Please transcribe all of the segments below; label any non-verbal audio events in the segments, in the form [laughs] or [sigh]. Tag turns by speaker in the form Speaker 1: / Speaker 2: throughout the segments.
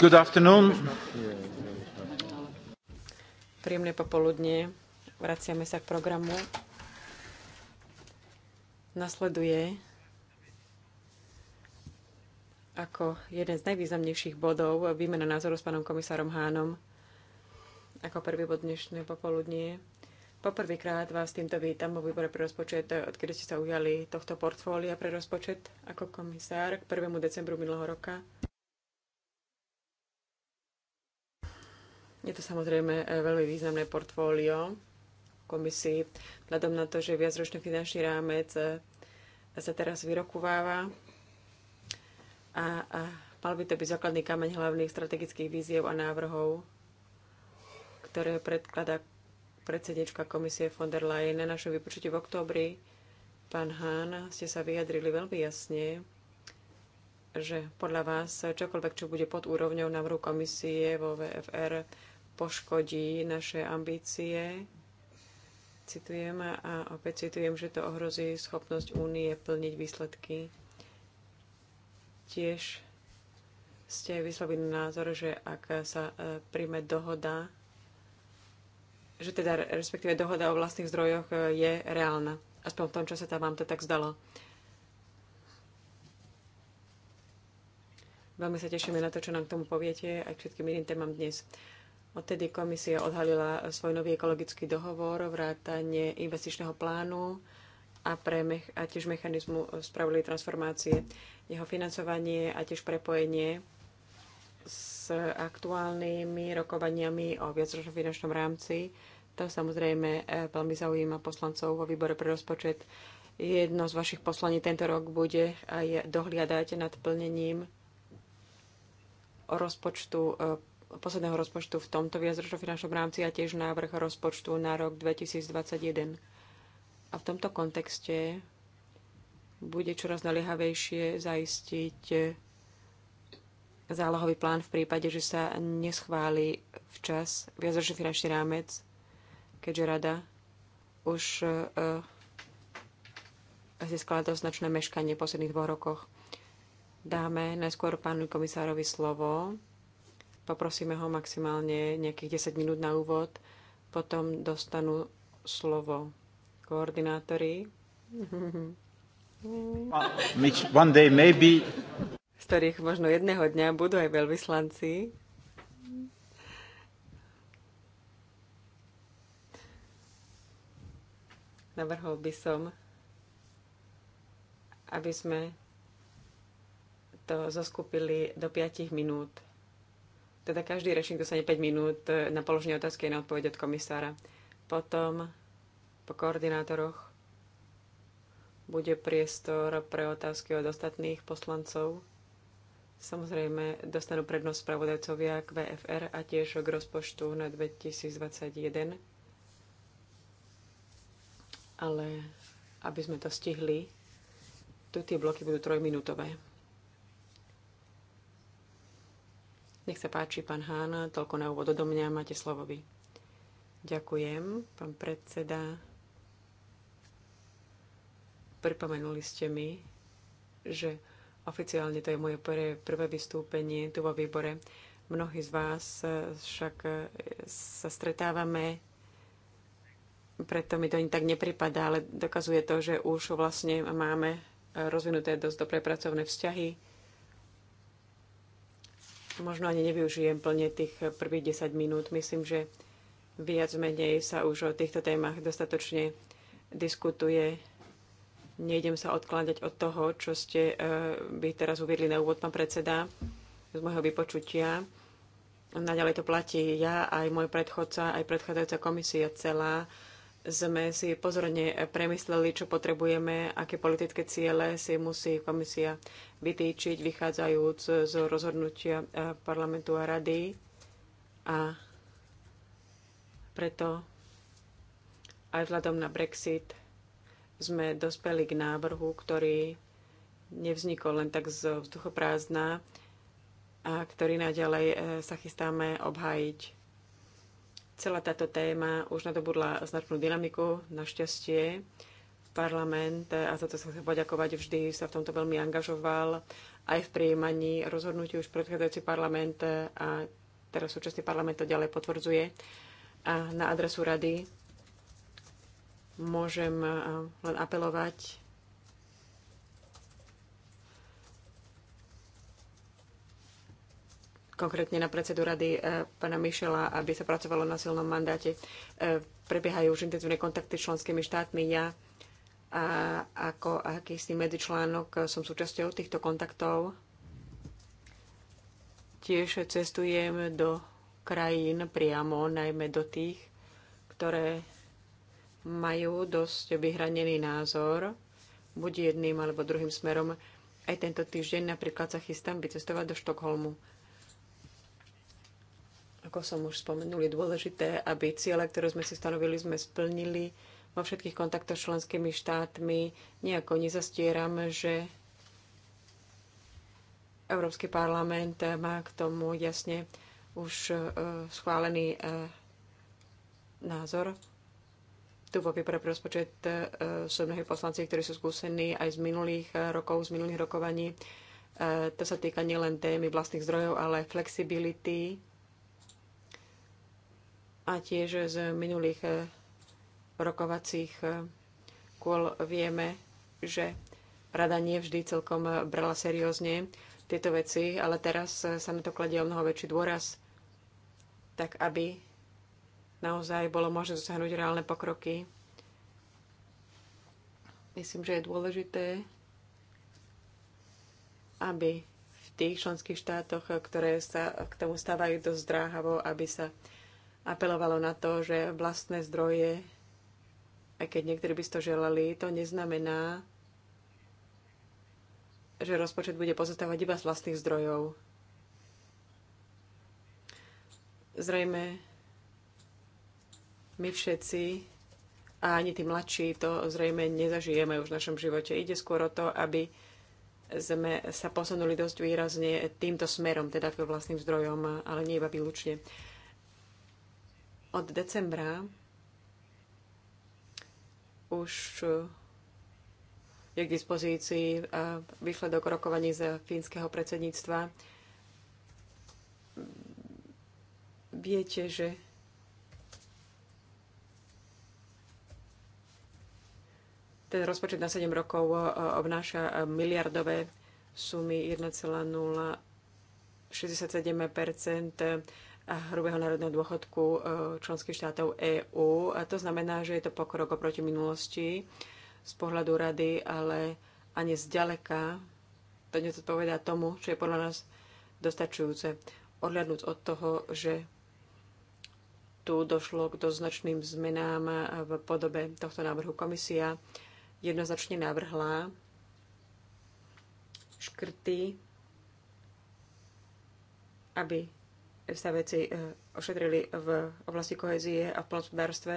Speaker 1: Good afternoon. Príjemné popoludnie. Vraciame sa k programu. Nasleduje ako jeden z najvýznamnejších bodov výmena názoru s pánom komisárom Hánom ako prvý bod dnešné popoludnie. Poprvýkrát vás týmto vítam vo výbore pre rozpočet, odkedy ste sa ujali tohto portfólia pre rozpočet ako komisár k 1. decembru minulého roka. Je to samozrejme e, veľmi významné portfólio komisii, vzhľadom na to, že viacročný finančný rámec e, sa teraz vyrokováva a, a mal by to byť základný kameň hlavných strategických víziev a návrhov, ktoré predkladá predsednička komisie von der Leyen na našom vypočutí v októbri. Pán Hán, ste sa vyjadrili veľmi jasne, že podľa vás čokoľvek, čo bude pod úrovňou návrhu komisie vo VFR, poškodí naše ambície. Citujem a opäť citujem, že to ohrozí schopnosť únie plniť výsledky. Tiež ste vyslovili názor, že ak sa e, príjme dohoda, že teda respektíve dohoda o vlastných zdrojoch e, je reálna. Aspoň v tom čase tam vám to tak zdalo. Veľmi sa tešíme na to, čo nám k tomu poviete, aj k všetkým iným témam dnes. Odtedy komisia odhalila svoj nový ekologický dohovor, vrátanie investičného plánu a, pre, a tiež mechanizmu spravili transformácie, jeho financovanie a tiež prepojenie s aktuálnymi rokovaniami o viacročnom finančnom rámci. To samozrejme e, veľmi zaujíma poslancov vo výbore pre rozpočet. Jedno z vašich poslaní tento rok bude aj dohliadať nad plnením rozpočtu e, posledného rozpočtu v tomto viacročnom finančnom rámci a tiež návrh rozpočtu na rok 2021. A v tomto kontexte bude čoraz naliehavejšie zaistiť zálohový plán v prípade, že sa neschváli včas viacročný finančný rámec, keďže rada už uh, eh, získala to značné meškanie v posledných dvoch rokoch. Dáme najskôr pánu komisárovi slovo Poprosíme ho maximálne nejakých 10 minút na úvod, potom dostanú slovo koordinátori. [laughs]
Speaker 2: One day maybe.
Speaker 1: Z ktorých možno jedného dňa budú aj veľvyslanci. Navrhol by som, aby sme to zoskupili do 5 minút. Teda každý rečník dostane 5 minút e, na položenie otázky a na odpoveď od komisára. Potom po koordinátoroch bude priestor pre otázky od ostatných poslancov. Samozrejme, dostanú prednosť spravodajcovia k VFR a tiež k rozpočtu na 2021. Ale aby sme to stihli, tu tie bloky budú trojminútové. Nech sa páči, pán Hán, toľko na úvod do mňa, máte slovo vy. Ďakujem, pán predseda. Pripomenuli ste mi, že oficiálne to je moje prvé vystúpenie tu vo výbore. Mnohí z vás však sa stretávame preto mi to ani tak nepripadá, ale dokazuje to, že už vlastne máme rozvinuté dosť dobré pracovné vzťahy. Možno ani nevyužijem plne tých prvých 10 minút. Myslím, že viac menej sa už o týchto témach dostatočne diskutuje. Nejdem sa odkladať od toho, čo ste by e, teraz uviedli na úvod, pán predseda, z môjho vypočutia. Naďalej to platí ja, aj môj predchodca, aj predchádzajúca komisia celá sme si pozorne premysleli, čo potrebujeme, aké politické ciele si musí komisia vytýčiť, vychádzajúc z rozhodnutia eh, parlamentu a rady. A preto aj vzhľadom na Brexit sme dospeli k návrhu, ktorý nevznikol len tak z vzduchoprázdna a ktorý naďalej eh, sa chystáme obhájiť Celá táto téma už nadobudla značnú dynamiku. Našťastie parlament, a za to sa chcem poďakovať, vždy sa v tomto veľmi angažoval aj v prijímaní rozhodnutí už predchádzajúci parlament a teraz súčasný parlament to ďalej potvrdzuje. A na adresu rady môžem len apelovať konkrétne na predsedu rady e, pána Mišela, aby sa pracovalo na silnom mandáte. E, prebiehajú už intenzívne kontakty s členskými štátmi. Ja a ako akýsi medzičlánok e, som súčasťou týchto kontaktov. Tiež cestujem do krajín priamo, najmä do tých, ktoré majú dosť vyhranený názor, buď jedným alebo druhým smerom. Aj tento týždeň napríklad sa chystám vycestovať do Štokholmu. Ako som už spomenul, je dôležité, aby ciele, ktoré sme si stanovili, sme splnili vo všetkých kontaktoch s členskými štátmi. Nejako nezastieram, že Európsky parlament má k tomu jasne už e, schválený e, názor. Tu vo výpore pre rozpočet e, sú mnohí poslanci, ktorí sú skúsení aj z minulých rokov, z minulých rokovaní. To sa týka nielen témy vlastných zdrojov, ale flexibility a tiež z minulých eh, rokovacích eh, kôl vieme, že rada nie vždy celkom eh, brala seriózne tieto veci, ale teraz sa na to kladie o mnoho väčší dôraz, tak aby naozaj bolo možné dosiahnuť reálne pokroky. Myslím, že je dôležité, aby v tých členských štátoch, ktoré sa k tomu stávajú dosť dráhavo, aby sa apelovalo na to, že vlastné zdroje, aj keď niektorí by si to želali, to neznamená, že rozpočet bude pozostávať iba z vlastných zdrojov. Zrejme my všetci a ani tí mladší to zrejme nezažijeme už v našom živote. Ide skôr o to, aby sme sa posunuli dosť výrazne týmto smerom, teda k vlastným zdrojom, ale nie iba výlučne. Od decembra už je k dispozícii eh, výsledok rokovaní z fínskeho predsedníctva. Viete, že ten rozpočet na 7 rokov eh, obnáša eh, miliardové sumy 1,067 hrubého národného dôchodku e, členských štátov EÚ. A to znamená, že je to pokrok oproti minulosti z pohľadu rady, ale ani zďaleka to nezodpovedá tomu, čo je podľa nás dostačujúce. Odhľadnúť od toho, že tu došlo k doznačným zmenám v podobe tohto návrhu komisia, jednoznačne navrhla škrty, aby sa veci e, ošetrili v oblasti kohezie a v plnospodárstve,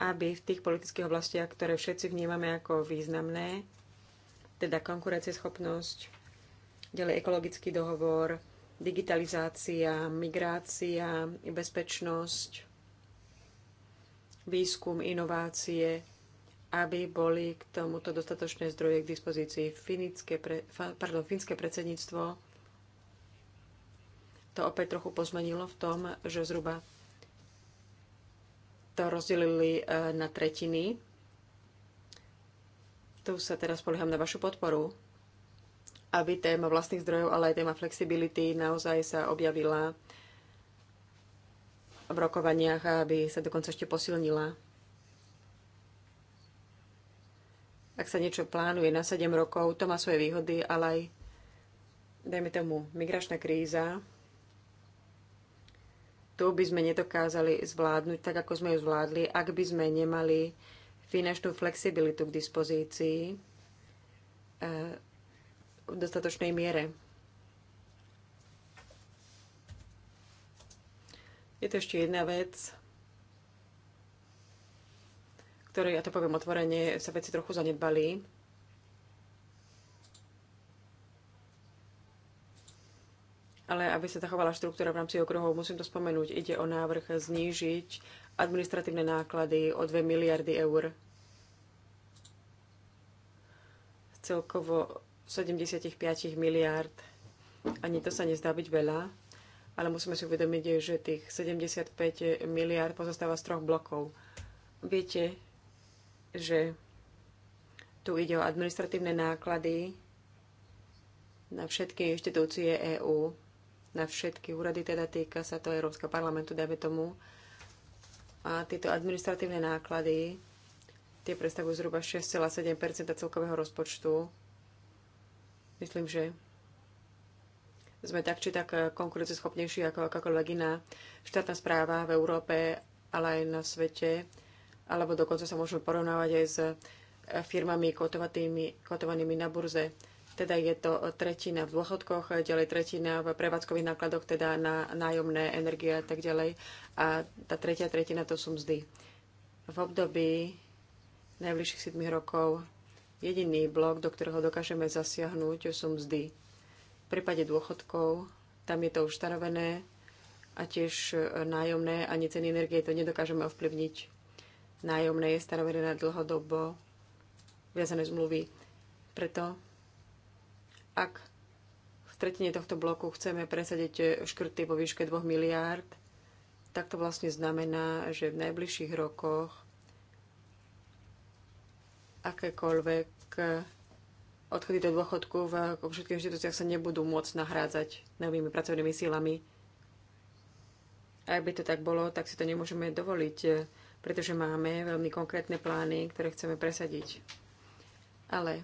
Speaker 1: aby v tých politických oblastiach, ktoré všetci vnímame ako významné, teda konkurencieschopnosť, ďalej ekologický dohovor, digitalizácia, migrácia, bezpečnosť, výskum, inovácie, aby boli k tomuto dostatočné zdroje k dispozícii. Finické pre, pardon, fínske predsedníctvo to opäť trochu pozmenilo v tom, že zhruba to rozdelili e, na tretiny. Tu sa teraz políham na vašu podporu, aby téma vlastných zdrojov, ale aj téma flexibility naozaj sa objavila v rokovaniach, aby sa dokonca ešte posilnila. Ak sa niečo plánuje na 7 rokov, to má svoje výhody, ale aj, dajme tomu, migračná kríza, tu by sme nedokázali zvládnuť tak, ako sme ju zvládli, ak by sme nemali finančnú flexibilitu k dispozícii e, v dostatočnej miere. Je to ešte jedna vec, ktorej, ja to poviem otvorene, sa veci trochu zanedbali. ale aby sa zachovala štruktúra v rámci okruhov, musím to spomenúť, ide o návrh znížiť administratívne náklady o 2 miliardy eur. Z celkovo 75 miliard. Ani to sa nezdá byť veľa, ale musíme si uvedomiť, že tých 75 miliard pozostáva z troch blokov. Viete, že tu ide o administratívne náklady na všetky inštitúcie EÚ na všetky úrady, teda týka sa to Európskeho parlamentu, dajme tomu. A tieto administratívne náklady, tie predstavujú zhruba 6,7 celkového rozpočtu. Myslím, že sme tak či tak konkurenceschopnejší ako akákoľvek iná štátna správa v Európe, ale aj na svete. Alebo dokonca sa môžeme porovnávať aj s firmami kotovanými na burze. Teda je to tretina v dôchodkoch, ďalej tretina v prevádzkových nákladoch, teda na nájomné energie a tak ďalej. A tá tretia tretina to sú mzdy. V období najbližších 7 rokov jediný blok, do ktorého dokážeme zasiahnuť, sú mzdy. V prípade dôchodkov tam je to už stanovené a tiež nájomné ani ceny energie to nedokážeme ovplyvniť. Nájomné je stanovené na dlhodobo viazané zmluvy. Preto ak v tretine tohto bloku chceme presadiť škrty vo výške 2 miliárd, tak to vlastne znamená, že v najbližších rokoch akékoľvek odchody do dôchodku v všetkých inštitúciách sa nebudú môcť nahrádzať novými pracovnými sílami. A ak by to tak bolo, tak si to nemôžeme dovoliť, pretože máme veľmi konkrétne plány, ktoré chceme presadiť. Ale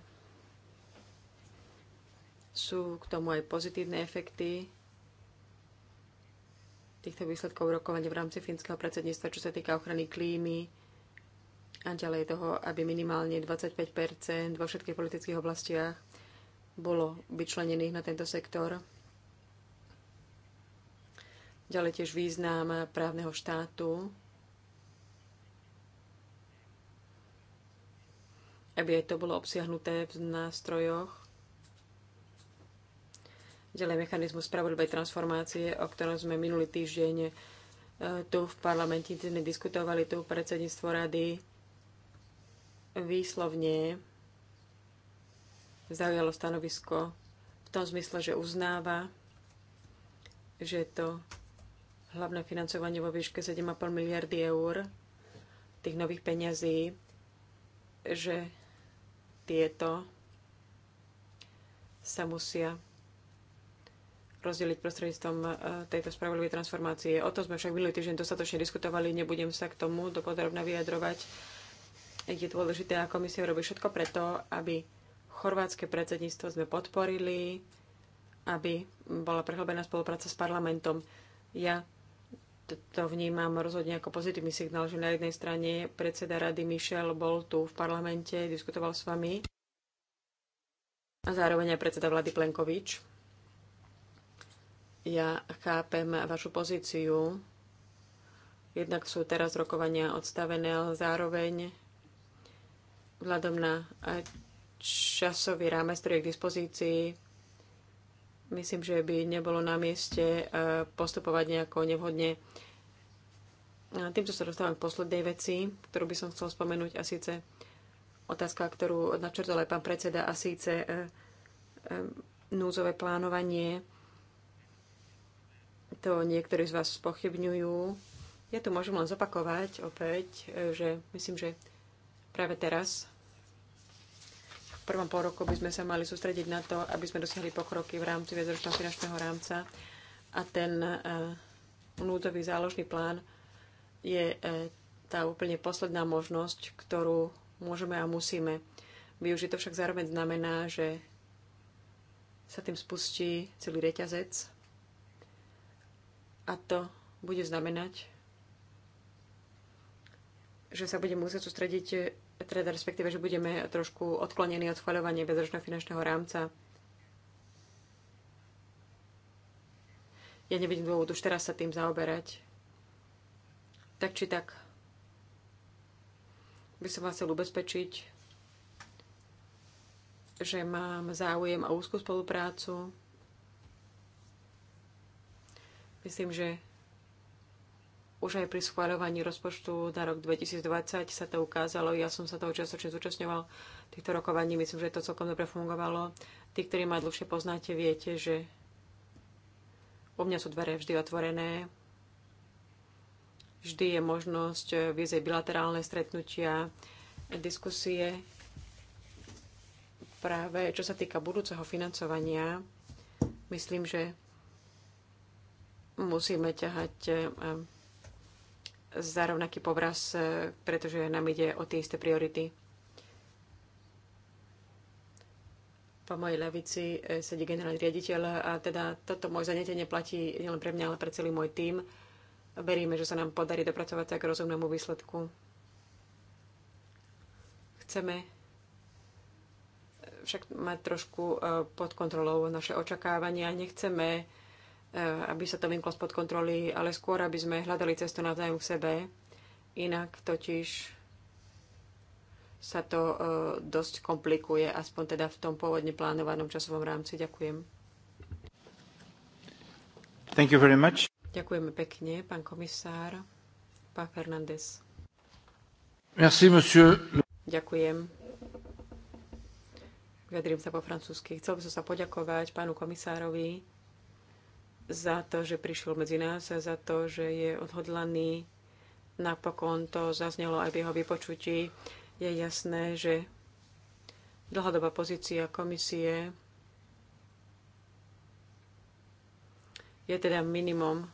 Speaker 1: sú k tomu aj pozitívne efekty týchto výsledkov rokovania v rámci fínskeho predsedníctva, čo sa týka ochrany klímy a ďalej toho, aby minimálne 25 vo všetkých politických oblastiach bolo vyčlenených na tento sektor. Ďalej tiež význam právneho štátu, aby aj to bolo obsiahnuté v nástrojoch ďalej mechanizmus spravodlivej transformácie, o ktorom sme minulý týždeň e, tu v parlamente diskutovali, tu predsedníctvo rady výslovne zaujalo stanovisko v tom zmysle, že uznáva, že to hlavné financovanie vo výške 7,5 miliardy eur tých nových peňazí, že tieto sa musia rozdeliť prostredníctvom e, tejto spravodlivej transformácie. O tom sme však minulý týždeň dostatočne diskutovali, nebudem sa k tomu dopodrobne vyjadrovať. Je dôležité, a komisia robí všetko preto, aby chorvátske predsedníctvo sme podporili, aby bola prehlbená spolupráca s parlamentom. Ja to vnímam rozhodne ako pozitívny signál, že na jednej strane predseda rady Michel bol tu v parlamente, diskutoval s vami a zároveň aj predseda vlády Plenkovič ja chápem vašu pozíciu. Jednak sú teraz rokovania odstavené, ale zároveň vzhľadom na časový rámec, ktorý je k dispozícii, myslím, že by nebolo na mieste e, postupovať nejako nevhodne. A týmto sa dostávam k poslednej veci, ktorú by som chcel spomenúť a síce otázka, ktorú načrtol aj pán predseda a síce e, e, núzové plánovanie to niektorí z vás spochybňujú. Ja tu môžem len zopakovať opäť, e, že myslím, že práve teraz v prvom pol roku by sme sa mali sústrediť na to, aby sme dosiahli pokroky v rámci viacročného finančného rámca a ten e, núdzový záložný plán je e, tá úplne posledná možnosť, ktorú môžeme a musíme využiť. To však zároveň znamená, že sa tým spustí celý reťazec a to bude znamenať, že sa budeme musieť sústrediť, teda respektíve, že budeme trošku odklonení od schváľovania bezročného finančného rámca. Ja nevidím dôvod už teraz sa tým zaoberať. Tak či tak, by som vás chcel ubezpečiť, že mám záujem a úzkú spoluprácu Myslím, že už aj pri schváľovaní rozpočtu na rok 2020 sa to ukázalo. Ja som sa toho čiastočne zúčastňoval týchto rokovaní. Myslím, že to celkom dobre fungovalo. Tí, ktorí ma dlhšie poznáte, viete, že u mňa sú dvere vždy otvorené. Vždy je možnosť viesť bilaterálne stretnutia, diskusie. Práve čo sa týka budúceho financovania, myslím, že musíme ťahať eh, eh, za rovnaký povraz, eh, pretože nám ide o tie isté priority. Po mojej lavici sedí generálny riaditeľ a teda toto moje zanetenie platí nielen pre mňa, ale pre celý môj tím. Veríme, že sa nám podarí dopracovať tak k rozumnému výsledku. Chceme však mať trošku pod kontrolou naše očakávania. Nechceme Eh, aby sa to vymklo spod kontroly, ale skôr, aby sme hľadali cestu navzájom v sebe. Inak totiž sa to uh, dosť komplikuje, aspoň teda v tom pôvodne plánovanom časovom rámci. Ďakujem.
Speaker 3: Thank you
Speaker 2: very much.
Speaker 1: Ďakujeme pekne, pán komisár, pán Fernández.
Speaker 2: Merci, monsieur.
Speaker 1: Ďakujem. Vyjadrím sa po francúzsky. Chcel by som sa poďakovať pánu komisárovi za to, že prišiel medzi nás a za to, že je odhodlaný. Napokon to zaznelo aj v jeho vypočutí. Je jasné, že dlhodobá pozícia komisie je teda minimum.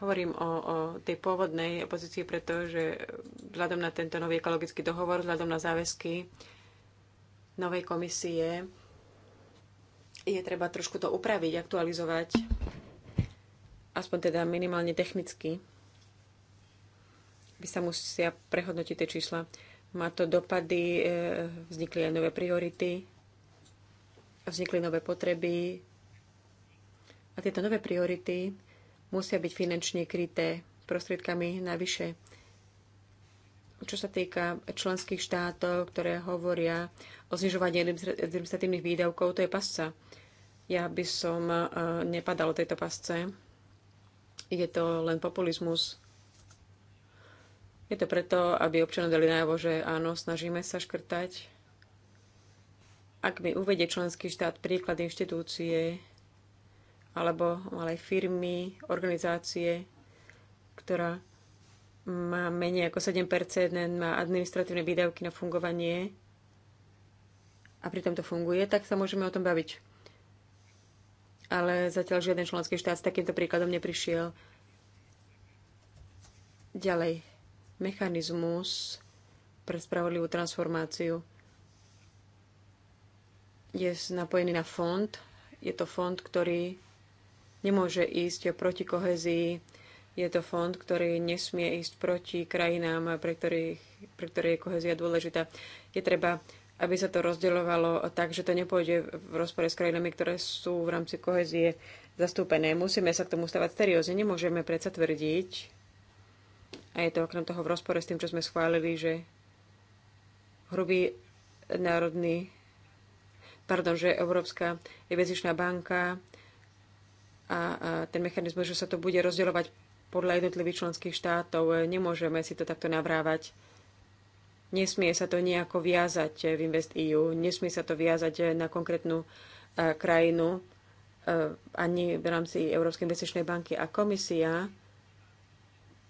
Speaker 1: Hovorím o, o tej pôvodnej pozícii, pretože vzhľadom na tento nový ekologický dohovor, vzhľadom na záväzky novej komisie, je treba trošku to upraviť, aktualizovať, aspoň teda minimálne technicky, by sa musia prehodnotiť tie čísla. Má to dopady, e, vznikli aj nové priority, vznikli nové potreby a tieto nové priority musia byť finančne kryté prostriedkami navyše čo sa týka členských štátov, ktoré hovoria o znižovaní administratívnych výdavkov, to je pasca. Ja by som e, nepadal tejto pasce. Je to len populizmus. Je to preto, aby občanom dali najavo, že áno, snažíme sa škrtať. Ak mi uvedie členský štát príklad inštitúcie alebo malej firmy, organizácie, ktorá má menej ako 7 na administratívne výdavky na fungovanie a pritom to funguje, tak sa môžeme o tom baviť. Ale zatiaľ žiaden členský štát s takýmto príkladom neprišiel. Ďalej. Mechanizmus pre spravodlivú transformáciu je napojený na fond. Je to fond, ktorý nemôže ísť proti kohezii je to fond, ktorý nesmie ísť proti krajinám, pre, ktorých, pre ktoré je kohezia dôležitá. Je treba, aby sa to rozdeľovalo tak, že to nepôjde v rozpore s krajinami, ktoré sú v rámci kohezie zastúpené. Musíme sa k tomu stavať seriózne. Nemôžeme predsa tvrdiť, a je to okrem toho v rozpore s tým, čo sme schválili, že hrubý národný, pardon, že Európska investičná banka a, a ten mechanizmus, že sa to bude rozdeľovať podľa jednotlivých členských štátov. E, nemôžeme si to takto navrávať. Nesmie sa to nejako viazať e, v Invest EU, nesmie sa to viazať e, na konkrétnu krajinu ani v rámci Európskej investičnej banky a komisia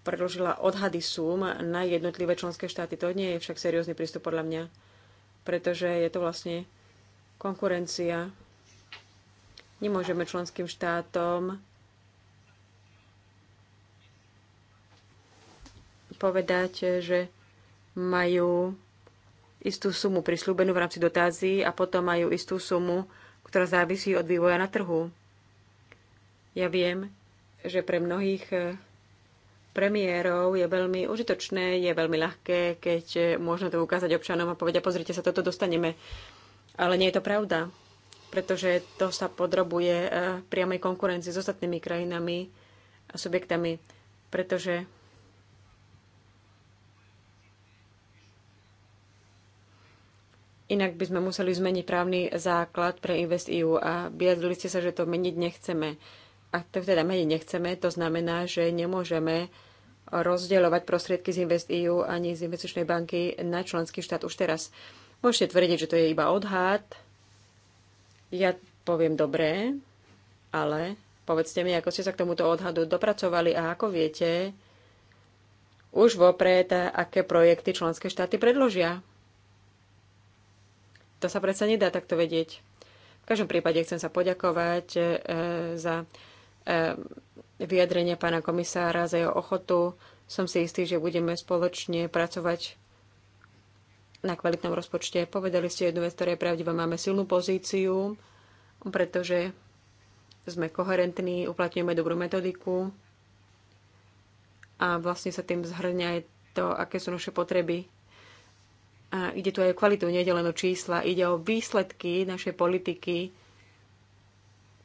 Speaker 1: predložila odhady súm na jednotlivé členské štáty. To nie je však seriózny prístup podľa mňa, pretože je to vlastne konkurencia. Nemôžeme členským štátom povedať, že majú istú sumu prislúbenú v rámci dotázy a potom majú istú sumu, ktorá závisí od vývoja na trhu. Ja viem, že pre mnohých eh, premiérov je veľmi užitočné, je veľmi ľahké, keď eh, môžeme to ukázať občanom a povedať, pozrite sa, toto dostaneme. Ale nie je to pravda, pretože to sa podrobuje eh, priamej konkurencii s ostatnými krajinami a subjektami, pretože Inak by sme museli zmeniť právny základ pre InvestEU a vyjadrili ste sa, že to meniť nechceme. A to teda meniť nechceme, to znamená, že nemôžeme rozdielovať prostriedky z InvestEU ani z investičnej banky na členský štát už teraz. Môžete tvrdiť, že to je iba odhad. Ja poviem dobré, ale povedzte mi, ako ste sa k tomuto odhadu dopracovali a ako viete už vopred, aké projekty členské štáty predložia. To sa predsa nedá takto vedieť. V každom prípade chcem sa poďakovať e, za e, vyjadrenie pána komisára, za jeho ochotu. Som si istý, že budeme spoločne pracovať na kvalitnom rozpočte. Povedali ste jednu vec, ktorá je pravdivá. Máme silnú pozíciu, pretože sme koherentní, uplatňujeme dobrú metodiku a vlastne sa tým zhrňa aj to, aké sú naše potreby a ide tu aj o kvalitu, nejde len o čísla, ide o výsledky našej politiky.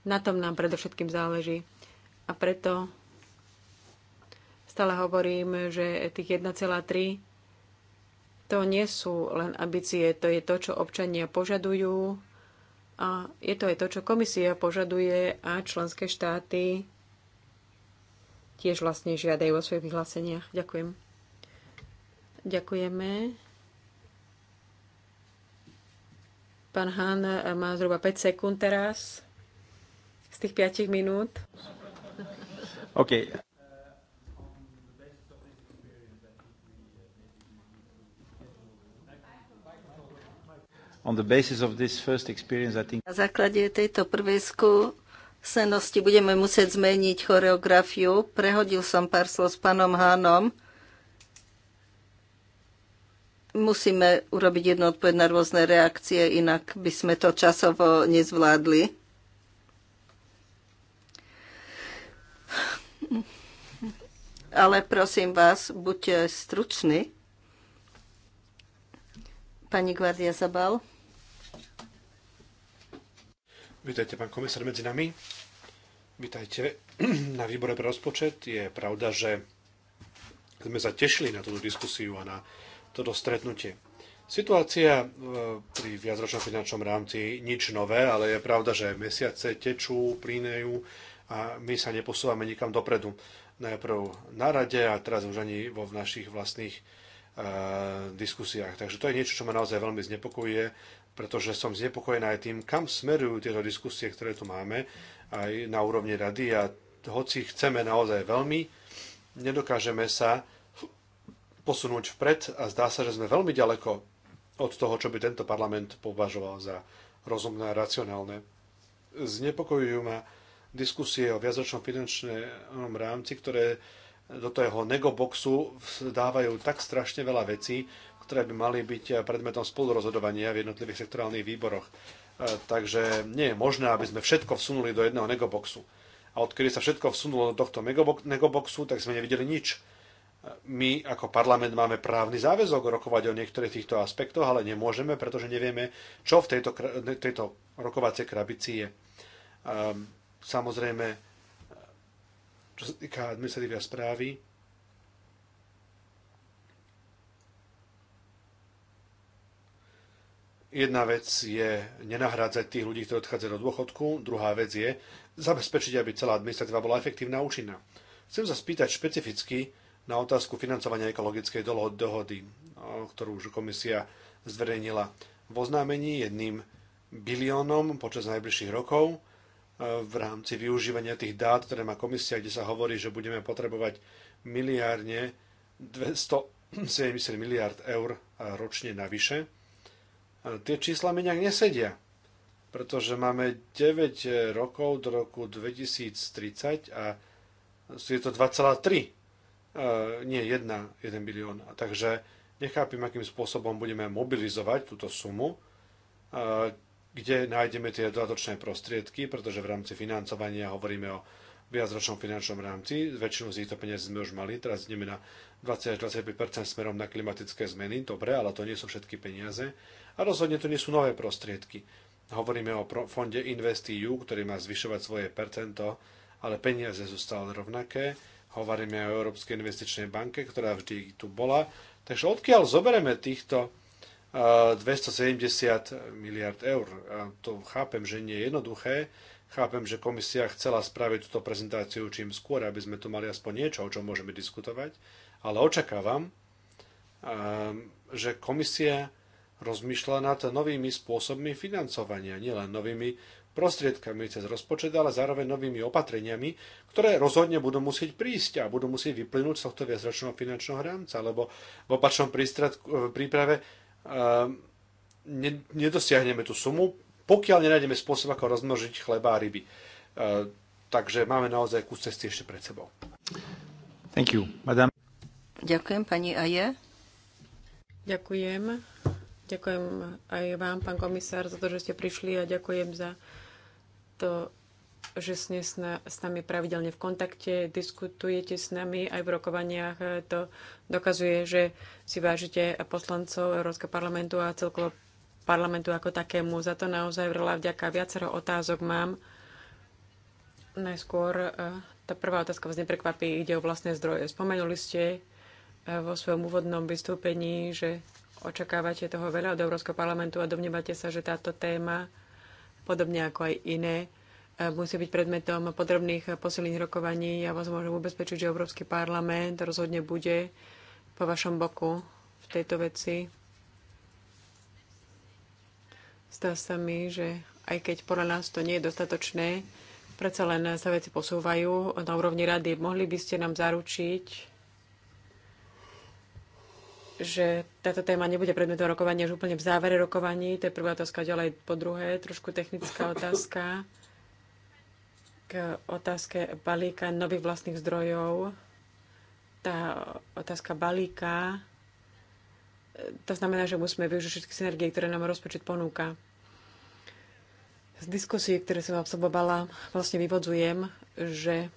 Speaker 1: Na tom nám predovšetkým záleží. A preto stále hovorím, že tých 1,3 to nie sú len ambície, to je to, čo občania požadujú a je to aj to, čo komisia požaduje a členské štáty tiež vlastne žiadajú o svojich vyhláseniach. Ďakujem. Ďakujeme. Pán Han e, má zhruba 5 sekúnd teraz z tých 5 minút.
Speaker 3: OK. Na základe tejto prvej skúsenosti budeme musieť zmeniť choreografiu. Prehodil som pár slov s pánom Hánom musíme urobiť jednu odpoveď na rôzne reakcie, inak by sme to časovo nezvládli. Ale prosím vás, buďte struční. Pani Guardia Zabal.
Speaker 2: Vítajte, pán komisár, medzi nami. Vítajte na výbore pre rozpočet. Je pravda, že sme sa tešili na túto diskusiu a na toto stretnutie. Situácia e, pri viacročnom finančnom rámci nič nové, ale je pravda, že mesiace tečú, plínejú a my sa neposúvame nikam dopredu. Najprv na rade a teraz už ani vo našich vlastných e, diskusiách. Takže to je niečo, čo ma naozaj veľmi znepokojuje, pretože som znepokojená aj tým, kam smerujú tieto diskusie, ktoré tu máme, aj na úrovni rady a hoci chceme naozaj veľmi, nedokážeme sa posunúť vpred a zdá sa, že sme veľmi ďaleko od toho, čo by tento parlament považoval za rozumné a racionálne. Znepokojujú ma diskusie o viacročnom finančnom rámci, ktoré do toho negoboxu dávajú tak strašne veľa vecí, ktoré by mali byť predmetom spolurozhodovania v jednotlivých sektorálnych výboroch. E, takže nie je možné, aby sme všetko vsunuli do jedného negoboxu. A odkedy sa všetko vsunulo do tohto negoboxu, tak sme nevideli nič my ako parlament máme právny záväzok rokovať o niektorých týchto aspektoch, ale nemôžeme, pretože nevieme, čo v tejto, tejto rokovacej krabici je. Um, samozrejme, čo sa týka administratívia správy, Jedna vec je nenahrádzať tých ľudí, ktorí odchádzajú do dôchodku, druhá vec je zabezpečiť, aby celá administratíva bola efektívna a účinná. Chcem sa spýtať špecificky, na otázku financovania ekologickej dohody, ktorú už komisia zverejnila v oznámení jedným biliónom počas najbližších rokov e, v rámci využívania tých dát, ktoré má komisia, kde sa hovorí, že budeme potrebovať miliárne 270 miliard eur e, ročne navyše. E, tie čísla mi nejak nesedia, pretože máme 9 rokov do roku 2030 a je to 2,3 E, nie jedna, jeden bilión. Takže nechápem, akým spôsobom budeme mobilizovať túto sumu, e, kde nájdeme tie dodatočné prostriedky, pretože v rámci financovania hovoríme o viacročnom finančnom rámci. Väčšinu z týchto peniazí sme už mali, teraz ideme na 20 až 25 smerom na klimatické zmeny, dobre, ale to nie sú všetky peniaze. A rozhodne to nie sú nové prostriedky. Hovoríme o fonde InvestEU, ktorý má zvyšovať svoje percento, ale peniaze sú stále rovnaké Hovoríme o Európskej investičnej banke, ktorá vždy tu bola. Takže odkiaľ zoberieme týchto 270 eh, miliard eur? A to chápem, že nie je jednoduché. Chápem, že komisia chcela spraviť túto prezentáciu čím skôr, aby sme tu mali aspoň niečo, o čom môžeme diskutovať, ale očakávam, eh, že komisia rozmýšľa nad novými spôsobmi financovania, nielen novými prostriedkami cez rozpočet, ale zároveň novými opatreniami, ktoré rozhodne budú musieť prísť a budú musieť vyplynúť z tohto viacročného finančného rámca, lebo v opačnom eh, príprave eh, nedosiahneme tú sumu, pokiaľ nenájdeme spôsob, ako rozmnožiť chleba a ryby. Eh, takže máme naozaj kus cesty ešte pred sebou. Thank you, madam.
Speaker 1: Ďakujem, pani Aje. Ďakujem. Ďakujem aj vám, pán komisár, za to, že ste prišli a ďakujem za to, že s, s nami pravidelne v kontakte, diskutujete s nami aj v rokovaniach. To dokazuje, že si vážite poslancov Európskeho parlamentu a celkovo parlamentu ako takému. Za to naozaj veľa vďaka. Viacero otázok mám. Najskôr eh, tá prvá otázka vás neprekvapí, ide o vlastné zdroje. Spomenuli ste eh, vo svojom úvodnom vystúpení, že očakávate toho veľa od Európskeho parlamentu a domnievate sa, že táto téma podobne ako aj iné, e, musí byť predmetom podrobných posilných rokovaní. Ja vás môžem ubezpečiť, že Európsky parlament rozhodne bude po vašom boku v tejto veci. Zdá sa mi, že aj keď podľa nás to nie je dostatočné, predsa len sa veci posúvajú na úrovni rady. Mohli by ste nám zaručiť, že táto téma nebude predmetom rokovania už úplne v závere rokovaní. To je prvá otázka, ďalej po druhé, trošku technická [laughs] otázka k otázke balíka nových vlastných zdrojov. Tá otázka balíka, to znamená, že musíme využiť všetky synergie, ktoré nám rozpočet ponúka. Z diskusie, ktoré som absolvovala, vlastne vyvodzujem, že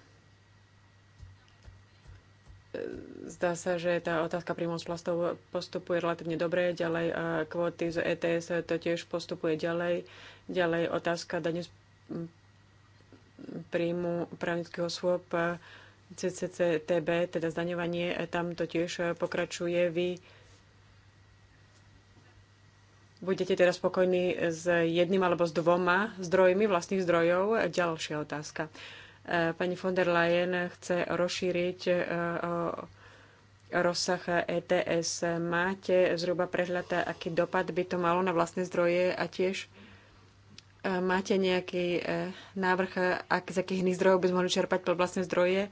Speaker 1: zdá sa, že tá otázka príjmu z plastov postupuje relatívne dobre, ďalej kvóty z ETS to tiež postupuje ďalej, ďalej otázka dane z príjmu právnických osôb CCCTB, teda zdaňovanie, tam to tiež pokračuje. Vy budete teraz spokojní s jedným alebo s dvoma zdrojmi vlastných zdrojov? Ďalšia otázka. Uh, Pani von der Leyen chce rozšíriť e, rozsah ETS. Máte zhruba prehľad, aký dopad by to malo na vlastné zdroje a tiež e, máte nejaký e, návrh, ak, z akých iných zdrojov by sme mohli čerpať pre vlastné zdroje?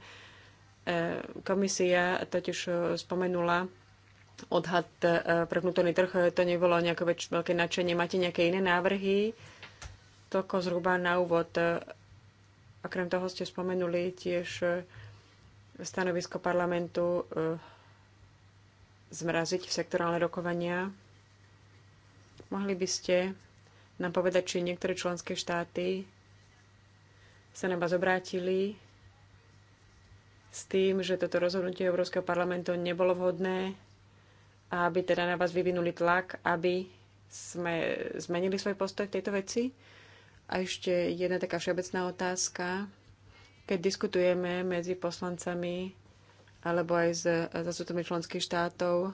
Speaker 1: Komisia totiž spomenula odhad pre vnútorný trh, to nebolo nejaké veľké nadšenie. Máte nejaké iné návrhy? Toľko zhruba na úvod. Okrem toho ste spomenuli tiež e, stanovisko parlamentu e, zmraziť sektorálne rokovania. Mohli by ste nám povedať, či niektoré členské štáty sa na vás obrátili s tým, že toto rozhodnutie Európskeho parlamentu nebolo vhodné a aby teda na vás vyvinuli tlak, aby sme zmenili svoj postoj v tejto veci? A ešte jedna taká všeobecná otázka. Keď diskutujeme medzi poslancami alebo aj s zastupcami členských štátov,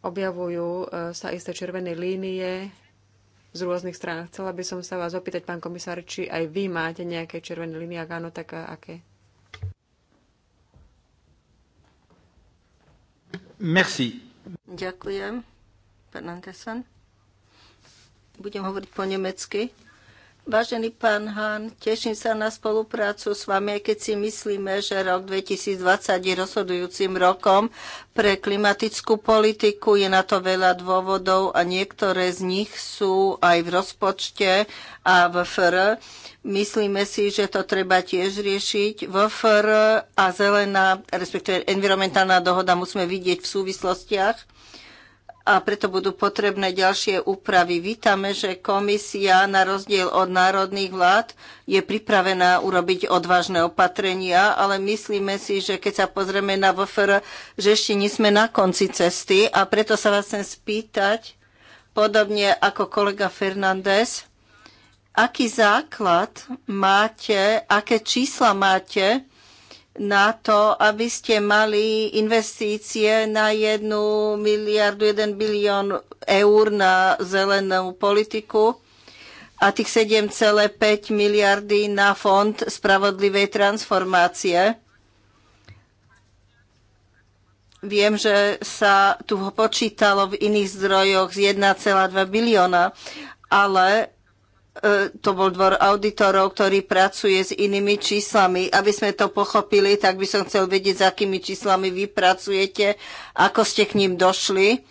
Speaker 1: objavujú eh, sa isté červené línie z rôznych strán. Chcela by som sa vás opýtať, pán komisár, či aj vy máte nejaké červené línie, ak áno, tak eh, aké?
Speaker 2: Merci.
Speaker 3: Ďakujem, pán Anderson budem hovoriť po nemecky. Vážený pán Hahn, teším sa na spoluprácu s vami, aj keď si myslíme, že rok 2020 je rozhodujúcim rokom pre klimatickú politiku. Je na to veľa dôvodov a niektoré z nich sú aj v rozpočte a v FR. Myslíme si, že to treba tiež riešiť. V FR a zelená, respektíve environmentálna dohoda musíme vidieť v súvislostiach a preto budú potrebné ďalšie úpravy. Vítame, že komisia na rozdiel od národných vlád je pripravená urobiť odvážne opatrenia, ale myslíme si, že keď sa pozrieme na VFR, že ešte nie sme na konci cesty a preto sa vás chcem spýtať, podobne ako kolega Fernández, aký základ máte, aké čísla máte, na to, aby ste mali investície na 1 miliardu, 1 bilión eur na zelenú politiku a tých 7,5 miliardy na fond spravodlivej transformácie. Viem, že sa tu počítalo v iných zdrojoch z 1,2 bilióna, ale E, to bol dvor auditorov, ktorý pracuje s inými číslami. Aby sme to pochopili, tak by som chcel vedieť, s akými číslami vy pracujete, ako ste k ním došli.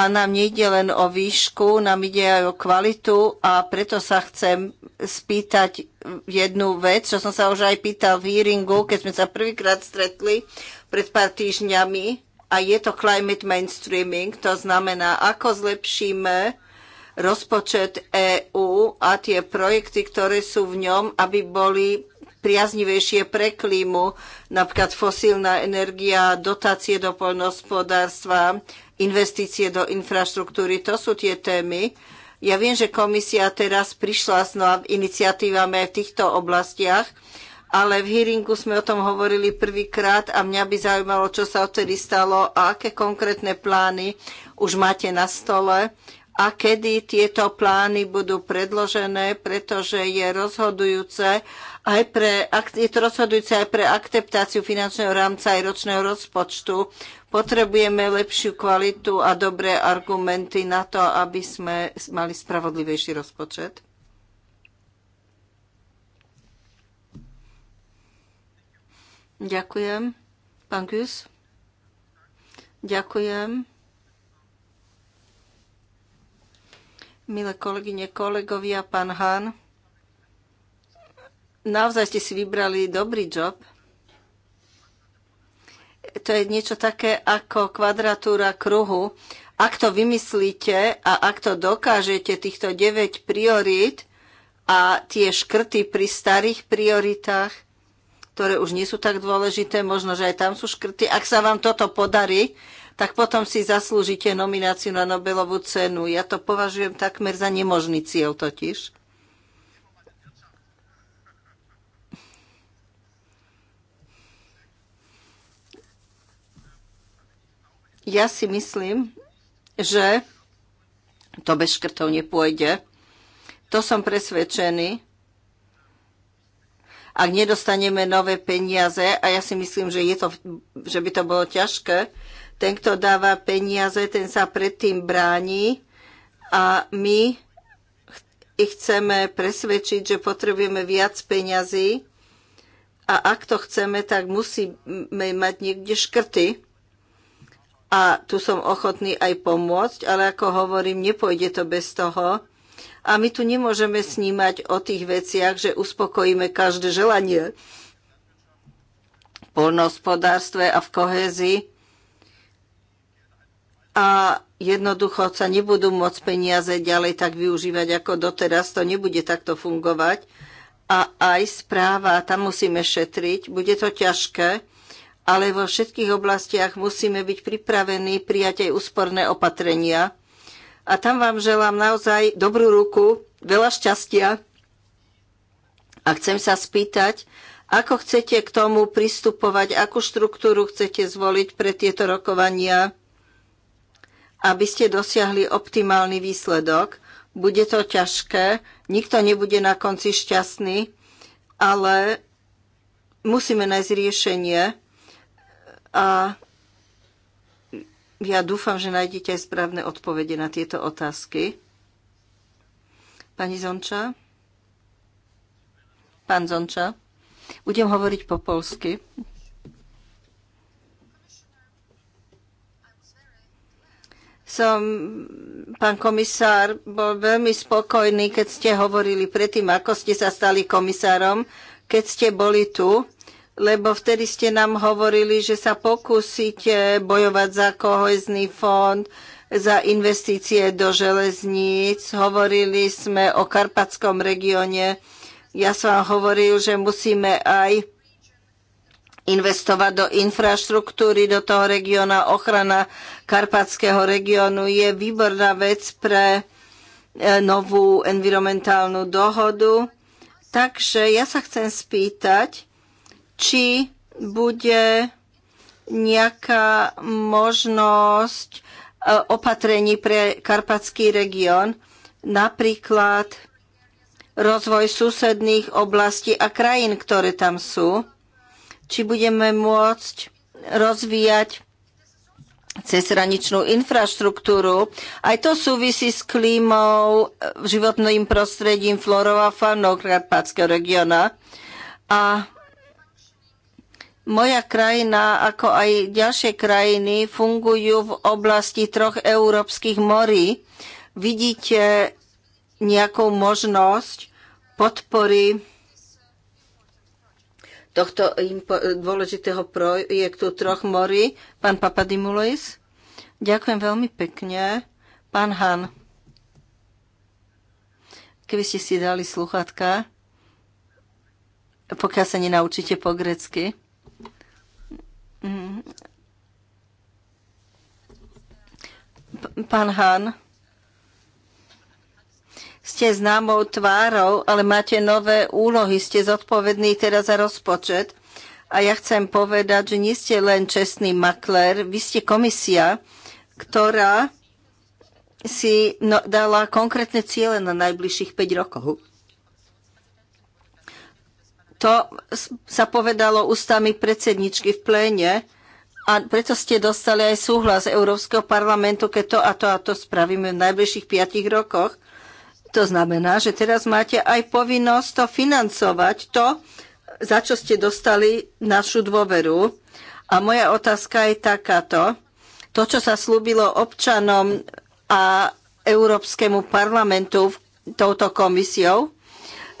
Speaker 3: A nám nejde len o výšku, nám ide aj o kvalitu a preto sa chcem spýtať jednu vec, čo som sa už aj pýtal v hearingu, keď sme sa prvýkrát stretli pred pár týždňami. A je to climate mainstreaming, to znamená, ako zlepšíme rozpočet EÚ a tie projekty, ktoré sú v ňom, aby boli priaznivejšie pre klímu, napríklad fosílna energia, dotácie do poľnohospodárstva, investície do infraštruktúry. To sú tie témy. Ja viem, že komisia teraz prišla s iniciatívami aj v týchto oblastiach, ale v hearingu sme o tom hovorili prvýkrát a mňa by zaujímalo, čo sa odtedy stalo a aké konkrétne plány už máte na stole, a kedy tieto plány budú predložené, pretože je rozhodujúce aj pre, je to rozhodujúce aj pre akceptáciu finančného rámca aj ročného rozpočtu. Potrebujeme lepšiu kvalitu a dobré argumenty na to, aby sme mali spravodlivejší rozpočet. Ďakujem. Pán Kus? Ďakujem. Milé kolegyne, kolegovia, pán Hán, naozaj ste si vybrali dobrý job. To je niečo také ako kvadratúra kruhu. Ak to vymyslíte a ak to dokážete, týchto 9 priorít a tie škrty pri starých prioritách, ktoré už nie sú tak dôležité, možno, že aj tam sú škrty. Ak sa vám toto podarí, tak potom si zaslúžite nomináciu na Nobelovú cenu. Ja to považujem takmer za nemožný cieľ totiž. Ja si myslím, že to bez škrtov nepôjde. To som presvedčený. Ak nedostaneme nové peniaze, a ja si myslím, že, je to, že by to bolo ťažké, ten, kto dáva peniaze, ten sa predtým bráni a my ich chceme presvedčiť, že potrebujeme viac peňazí a ak to chceme, tak musíme mať niekde škrty. A tu som ochotný aj pomôcť, ale ako hovorím, nepôjde to bez toho. A my tu nemôžeme snímať o tých veciach, že uspokojíme každé želanie. V polnohospodárstve a v kohézii a jednoducho sa nebudú môcť peniaze ďalej tak využívať ako doteraz, to nebude takto fungovať. A aj správa, tam musíme šetriť, bude to ťažké, ale vo všetkých oblastiach musíme byť pripravení prijať aj úsporné opatrenia. A tam vám želám naozaj dobrú ruku, veľa šťastia a chcem sa spýtať, ako chcete k tomu pristupovať, akú štruktúru chcete zvoliť pre tieto rokovania aby ste dosiahli optimálny výsledok. Bude to ťažké, nikto nebude na konci šťastný, ale musíme nájsť riešenie a ja dúfam, že nájdete aj správne odpovede na tieto otázky. Pani Zonča? Pán Zonča? Budem hovoriť po polsky. som, pán komisár, bol veľmi spokojný, keď ste hovorili predtým, ako ste sa stali komisárom, keď ste boli tu, lebo vtedy ste nám hovorili, že sa pokúsite bojovať za kohezný fond, za investície do železníc. Hovorili sme o Karpatskom regióne. Ja som vám hovoril, že musíme aj investovať do infraštruktúry, do toho regióna. Ochrana karpatského regiónu je výborná vec pre e, novú environmentálnu dohodu. Takže ja sa chcem spýtať, či bude nejaká možnosť e, opatrení pre karpatský región, napríklad rozvoj susedných oblastí a krajín, ktoré tam sú či budeme môcť rozvíjať cezhraničnú infraštruktúru. Aj to súvisí s klímou, životným prostredím Florova a faunou Karpatského regiona. A moja krajina, ako aj ďalšie krajiny, fungujú v oblasti troch európskych morí. Vidíte nejakú možnosť podpory tohto dôležitého projektu Troch morí, pán Papadimulis. Ďakujem veľmi pekne. Pán Han, keby ste si dali sluchatka, pokiaľ sa nenaučíte po grecky. Mm. Pán Han, ste známou tvárou, ale máte nové úlohy, ste zodpovední teraz za rozpočet. A ja chcem povedať, že nie ste len čestný maklér, vy ste komisia, ktorá si no, dala konkrétne ciele na najbližších 5 rokov. To sa povedalo ústami predsedničky v pléne a preto ste dostali aj súhlas Európskeho parlamentu, keď to a to a to spravíme v najbližších 5 rokoch. To znamená, že teraz máte aj povinnosť to financovať, to, za čo ste dostali našu dôveru. A moja otázka je takáto. To, čo sa slúbilo občanom a Európskemu parlamentu touto komisiou,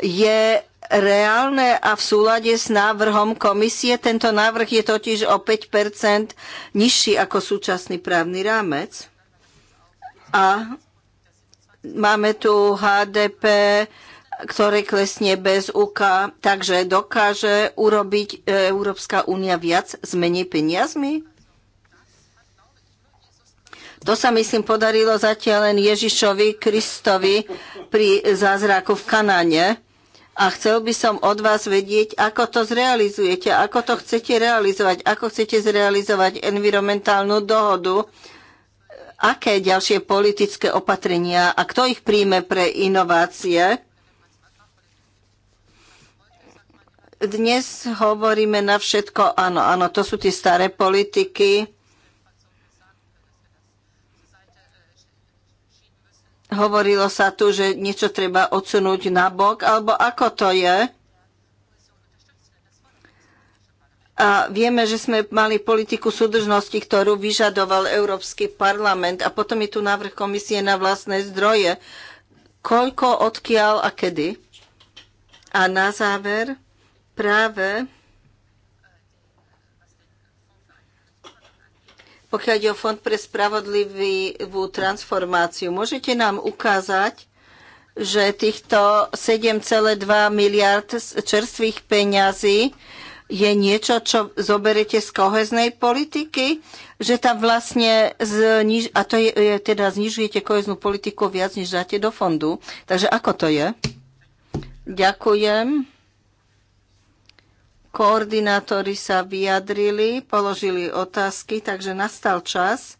Speaker 3: je reálne a v súlade s návrhom komisie. Tento návrh je totiž o 5 nižší ako súčasný právny rámec. A Máme tu HDP, ktoré klesne bez UK, takže dokáže urobiť e, Európska únia viac s menej peniazmi? To sa, myslím, podarilo zatiaľ len Ježišovi Kristovi pri zázraku v Kanáne. A chcel by som od vás vedieť, ako to zrealizujete, ako to chcete realizovať, ako chcete zrealizovať environmentálnu dohodu, aké ďalšie politické opatrenia a kto ich príjme pre inovácie. Dnes hovoríme na všetko, áno, áno, to sú tie staré politiky. Hovorilo sa tu, že niečo treba odsunúť na bok, alebo ako to je? A vieme, že sme mali politiku súdržnosti, ktorú vyžadoval Európsky parlament a potom je tu návrh komisie na vlastné zdroje. Koľko, odkiaľ a kedy? A na záver práve pokiaľ ide o Fond pre spravodlivú transformáciu, môžete nám ukázať, že týchto 7,2 miliard čerstvých peňazí je niečo, čo zoberete z koheznej politiky, že tam vlastne zniž, a to je, je, teda znižujete koheznú politiku viac, než dáte do fondu. Takže ako to je? Ďakujem. Koordinátori sa vyjadrili, položili otázky, takže nastal čas,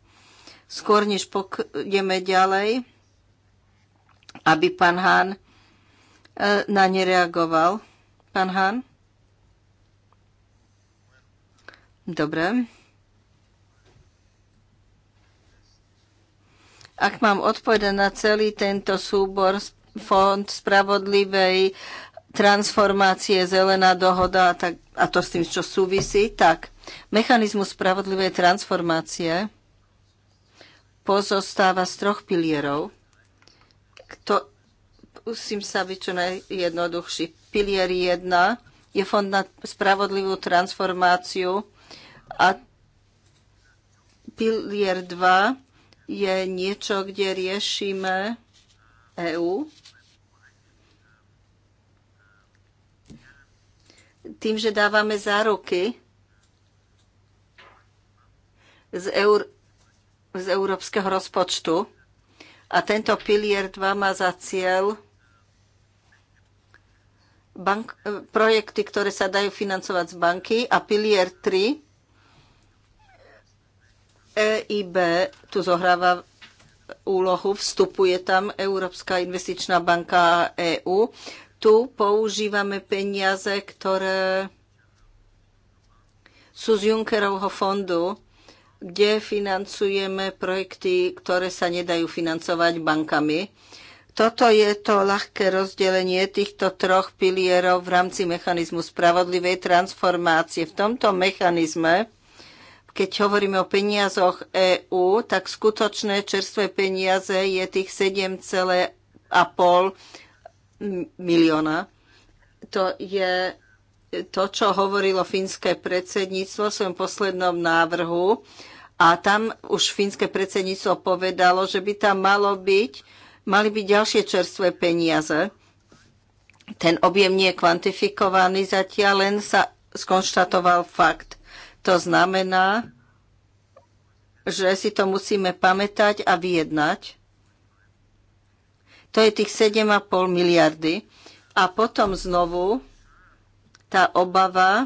Speaker 3: skôr než pôjdeme ďalej, aby pán Hán e, na ne reagoval. Pán Hán? Dobre. Ak mám odpovedať na celý tento súbor fond spravodlivej transformácie, zelená dohoda a, tak, a to s tým, čo súvisí, tak mechanizmus spravodlivej transformácie pozostáva z troch pilierov. Kto, musím sa byť čo najjednoduchší. Pilier 1 je fond na spravodlivú transformáciu a pilier 2 je niečo, kde riešime EÚ. Tým, že dávame záruky z, eur, z európskeho rozpočtu. A tento pilier 2 má za cieľ bank, projekty, ktoré sa dajú financovať z banky a pilier 3 EIB tu zohráva úlohu, vstupuje tam Európska investičná banka EÚ. Tu používame peniaze, ktoré sú z Junckerovho fondu, kde financujeme projekty, ktoré sa nedajú financovať bankami. Toto je to ľahké rozdelenie týchto troch pilierov v rámci mechanizmu spravodlivej transformácie. V tomto mechanizme keď hovoríme o peniazoch EÚ, tak skutočné čerstvé peniaze je tých 7,5 milióna. To je to, čo hovorilo fínske predsedníctvo v svojom poslednom návrhu. A tam už fínske predsedníctvo povedalo, že by tam malo byť, mali byť ďalšie čerstvé peniaze. Ten objem nie je kvantifikovaný, zatiaľ len sa skonštatoval fakt. To znamená, že si to musíme pamätať a vyjednať. To je tých 7,5 miliardy. A potom znovu tá obava,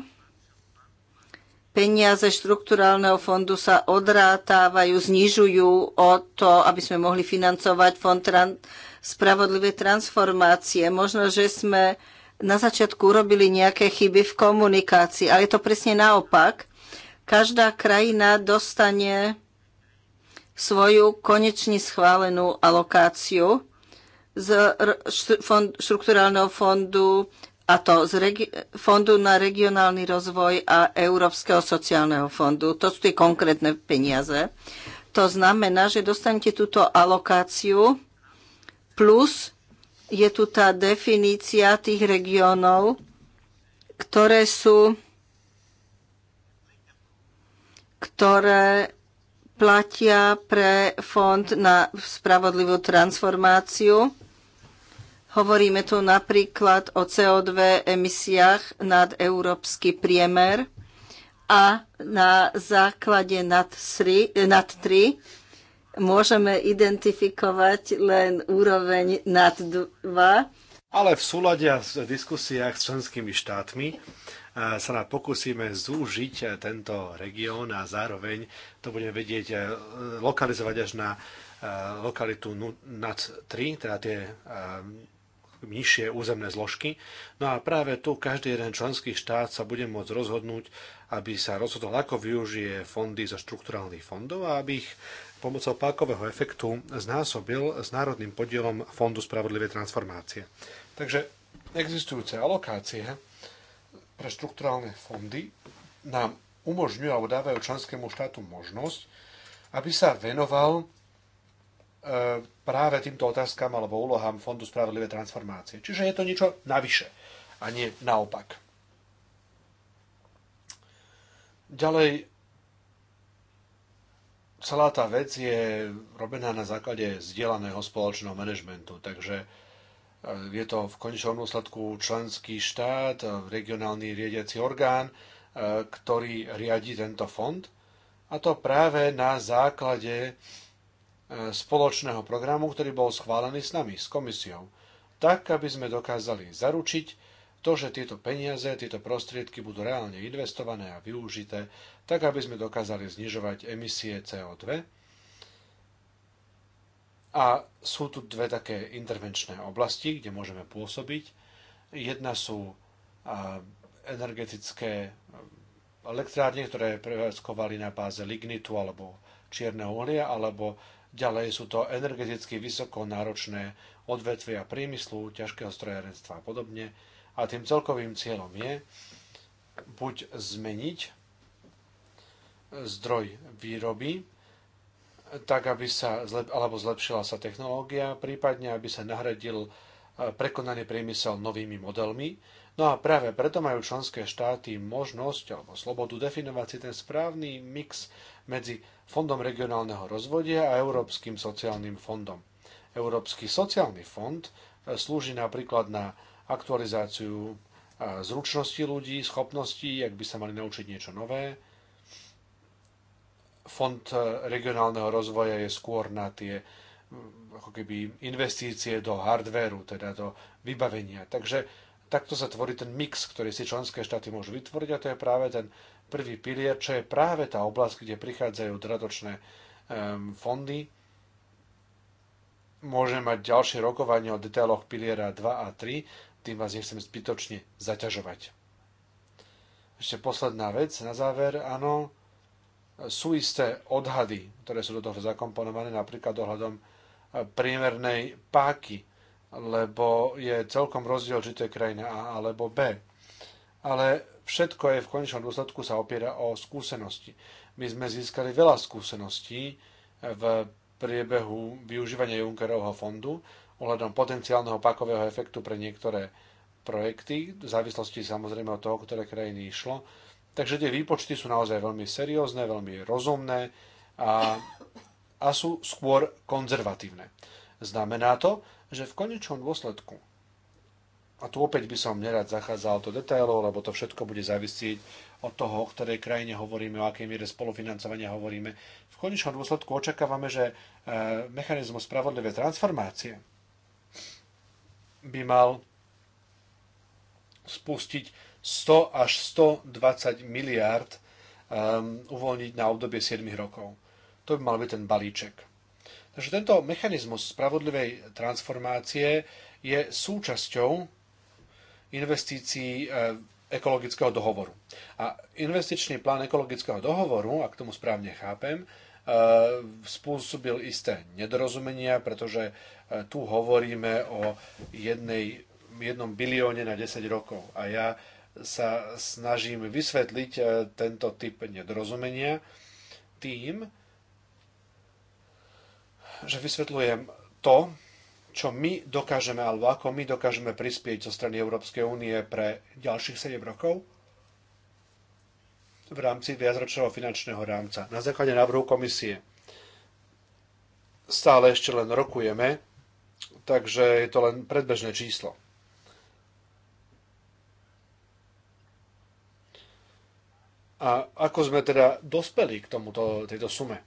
Speaker 3: peniaze štrukturálneho fondu sa odrátávajú, znižujú o to, aby sme mohli financovať fond tran- spravodlivé transformácie. Možno, že sme na začiatku urobili nejaké chyby v komunikácii, ale je to presne naopak. Každá krajina dostane svoju konečne schválenú alokáciu z štruktúrálneho štrukturálneho fondu a to z Fondu na regionálny rozvoj a Európskeho sociálneho fondu. To sú tie konkrétne peniaze. To znamená, že dostanete túto alokáciu plus je tu tá definícia tých regiónov, ktoré sú ktoré platia pre Fond na spravodlivú transformáciu. Hovoríme tu napríklad o CO2 emisiách nad európsky priemer a na základe nad sri, nad 3 môžeme identifikovať len úroveň nad 2.
Speaker 2: Ale v súlade s v diskusiách s členskými štátmi sa nám pokúsime zúžiť tento región a zároveň to budeme vedieť e, lokalizovať až na e, lokalitu NAC 3, teda tie e, nižšie územné zložky. No a práve tu každý jeden členský štát sa bude môcť rozhodnúť, aby sa rozhodol, ako využije fondy zo štrukturálnych fondov a aby ich pomocou pákového efektu znásobil s národným podielom Fondu spravodlivej transformácie. Takže existujúce alokácie pre štrukturálne fondy nám umožňujú alebo dávajú členskému štátu možnosť, aby sa venoval e, práve týmto otázkam alebo úlohám Fondu spravodlivé transformácie. Čiže je to niečo navyše a nie naopak. Ďalej, celá tá vec je robená na základe zdieľaného spoločného manažmentu, takže E, je to v konečnom dôsledku členský štát, e, regionálny riadiaci orgán, e, ktorý riadi tento fond. A to práve na základe spoločného programu, ktorý bol schválený s nami, s komisiou. Tak, aby sme dokázali zaručiť to, že tieto peniaze, tieto prostriedky budú reálne investované a využité, tak, aby sme dokázali znižovať emisie CO2 a sú tu dve také intervenčné oblasti, kde môžeme pôsobiť. Jedna sú energetické elektrárne, ktoré prevádzkovali na báze lignitu alebo čierneho uhlia, alebo ďalej sú to energeticky vysoko náročné odvetvia priemyslu, ťažkého strojárenstva a podobne. A tým celkovým cieľom je buď zmeniť e, zdroj výroby tak aby sa zlep, alebo zlepšila sa technológia, prípadne aby sa nahradil e, prekonaný priemysel novými modelmi. No a práve preto majú členské štáty možnosť alebo slobodu definovať si ten správny mix medzi Fondom regionálneho rozvodia a Európskym sociálnym fondom. Európsky sociálny fond e, slúži napríklad na aktualizáciu e, zručnosti ľudí, schopností, ak by sa mali naučiť niečo nové, Fond eh, regionálneho rozvoja je skôr na tie mm, ako keby investície do hardvéru, teda do vybavenia. Takže takto sa tvorí ten mix, ktorý si členské štáty môžu vytvoriť a to je práve ten prvý pilier, čo je práve tá oblasť, kde prichádzajú dradočné fondy. Môžeme mať ďalšie rokovanie o detailoch piliera 2 a 3, tým vás nechcem zbytočne zaťažovať. Ešte posledná vec na záver, áno, sú isté odhady, ktoré sú do toho zakomponované, napríklad ohľadom e, priemernej páky, lebo je celkom rozdiel, či to je krajina A alebo B. Ale všetko je v konečnom dôsledku sa opiera o skúsenosti. My sme získali veľa skúseností e, v priebehu využívania Junckerovho fondu ohľadom potenciálneho pakového efektu pre niektoré projekty, v závislosti samozrejme od toho, ktoré krajiny išlo Takže tie výpočty sú naozaj veľmi seriózne, veľmi rozumné a, a sú skôr konzervatívne. Znamená to, že v konečnom dôsledku, a tu opäť by som nerad zachádzal do detailov, lebo to všetko bude závisieť od toho, o ktorej krajine hovoríme, o akej miere spolufinancovania hovoríme. V konečnom dôsledku očakávame, že e, mechanizmus spravodlivej transformácie by mal spustiť 100 až 120 miliárd um, uvoľniť na obdobie 7 rokov. To by mal byť ten balíček. Takže tento mechanizmus spravodlivej transformácie je súčasťou investícií eh, ekologického dohovoru. A investičný plán ekologického dohovoru, ak tomu správne chápem, eh, spôsobil isté nedorozumenia, pretože eh, tu hovoríme o jednej, jednom bilióne na 10 rokov. A ja sa snažím vysvetliť e, tento typ nedorozumenia tým, že vysvetľujem to, čo my dokážeme, alebo ako my dokážeme prispieť zo strany Európskej únie pre ďalších 7 rokov v rámci viacročného finančného rámca. Na základe návrhu komisie stále ešte len rokujeme, takže je to len predbežné číslo. A ako sme teda dospeli k tomuto, tejto sume?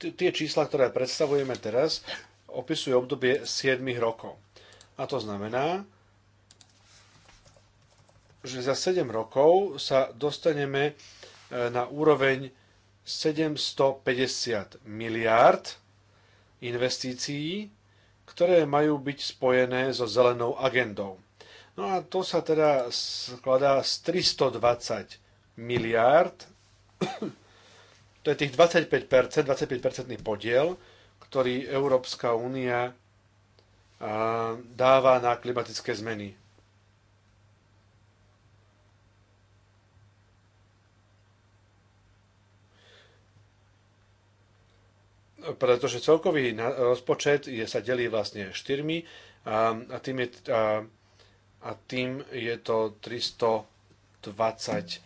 Speaker 2: Tie čísla, ktoré predstavujeme teraz, opisujú obdobie 7 rokov. A to znamená, že za 7 rokov sa dostaneme e, na úroveň 750 miliárd investícií, ktoré majú byť spojené so zelenou agendou. No a to sa teda skladá z 320 miliárd. [coughs] To je tých 25%, 25 podiel, ktorý Európska únia dáva na klimatické zmeny. pretože celkový rozpočet je, sa delí vlastne štyrmi a, a tým je a, a tým je to 320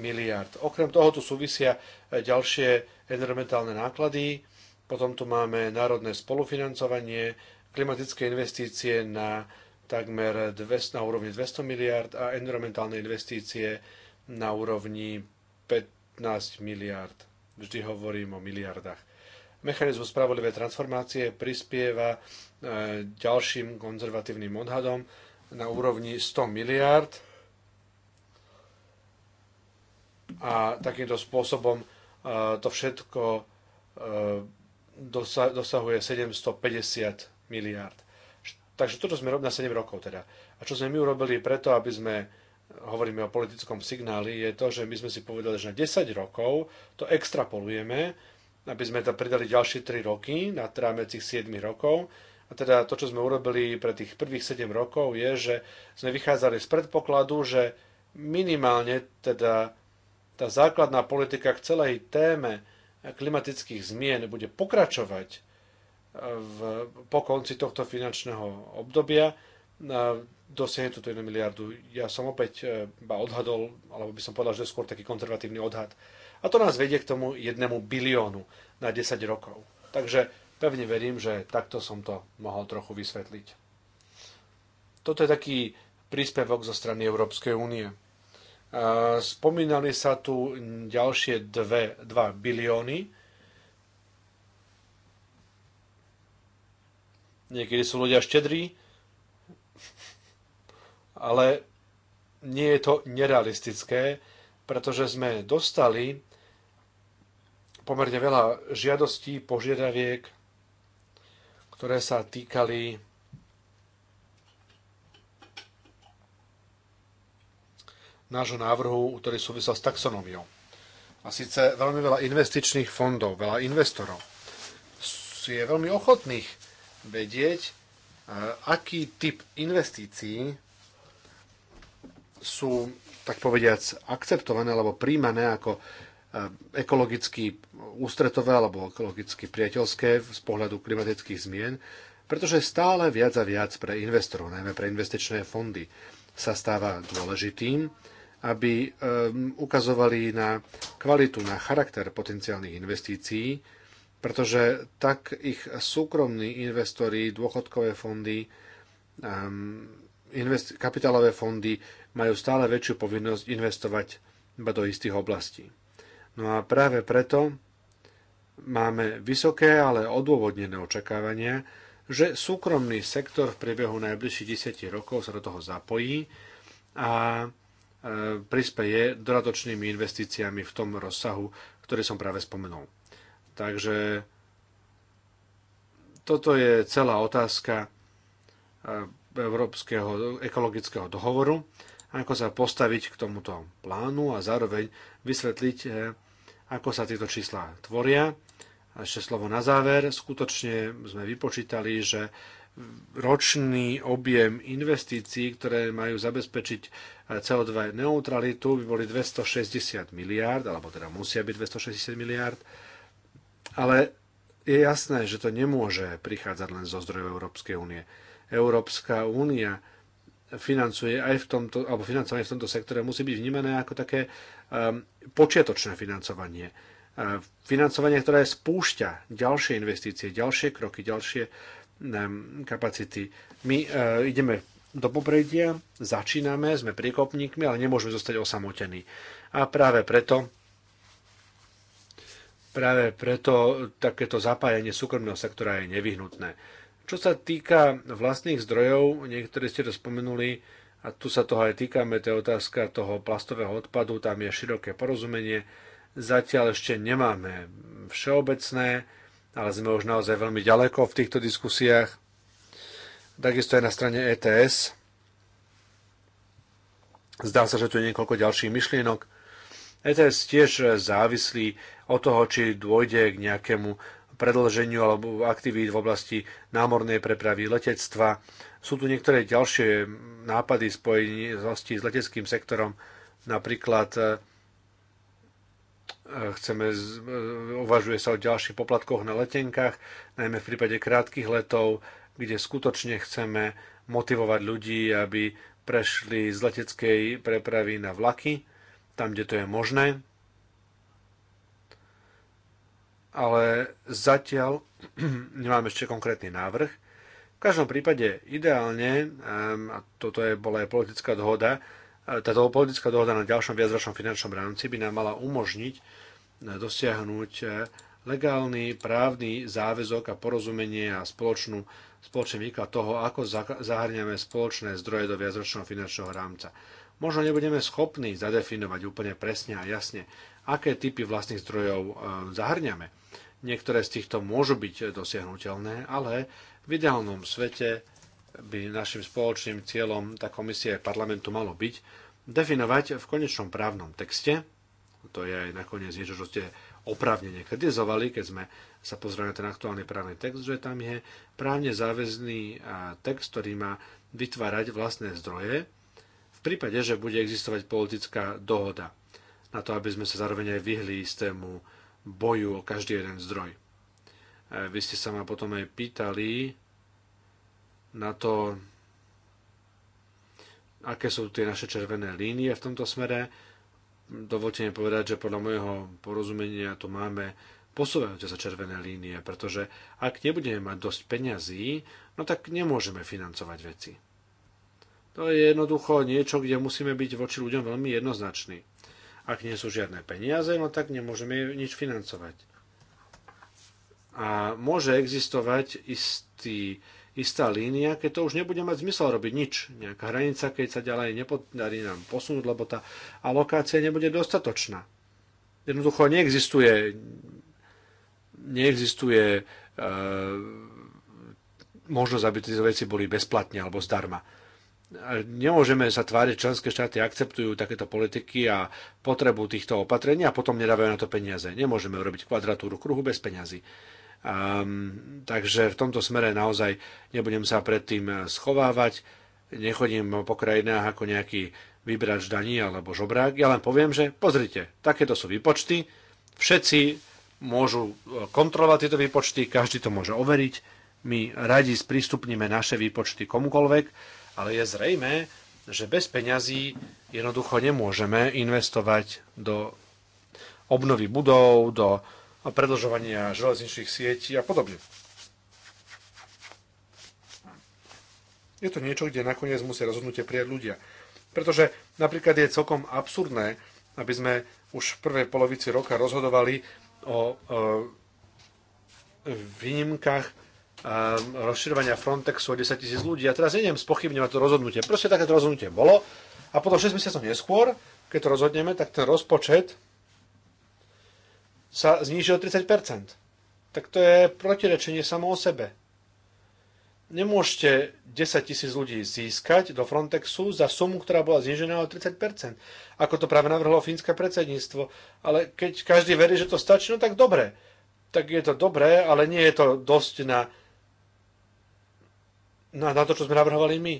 Speaker 2: miliard. Okrem toho tu súvisia e, ďalšie environmentálne náklady, potom tu máme národné spolufinancovanie, klimatické investície na takmer 200, na úrovni 200 miliard a environmentálne investície na úrovni 15 miliard. Vždy hovorím o miliardách. Mechanizmus spravodlivé transformácie prispieva e, ďalším konzervatívnym odhadom, na úrovni 100 miliárd a takýmto spôsobom e, to všetko e, dosahuje 750 miliárd. Takže toto sme robili na 7 rokov teda. A čo sme my urobili preto, aby sme hovoríme o politickom signáli, je to, že my sme si povedali, že na 10 rokov to extrapolujeme, aby sme tam pridali ďalšie 3 roky na rámec 7 rokov a teda to, čo sme urobili pre tých prvých 7 rokov, je, že sme vychádzali z predpokladu, že minimálne teda tá základná politika k celej téme klimatických zmien bude pokračovať e, v, po konci tohto finančného obdobia. E, dosiahne túto 1 miliardu. Ja som opäť e, ba odhadol, alebo by som povedal, že je skôr taký konzervatívny odhad. A to nás vedie k tomu jednému biliónu na 10 rokov. Takže Pevne verím, že takto som to mohol trochu vysvetliť. Toto je taký príspevok zo strany Európskej únie. E, spomínali sa tu ďalšie 2, bilióny, Niekedy sú ľudia štedrí, ale nie je to nerealistické, pretože sme dostali pomerne veľa žiadostí, požiadaviek ktoré sa týkali nášho návrhu, ktorý súvisel s taxonómiou. A síce veľmi veľa investičných fondov, veľa investorov je veľmi ochotných vedieť, e, aký typ investícií sú, tak povediac, akceptované alebo príjmané ako ekologicky ústretové alebo ekologicky priateľské z pohľadu klimatických zmien, pretože stále viac a viac pre investorov, najmä pre investičné fondy, sa stáva dôležitým, aby ehm, ukazovali na kvalitu, na charakter potenciálnych investícií, pretože tak ich súkromní investori, dôchodkové fondy, ehm, kapitálové fondy majú stále väčšiu povinnosť investovať iba do istých oblastí. No a práve preto máme vysoké, ale odôvodnené očakávania, že súkromný sektor v priebehu najbližších 10 rokov sa do toho zapojí a e, prispeje dodatočnými investíciami v tom rozsahu, ktorý som práve spomenul. Takže toto je celá otázka e, Európskeho ekologického dohovoru ako sa postaviť k tomuto plánu a zároveň vysvetliť, eh, ako sa tieto čísla tvoria. A ešte slovo na záver. Skutočne sme vypočítali, že ročný objem investícií, ktoré majú zabezpečiť eh, CO2 neutralitu, by boli 260 miliárd, alebo teda musia byť 260 miliárd. Ale je jasné, že to nemôže prichádzať len zo zdrojov Európskej únie. Európska únia financuje aj v tomto, alebo financovanie v tomto sektore musí byť vnímané ako také um, počiatočné financovanie. Uh, financovanie, ktoré spúšťa ďalšie investície, ďalšie kroky, ďalšie um, kapacity. My uh, ideme do popredia, začíname, sme priekopníkmi, ale nemôžeme zostať osamotení. A práve preto práve preto takéto zapájanie súkromného sektora je nevyhnutné čo sa týka vlastných zdrojov, niektorí ste to spomenuli, a tu sa toho aj týkame, to je otázka toho plastového odpadu, tam je široké porozumenie. Zatiaľ ešte nemáme všeobecné, ale sme už naozaj veľmi ďaleko v týchto diskusiách. Takisto aj na strane ETS. Zdá sa, že tu je niekoľko ďalších myšlienok. ETS tiež závislí od toho, či dôjde k nejakému predlženiu alebo aktivít v oblasti námornej prepravy, letectva. Sú tu niektoré ďalšie nápady spojenosti s leteckým sektorom, napríklad e, chceme, e, uvažuje sa o ďalších poplatkoch na letenkách, najmä v prípade krátkých letov, kde skutočne chceme motivovať ľudí, aby prešli z leteckej prepravy na vlaky, tam, kde to je možné ale zatiaľ [clears throat] nemám ešte konkrétny návrh. V každom prípade ideálne, a toto je bola aj politická dohoda, e, táto politická dohoda na ďalšom viacročnom finančnom rámci by nám mala umožniť e, dosiahnuť e, legálny právny záväzok a porozumenie a spoločnú, spoločný výklad toho, ako zahrňame spoločné zdroje do viacročného finančného rámca. Možno nebudeme schopní zadefinovať úplne presne a jasne, aké typy vlastných zdrojov eh, zahrňame. Niektoré z týchto môžu byť eh, dosiahnutelné, ale v ideálnom svete by našim spoločným cieľom tá komisie parlamentu malo byť definovať v konečnom právnom texte, to je aj nakoniec niečo, čo ste oprávnene kritizovali, keď sme sa pozreli na ten aktuálny právny text, že tam je právne záväzný eh, text, ktorý má vytvárať vlastné zdroje v prípade, že bude existovať politická dohoda na to, aby sme sa zároveň aj vyhli istému boju o každý jeden zdroj. E, vy ste sa ma potom aj pýtali na to, aké sú tie naše červené línie v tomto smere. Dovolte mi povedať, že podľa môjho porozumenia tu máme posúvajúce sa červené línie, pretože ak nebudeme mať dosť peňazí, no tak nemôžeme financovať veci. To je jednoducho niečo, kde musíme byť voči ľuďom veľmi jednoznační. Ak nie sú žiadne peniaze, no tak nemôžeme nič financovať. A môže existovať istý, istá línia, keď to už nebude mať zmysel robiť nič. Nejaká hranica, keď sa ďalej nepodarí nám posunúť, lebo tá alokácia nebude dostatočná. Jednoducho neexistuje, neexistuje e, možnosť, aby tie veci boli bezplatne alebo zdarma nemôžeme sa tváriť, členské štáty akceptujú takéto politiky a potrebu týchto opatrení a potom nedávajú na to peniaze. Nemôžeme urobiť kvadratúru kruhu bez peňazí. Um, takže v tomto smere naozaj nebudem sa predtým schovávať, nechodím po krajinách ako nejaký vybrač daní alebo žobrák. Ja len poviem, že pozrite, takéto sú výpočty, všetci môžu kontrolovať tieto výpočty, každý to môže overiť, my radi sprístupníme naše výpočty komukolvek, ale je zrejme, že bez peňazí jednoducho nemôžeme investovať do obnovy budov, do predlžovania železničných sietí a podobne. Je to niečo, kde nakoniec musia rozhodnutie prijať ľudia. Pretože napríklad je celkom absurdné, aby sme už v prvej polovici roka rozhodovali o, o e, výnimkách rozširovania Frontexu o 10 tisíc ľudí. A teraz idem spochybňovať to rozhodnutie. Proste takéto rozhodnutie bolo a potom 6 mesiacov neskôr, keď to rozhodneme, tak ten rozpočet sa znížil o 30%. Tak to je protirečenie samo o sebe. Nemôžete 10 tisíc ľudí získať do Frontexu za sumu, ktorá bola znižená o 30%, ako to práve navrhlo fínske predsedníctvo. Ale keď každý verí, že to stačí, no tak dobre. Tak je to dobré, ale nie je to dosť na na, no na to, čo sme navrhovali my.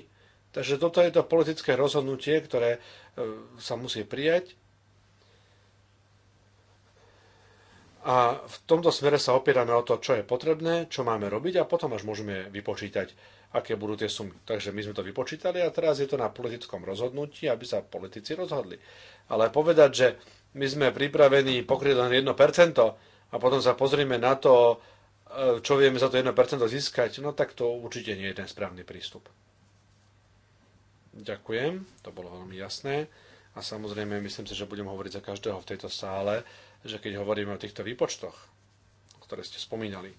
Speaker 2: Takže toto je to politické rozhodnutie, ktoré e, sa musí prijať. A v tomto smere sa opierame o to, čo je potrebné, čo máme robiť a potom až môžeme vypočítať, aké budú tie sumy. Takže my sme to vypočítali a teraz je to na politickom rozhodnutí, aby sa politici rozhodli. Ale povedať, že my sme pripravení pokryť len 1% a potom sa pozrieme na to, E, čo vieme za to 1% získať, no tak to určite nie je ten správny prístup. Ďakujem, to bolo veľmi jasné. A samozrejme, myslím si, že budem hovoriť za každého v tejto sále, že keď hovoríme o týchto výpočtoch, ktoré ste spomínali,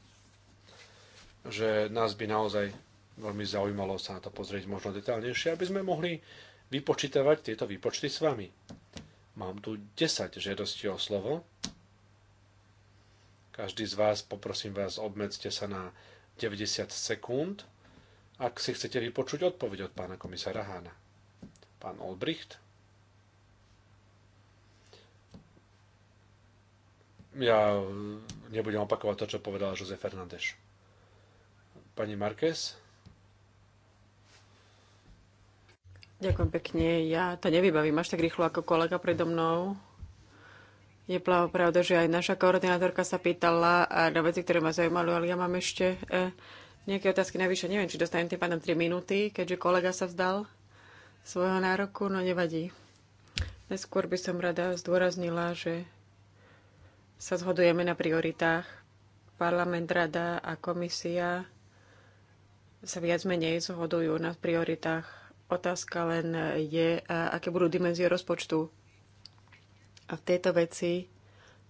Speaker 2: že nás by naozaj veľmi zaujímalo sa na to pozrieť možno detaľnejšie, aby sme mohli vypočítavať tieto výpočty s vami. Mám tu 10 žiadostí o slovo každý z vás, poprosím vás, obmedzte sa na 90 sekúnd, ak si chcete vypočuť odpoveď od pána komisára Hána. Pán Olbricht. Ja nebudem opakovať to, čo povedala Jose Fernández. Pani Marquez.
Speaker 1: Ďakujem pekne. Ja to nevybavím až tak rýchlo ako kolega predo mnou. Je pravda, že aj naša koordinátorka sa pýtala na veci, ktoré ma zaujímali, ale ja mám ešte e, nejaké otázky navyše. Neviem, či dostanem tým pádom 3 minúty, keďže kolega sa vzdal svojho nároku, no nevadí. Neskôr by som rada zdôraznila, že sa zhodujeme na prioritách. Parlament, rada a komisia sa viac menej zhodujú na prioritách. Otázka len je, aké budú dimenzie rozpočtu a v tejto veci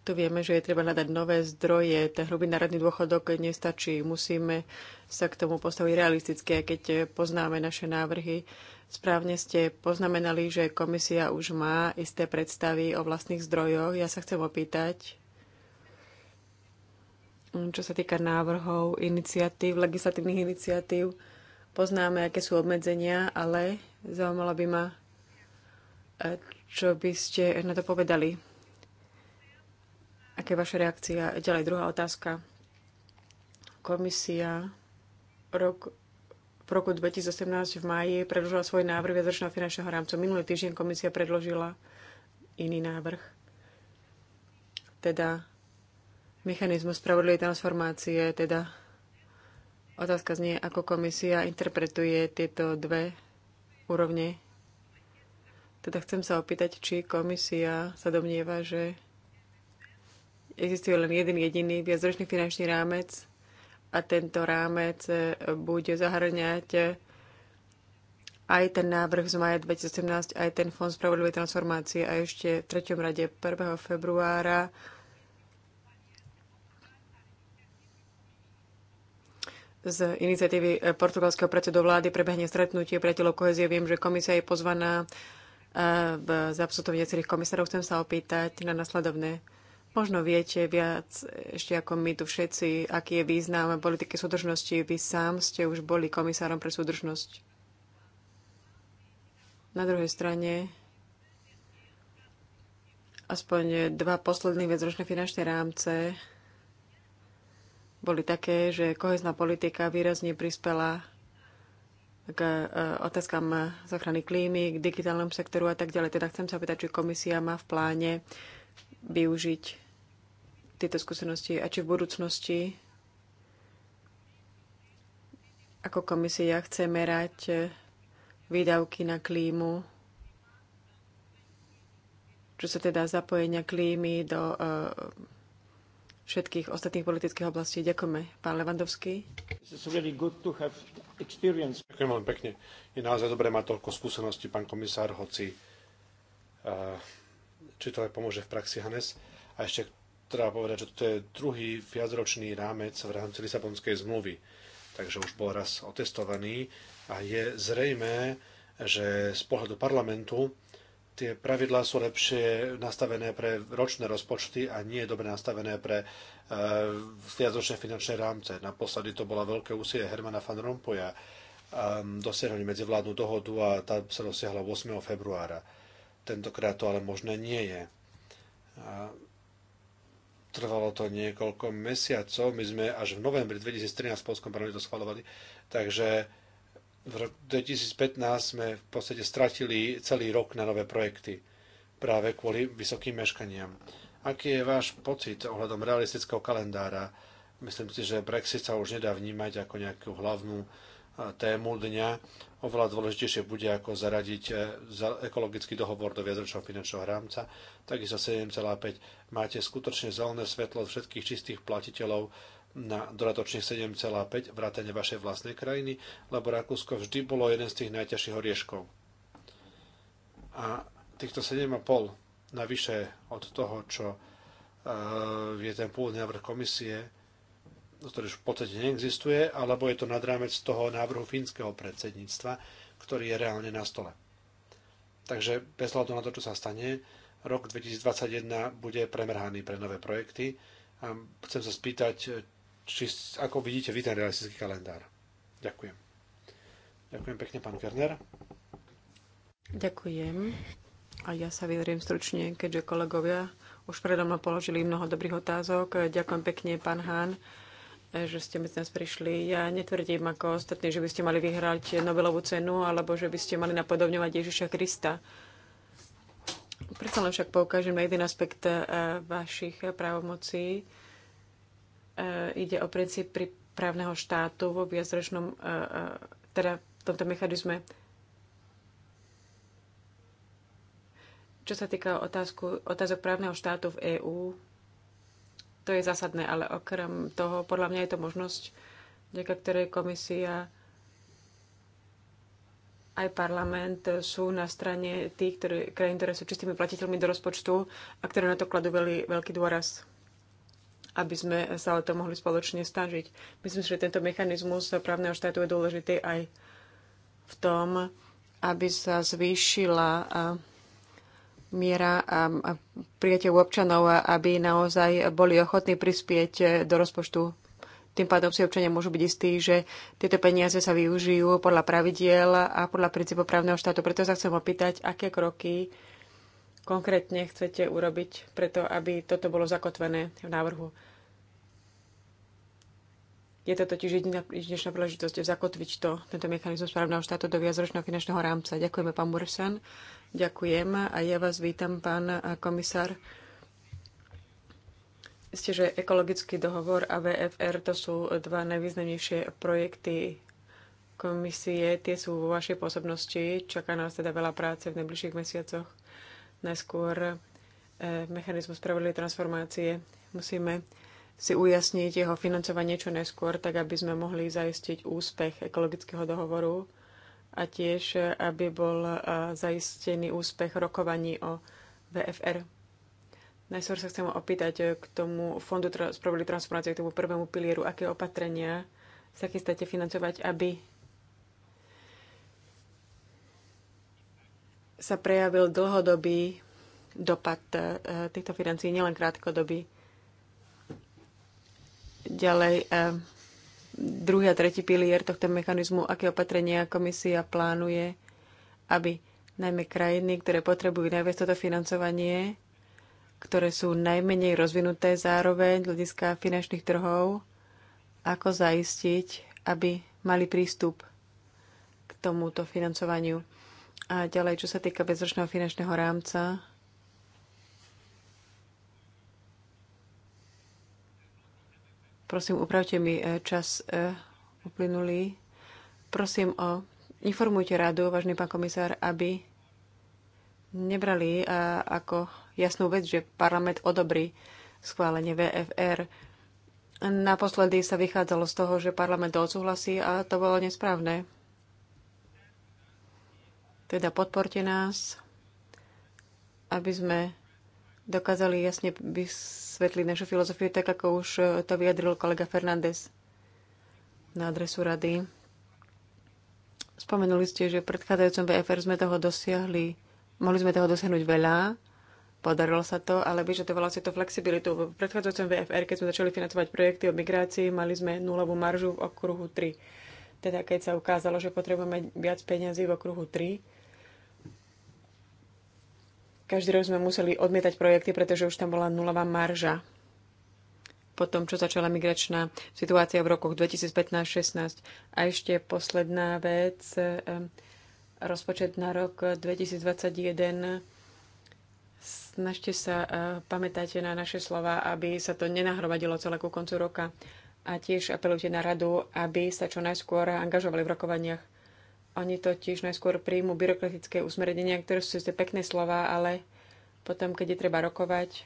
Speaker 1: tu vieme, že je treba hľadať nové zdroje. Ten hrubý národný dôchodok nestačí. Musíme sa k tomu postaviť realisticky. aj keď poznáme naše návrhy, správne ste poznamenali, že komisia už má isté predstavy o vlastných zdrojoch. Ja sa chcem opýtať, čo sa týka návrhov, iniciatív, legislatívnych iniciatív, poznáme, aké sú obmedzenia, ale zaujímalo by ma, čo by ste na to povedali? Aká je vaša reakcia? Ďalej druhá otázka. Komisia rok, v roku 2018 v máji predložila svoj návrh viacročného finančného rámca. Minulý týždeň komisia predložila iný návrh, teda mechanizmus spravodlivej transformácie, teda otázka znie, ako komisia interpretuje tieto dve úrovne teda chcem sa opýtať, či komisia sa domnieva, že existuje len jeden jediný viacročný finančný rámec a tento rámec e, bude zahrňať aj ten návrh z maja 2017, aj ten Fond spravodlivej transformácie a ešte v 3. rade 1. februára z iniciatívy portugalského predsedu vlády prebehne stretnutie priateľov kohezie. Viem, že komisia je pozvaná v zápsutu viacerých komisárov. Chcem sa opýtať na nasledovné. Možno viete viac, ešte ako my tu všetci, aký je význam politiky súdržnosti. Vy sám ste už boli komisárom pre súdržnosť. Na druhej strane, aspoň dva posledné viacročné finančné rámce boli také, že kohezná politika výrazne prispela k e, otázkam záchrany klímy, k digitálnemu sektoru a tak ďalej. Teda chcem sa opýtať, či komisia má v pláne využiť tieto skúsenosti a či v budúcnosti ako komisia chce merať výdavky na klímu, čo sa teda zapojenia klímy do e, všetkých ostatných politických oblastí. Ďakujeme. Pán Levandovský.
Speaker 2: Ďakujem veľmi pekne. Je naozaj dobré mať toľko skúseností, pán komisár, hoci uh, či to aj pomôže v praxi Hanes. A ešte treba povedať, že to je druhý viacročný rámec v rámci Lisabonskej zmluvy. Takže už bol raz otestovaný a je zrejmé, že z pohľadu parlamentu tie pravidlá sú lepšie nastavené pre ročné rozpočty a nie je dobre nastavené pre uh, finančné rámce. Naposledy to bola veľké úsilie Hermana van Rompuya um, dosiahnuť medzivládnu dohodu a tá sa dosiahla 8. februára. Tentokrát to ale možné nie je. trvalo to niekoľko mesiacov, my sme až v novembri 2013 v Polskom parlamente to schvalovali, takže v roku 2015 sme v podstate stratili celý rok na nové projekty práve kvôli vysokým meškaniam. Aký je váš pocit ohľadom realistického kalendára? Myslím si, že Brexit sa už nedá vnímať ako nejakú hlavnú tému dňa. Oveľa dôležitejšie bude, ako zaradiť e, ekologický dohovor do viacročného finančného rámca. Takisto 7,5 máte skutočne zelené svetlo od všetkých čistých platiteľov na dodatočných 7,5 vrátane vašej vlastnej krajiny, lebo Rakúsko vždy bolo jeden z tých najťažších orieškov. A týchto 7,5 navyše od toho, čo e, je ten pôvodný návrh komisie, ktorý už v podstate neexistuje, alebo je to nad rámec toho návrhu fínskeho predsedníctva, ktorý je reálne na stole. Takže bez hľadu na to, čo sa stane, rok 2021 bude premerhaný pre nové projekty. A chcem sa spýtať, či ako vidíte vy ten realistický kalendár. Ďakujem. Ďakujem pekne, pán Kerner.
Speaker 1: Ďakujem. A ja sa vyjadrím stručne, keďže kolegovia už predo mnou položili mnoho dobrých otázok. Ďakujem pekne, pán Hán, že ste medzi nás prišli. Ja netvrdím ako ostatní, že by ste mali vyhrať Nobelovú cenu alebo že by ste mali napodobňovať Ježiša Krista. Predsa len však poukážem na jeden aspekt eh, vašich právomocí E, ide o princíp pri právneho štátu vo viacročnom, e, e, teda v tomto mechanizme. Čo sa týka otázku, otázok právneho štátu v EÚ, to je zásadné, ale okrem toho, podľa mňa je to možnosť, vďaka ktorej komisia aj parlament sú na strane tých ktoré, krajín, ktoré sú čistými platiteľmi do rozpočtu a ktoré na to kladú veľký dôraz aby sme sa ale to mohli spoločne snažiť. Myslím si, že tento mechanizmus právneho štátu je dôležitý aj v tom, aby sa zvýšila miera prijateľov občanov, aby naozaj boli ochotní prispieť do rozpočtu. Tým pádom si občania môžu byť istí, že tieto peniaze sa využijú podľa pravidiel a podľa princípov právneho štátu. Preto sa chcem opýtať, aké kroky konkrétne chcete urobiť preto, aby toto bolo zakotvené v návrhu? Je to totiž jedinečná príležitosť zakotviť to, tento mechanizmus správneho štátu do viacročného finančného rámca. Ďakujeme, pán Mursan. Ďakujem a ja vás vítam, pán komisár. Ste, že ekologický dohovor a VFR to sú dva najvýznamnejšie projekty komisie. Tie sú vo vašej pôsobnosti. Čaká nás teda veľa práce v najbližších mesiacoch. Najskôr e, mechanizmus spravodlivej transformácie. Musíme si ujasniť jeho financovanie čo najskôr, tak aby sme mohli zaistiť úspech ekologického dohovoru a tiež, e, aby bol e, zaistený úspech rokovaní o VFR. Najskôr sa chcem opýtať k tomu Fondu spravodlivej transformácie, k tomu prvému pilieru, aké opatrenia sa chystáte financovať, aby sa prejavil dlhodobý dopad e, týchto financií, nielen krátkodobý. Ďalej, e, druhý a tretí pilier tohto mechanizmu, aké opatrenia komisia plánuje, aby najmä krajiny, ktoré potrebujú najviac toto financovanie, ktoré sú najmenej rozvinuté zároveň z hľadiska finančných trhov, ako zaistiť, aby mali prístup k tomuto financovaniu. A ďalej, čo sa týka bezročného finančného rámca, prosím, upravte mi e, čas e, uplynulý. Prosím o informujte radu, vážny pán komisár, aby nebrali e, ako jasnú vec, že parlament odobrí schválenie VFR. Naposledy sa vychádzalo z toho, že parlament to odsúhlasí a to bolo nesprávne. Teda podporte nás, aby sme dokázali jasne vysvetliť našu filozofiu, tak ako už to vyjadril kolega Fernández na adresu rady. Spomenuli ste, že v predchádzajúcom VFR sme toho dosiahli, mohli sme toho dosiahnuť veľa, podarilo sa to, ale vyžadovalo si to flexibilitu. V predchádzajúcom VFR, keď sme začali financovať projekty o migrácii, mali sme nulovú maržu v okruhu 3. Teda keď sa ukázalo, že potrebujeme viac peniazy v okruhu 3, každý rok sme museli odmietať projekty, pretože už tam bola nulová marža. Po tom, čo začala migračná situácia v rokoch 2015-16. A ešte posledná vec, rozpočet na rok 2021 snažte sa eh, pamätajte na naše slova, aby sa to nenahromadilo celé ku koncu roka. A tiež apelujte na radu, aby sa čo najskôr angažovali v rokovaniach. Oni totiž najskôr príjmu byrokratické usmerenia, ktoré sú zde pekné slova, ale potom, keď je treba rokovať,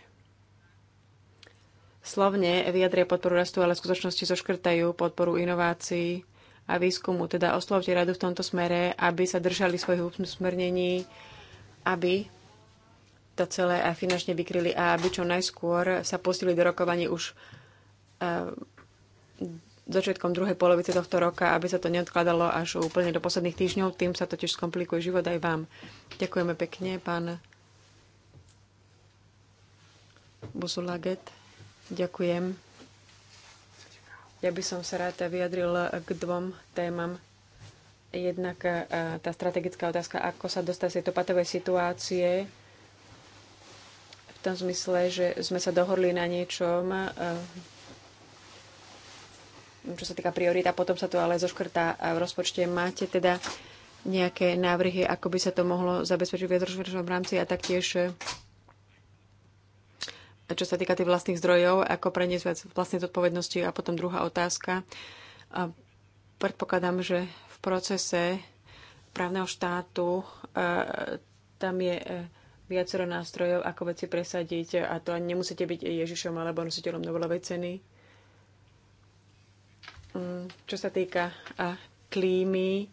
Speaker 1: slovne vyjadria podporu rastu, ale v skutočnosti zoškrtajú podporu inovácií a výskumu. Teda oslovte radu v tomto smere, aby sa držali svojich usmernení, aby to celé a finančne vykryli a aby čo najskôr sa pustili do rokovaní už eh, začiatkom druhej polovice tohto roka, aby sa to neodkladalo až úplne do posledných týždňov. Tým sa totiž skomplikuje život aj vám. Ďakujeme pekne, pán Busulaget. Ďakujem. Ja by som sa rád vyjadril k dvom témam. Jednak eh, tá strategická otázka, ako sa dostať z tejto patovej situácie, v tom zmysle, že sme sa dohodli na niečom, eh, čo sa týka priorita, potom sa to ale zoškrtá v rozpočte. Máte teda nejaké návrhy, ako by sa to mohlo zabezpečiť v viacročnom rámci a taktiež eh, čo sa týka tých vlastných zdrojov, ako preniesť viac vlastnej zodpovednosti. A potom druhá otázka. A predpokladám, že v procese právneho štátu eh, tam je eh, viacero nástrojov, ako veci presadiť a to nemusíte byť Ježišom alebo nositeľom novelovej ceny Mm, čo sa týka klímy,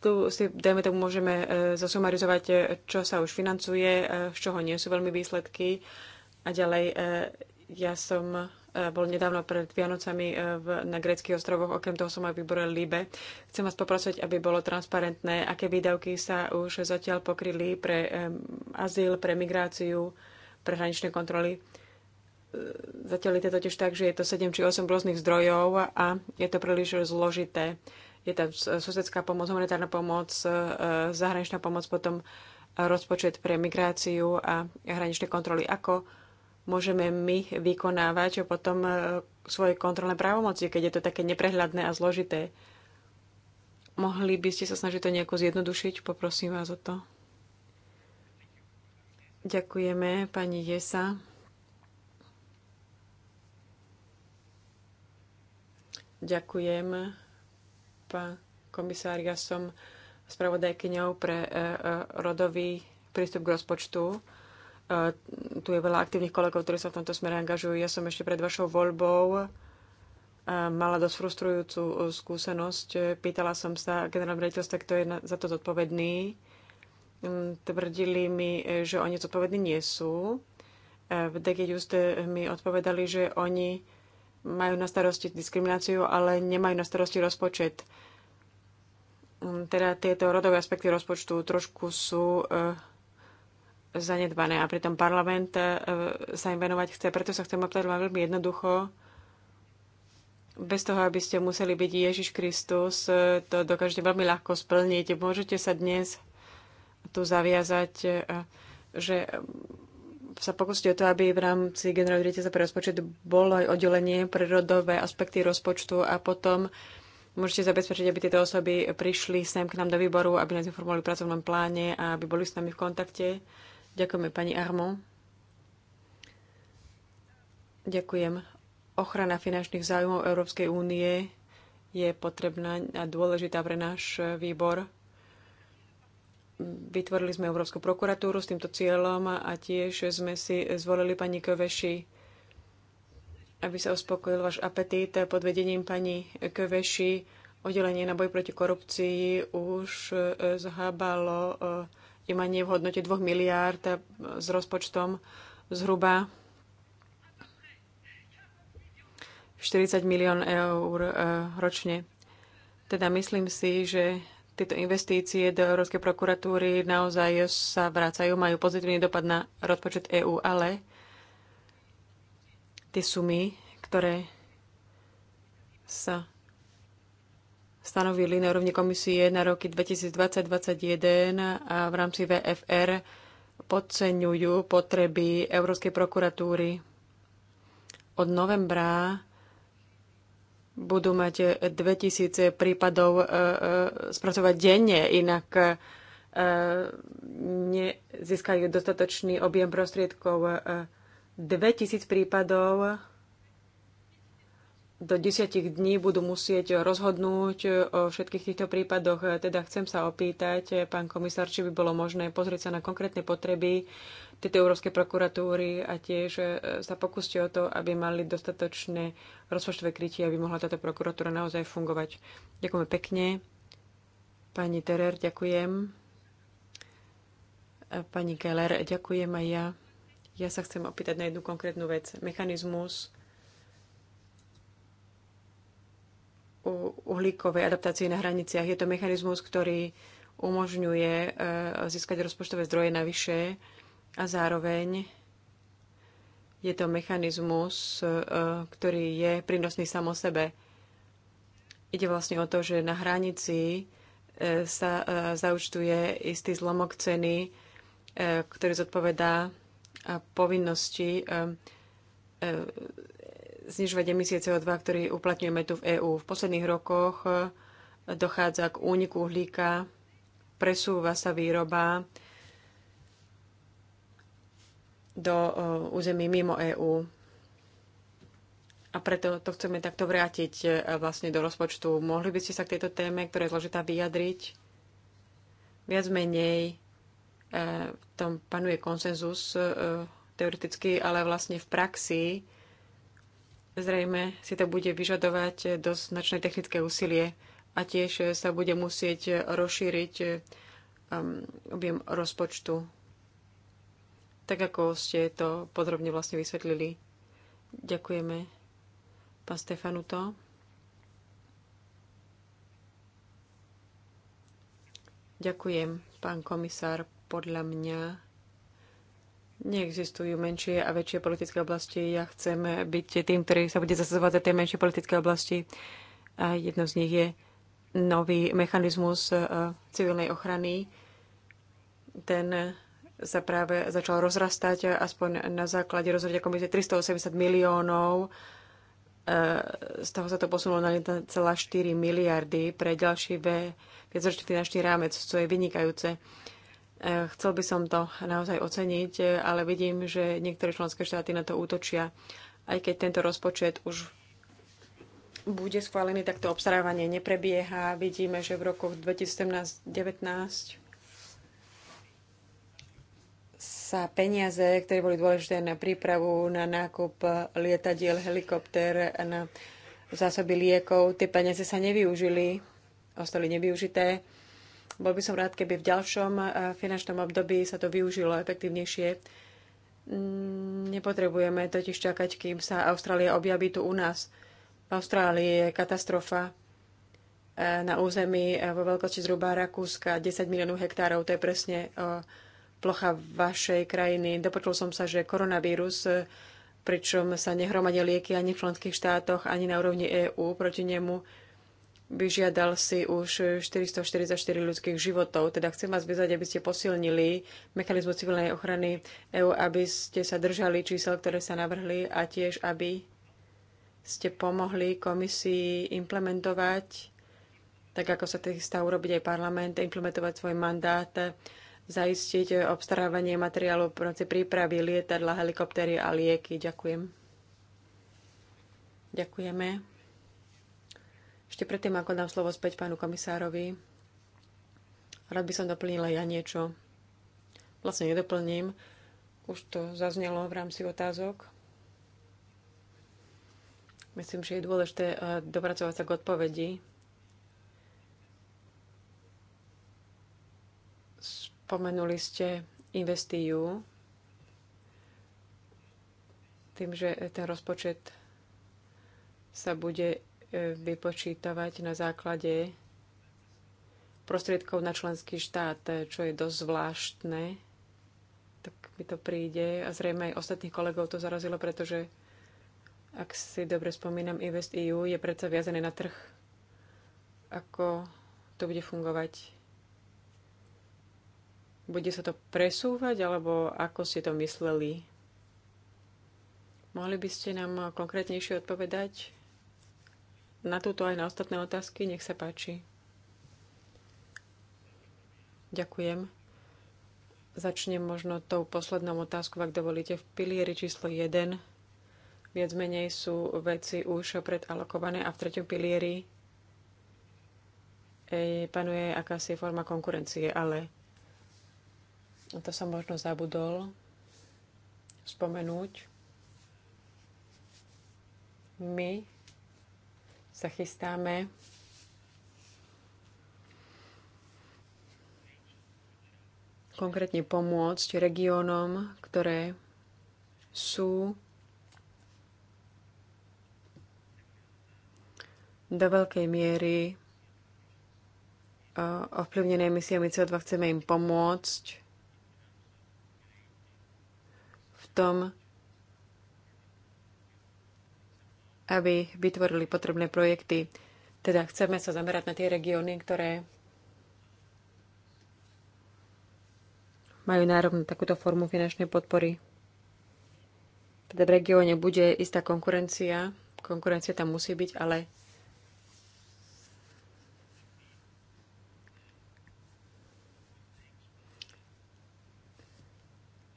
Speaker 1: tu si, dajme tomu, môžeme e, zosumarizovať, e, čo sa už financuje, e, z čoho nie sú veľmi výsledky. A ďalej, ja som bol nedávno pred Vianocami v, na greckých ostrovoch, okrem toho som aj výbore Libe. Chcem vás poprosiť, aby bolo transparentné, aké výdavky sa už zatiaľ pokryli pre um, azyl, pre migráciu, pre hraničné kontroly. Zatiaľ je to totiž tak, že je to 7 či 8 rôznych zdrojov a je to príliš zložité. Je tam susedská pomoc, humanitárna pomoc, e, zahraničná pomoc, potom rozpočet pre migráciu a hraničné kontroly. Ako môžeme my vykonávať potom e, svoje kontrolné právomoci, keď je to také neprehľadné a zložité. Mohli by ste sa snažiť to nejako zjednodušiť? Poprosím vás o to. Ďakujeme, pani Jesa. Ďakujem, pán komisár. Ja som spravodajkyňou pre e, e, rodový prístup k rozpočtu. E, tu je veľa aktívnych kolegov, ktorí sa v tomto smere angažujú. Ja som ešte pred vašou voľbou mala dosť frustrujúcu skúsenosť. Pýtala som sa generálne riaditeľstva, kto je za to zodpovedný. Mm, tvrdili mi, že oni zodpovední nie sú. V DG Just mi odpovedali, že oni majú na starosti diskrimináciu, ale nemajú na starosti rozpočet. Mm, teda tieto rodové aspekty rozpočtu trošku sú e, zanedbané a pritom parlament e, sa im venovať chce. Preto sa chcem opýtať veľmi jednoducho, bez toho, aby ste museli byť Ježiš Kristus, e, to dokážete veľmi ľahko splniť. Môžete sa dnes tu zaviazať, že sa pokúsiť o to, aby v rámci generálneho riaditeľa pre rozpočet bolo aj oddelenie prírodové aspekty rozpočtu a potom môžete zabezpečiť, aby tieto osoby prišli sem k nám do výboru, aby nás informovali o pracovnom pláne a aby boli s nami v kontakte. Ďakujeme pani Armo. Ďakujem. Ochrana finančných záujmov Európskej únie je potrebná a dôležitá pre náš výbor Vytvorili sme Európsku prokuratúru s týmto cieľom a tiež sme si zvolili pani Köveši, aby sa uspokojil váš apetít pod vedením pani Köveši. Oddelenie na boj proti korupcii už eh, zhábalo eh, imanie v hodnote 2 miliárd eh, s rozpočtom zhruba 40 milión eur ročne. Teda myslím si, že tieto investície do Európskej prokuratúry naozaj sa vracajú, majú pozitívny dopad na rozpočet EÚ, ale tie sumy, ktoré sa stanovili na úrovni komisie na roky 2020-2021 a v rámci VFR podceňujú potreby Európskej prokuratúry. Od novembra budú mať 2000 eh, prípadov eh, eh, spracovať denne, inak nezískajú dostatočný objem prostriedkov. 2000 prípadov do 10 dní budú musieť rozhodnúť o všetkých týchto prípadoch. Teda chcem sa opýtať, pán komisár, či by bolo možné pozrieť sa na konkrétne potreby tejto Európskej prokuratúry a tiež e, sa pokúste o to, aby mali dostatočné rozpočtové krytie, aby mohla táto prokuratúra naozaj fungovať. Ďakujem pekne. Pani Terer, ďakujem. Pani Keller, ďakujem aj ja. Ja sa chcem opýtať na jednu konkrétnu vec. Mechanizmus uhlíkovej adaptácii na hraniciach. Je to mechanizmus, ktorý umožňuje e, získať rozpočtové zdroje navyše a zároveň je to mechanizmus, e, ktorý je prínosný sám o sebe. Ide vlastne o to, že na hranici e, sa zaučtuje istý zlomok ceny, ktorý zodpovedá povinnosti znižovať emisie CO2, ktorý uplatňujeme tu v EÚ. V posledných rokoch e, dochádza k úniku uhlíka, presúva sa výroba do e, území mimo EÚ. A preto to chceme takto vrátiť e, vlastne do rozpočtu. Mohli by ste sa k tejto téme, ktorá je zložitá, vyjadriť? Viac menej v tom panuje konsenzus teoreticky, ale vlastne v praxi Zrejme si to bude vyžadovať dosť značné technické úsilie a tiež sa bude musieť rozšíriť um, objem rozpočtu, tak ako ste to podrobne vlastne vysvetlili. Ďakujeme, pán Stefanuto. Ďakujem, pán komisár. Podľa mňa Neexistujú menšie a väčšie politické oblasti. Ja chcem byť tým, ktorý sa bude zasazovať za tie menšie politické oblasti. A jedno z nich je nový mechanizmus e, civilnej ochrany. Ten sa práve začal rozrastať, aspoň na základe rozhodia komisie 380 miliónov. E, z toho sa to posunulo na 1,4 miliardy pre ďalší viacročný finančný rámec, čo je vynikajúce. E, chcel by som to naozaj oceniť, e, ale vidím, že niektoré členské štáty na to útočia. Aj keď tento rozpočet už bude schválený, tak to obstarávanie neprebieha. Vidíme, že v rokoch 2017-2019 sa peniaze, ktoré boli dôležité na prípravu, na nákup lietadiel, helikopter, na zásoby liekov, tie peniaze sa nevyužili, ostali nevyužité bol by som rád, keby v ďalšom eh, finančnom období sa to využilo efektívnejšie. Mm, nepotrebujeme totiž čakať, kým sa Austrália objaví tu u nás. V Austrálii je katastrofa eh, na území eh, vo veľkosti zhruba Rakúska 10 miliónov hektárov. To je presne plocha vašej krajiny. Dopočul som sa, že koronavírus, pričom sa nehromadia lieky ani v členských štátoch, ani na úrovni EÚ proti nemu, vyžiadal si už 444 ľudských životov. Teda chcem vás vyzvať, aby ste posilnili mechanizmu civilnej ochrany EÚ, aby ste sa držali čísel, ktoré sa navrhli a tiež, aby ste pomohli komisii implementovať, tak ako sa chystá urobiť aj parlament, implementovať svoj mandát, zaistiť obstarávanie materiálu v rámci prípravy lietadla, helikoptery a lieky. Ďakujem. Ďakujeme. Ešte predtým, ako dám slovo späť pánu komisárovi, rád by som doplnila ja niečo. Vlastne nedoplním, už to zaznelo v rámci otázok. Myslím, že je dôležité eh, dopracovať sa k odpovedi. Spomenuli ste investiu tým, že ten rozpočet sa bude vypočítavať na základe prostriedkov na členský štát, čo je dosť zvláštne. Tak mi to príde a zrejme aj ostatných kolegov to zarazilo, pretože ak si dobre spomínam, Invest EU je predsa viazené na trh. Ako to bude fungovať? Bude sa to presúvať, alebo ako ste to mysleli? Mohli by ste nám konkrétnejšie odpovedať? na túto aj na ostatné otázky. Nech sa páči. Ďakujem. Začnem možno tou poslednou otázkou, ak dovolíte. V pilieri číslo 1 viac menej sú veci už predalokované a v treťom pilieri e, panuje akási forma konkurencie, ale to som možno zabudol spomenúť. My sa chystáme konkrétne pomôcť regiónom, ktoré sú do veľkej miery ovplyvnené emisiami CO2. Chceme im pomôcť v tom, aby vytvorili potrebné projekty. Teda chceme sa zamerať na tie regióny, ktoré majú nárok na takúto formu finančnej podpory. Teda v regióne bude istá konkurencia, konkurencia tam musí byť, ale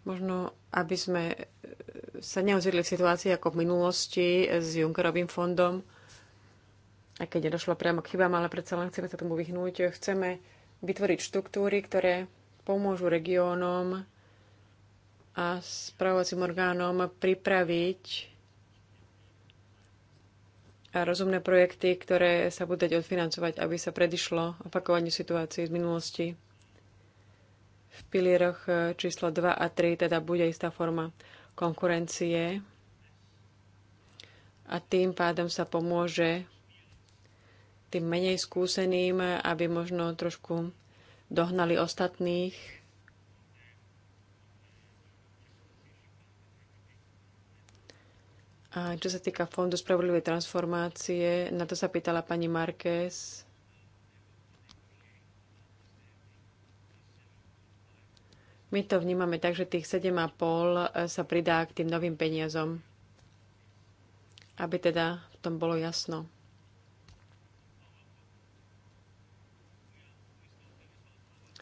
Speaker 1: možno, aby sme sa neozidli v situácii ako v minulosti s Junckerovým fondom, aj keď nedošlo priamo k chybám, ale predsa len chceme sa tomu vyhnúť. Chceme vytvoriť štruktúry, ktoré pomôžu regiónom a spravovacím orgánom pripraviť a rozumné projekty, ktoré sa budú dať odfinancovať, aby sa predišlo opakovaniu situácií z minulosti. V pilieroch eh, číslo 2 a 3 teda bude istá forma konkurencie a tým pádom sa pomôže tým menej skúseným, aby možno trošku dohnali ostatných. A čo sa týka Fondu spravodlivej transformácie, na to sa pýtala pani Marquez. My to vnímame tak, že tých 7,5 e, sa pridá k tým novým peniazom, aby teda v tom bolo jasno.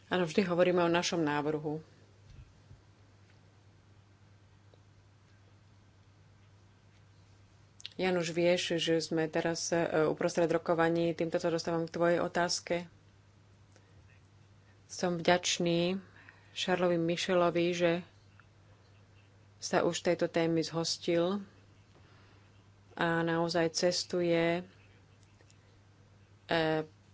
Speaker 1: Áno, vždy hovoríme o našom návrhu. Jan, už vieš, že sme teraz e, uprostred rokovaní. Týmto sa dostávam k tvojej otázke. Som vďačný Šarlovi Mišelovi, že sa už tejto témy zhostil a naozaj cestuje e,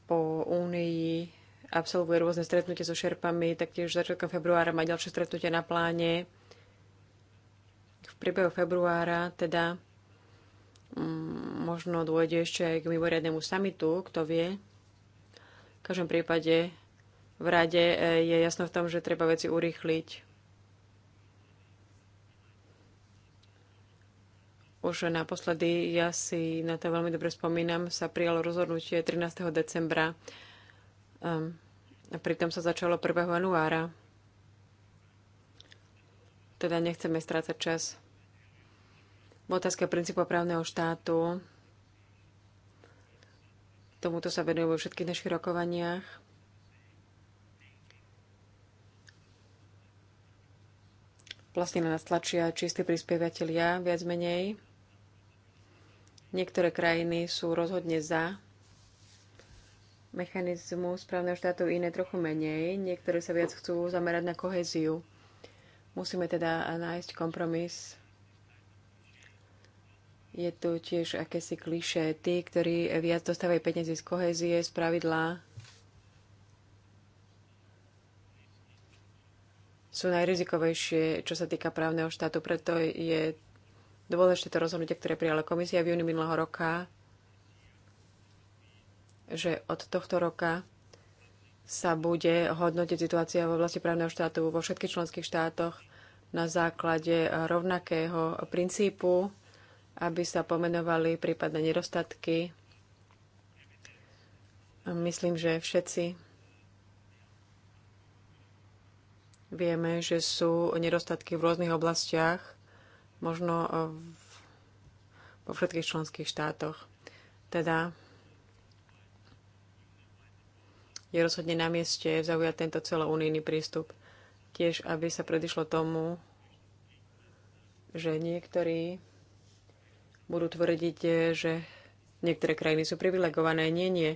Speaker 1: po Únii, absolvuje rôzne stretnutie so šerpami, taktiež začiatkom februára má ďalšie stretnutie na pláne. V priebehu februára teda mm, možno dôjde ešte aj k mimoriadnemu samitu, kto vie. V každom prípade v rade e, je jasno v tom, že treba veci urýchliť. Už naposledy, ja si na to veľmi dobre spomínam, sa prijalo rozhodnutie 13. decembra um, a pritom sa začalo 1. januára. Teda nechceme strácať čas. V otázke princípu právneho štátu tomuto sa venujú vo všetkých našich rokovaniach. vlastne na nás tlačia čistí prispievateľia, viac menej. Niektoré krajiny sú rozhodne za mechanizmu správneho štátu, iné trochu menej. Niektoré sa viac chcú zamerať na koheziu. Musíme teda nájsť kompromis. Je tu tiež akési kliše. Tí, ktorí viac dostávajú peniazy z kohezie, z pravidla sú najrizikovejšie, čo sa týka právneho štátu. Preto je dôležité to rozhodnutie, ktoré prijala komisia v júni minulého roka, že od tohto roka sa bude hodnotiť situácia v oblasti právneho štátu vo všetkých členských štátoch na základe rovnakého princípu, aby sa pomenovali prípadné nedostatky. Myslím, že všetci Vieme, že sú nedostatky v rôznych oblastiach, možno eh, vo všetkých členských štátoch. Teda je rozhodne na mieste zaujať tento celounijný prístup. Tiež, aby sa predišlo tomu, že niektorí budú tvrdiť, že niektoré krajiny sú privilegované. Nie, nie.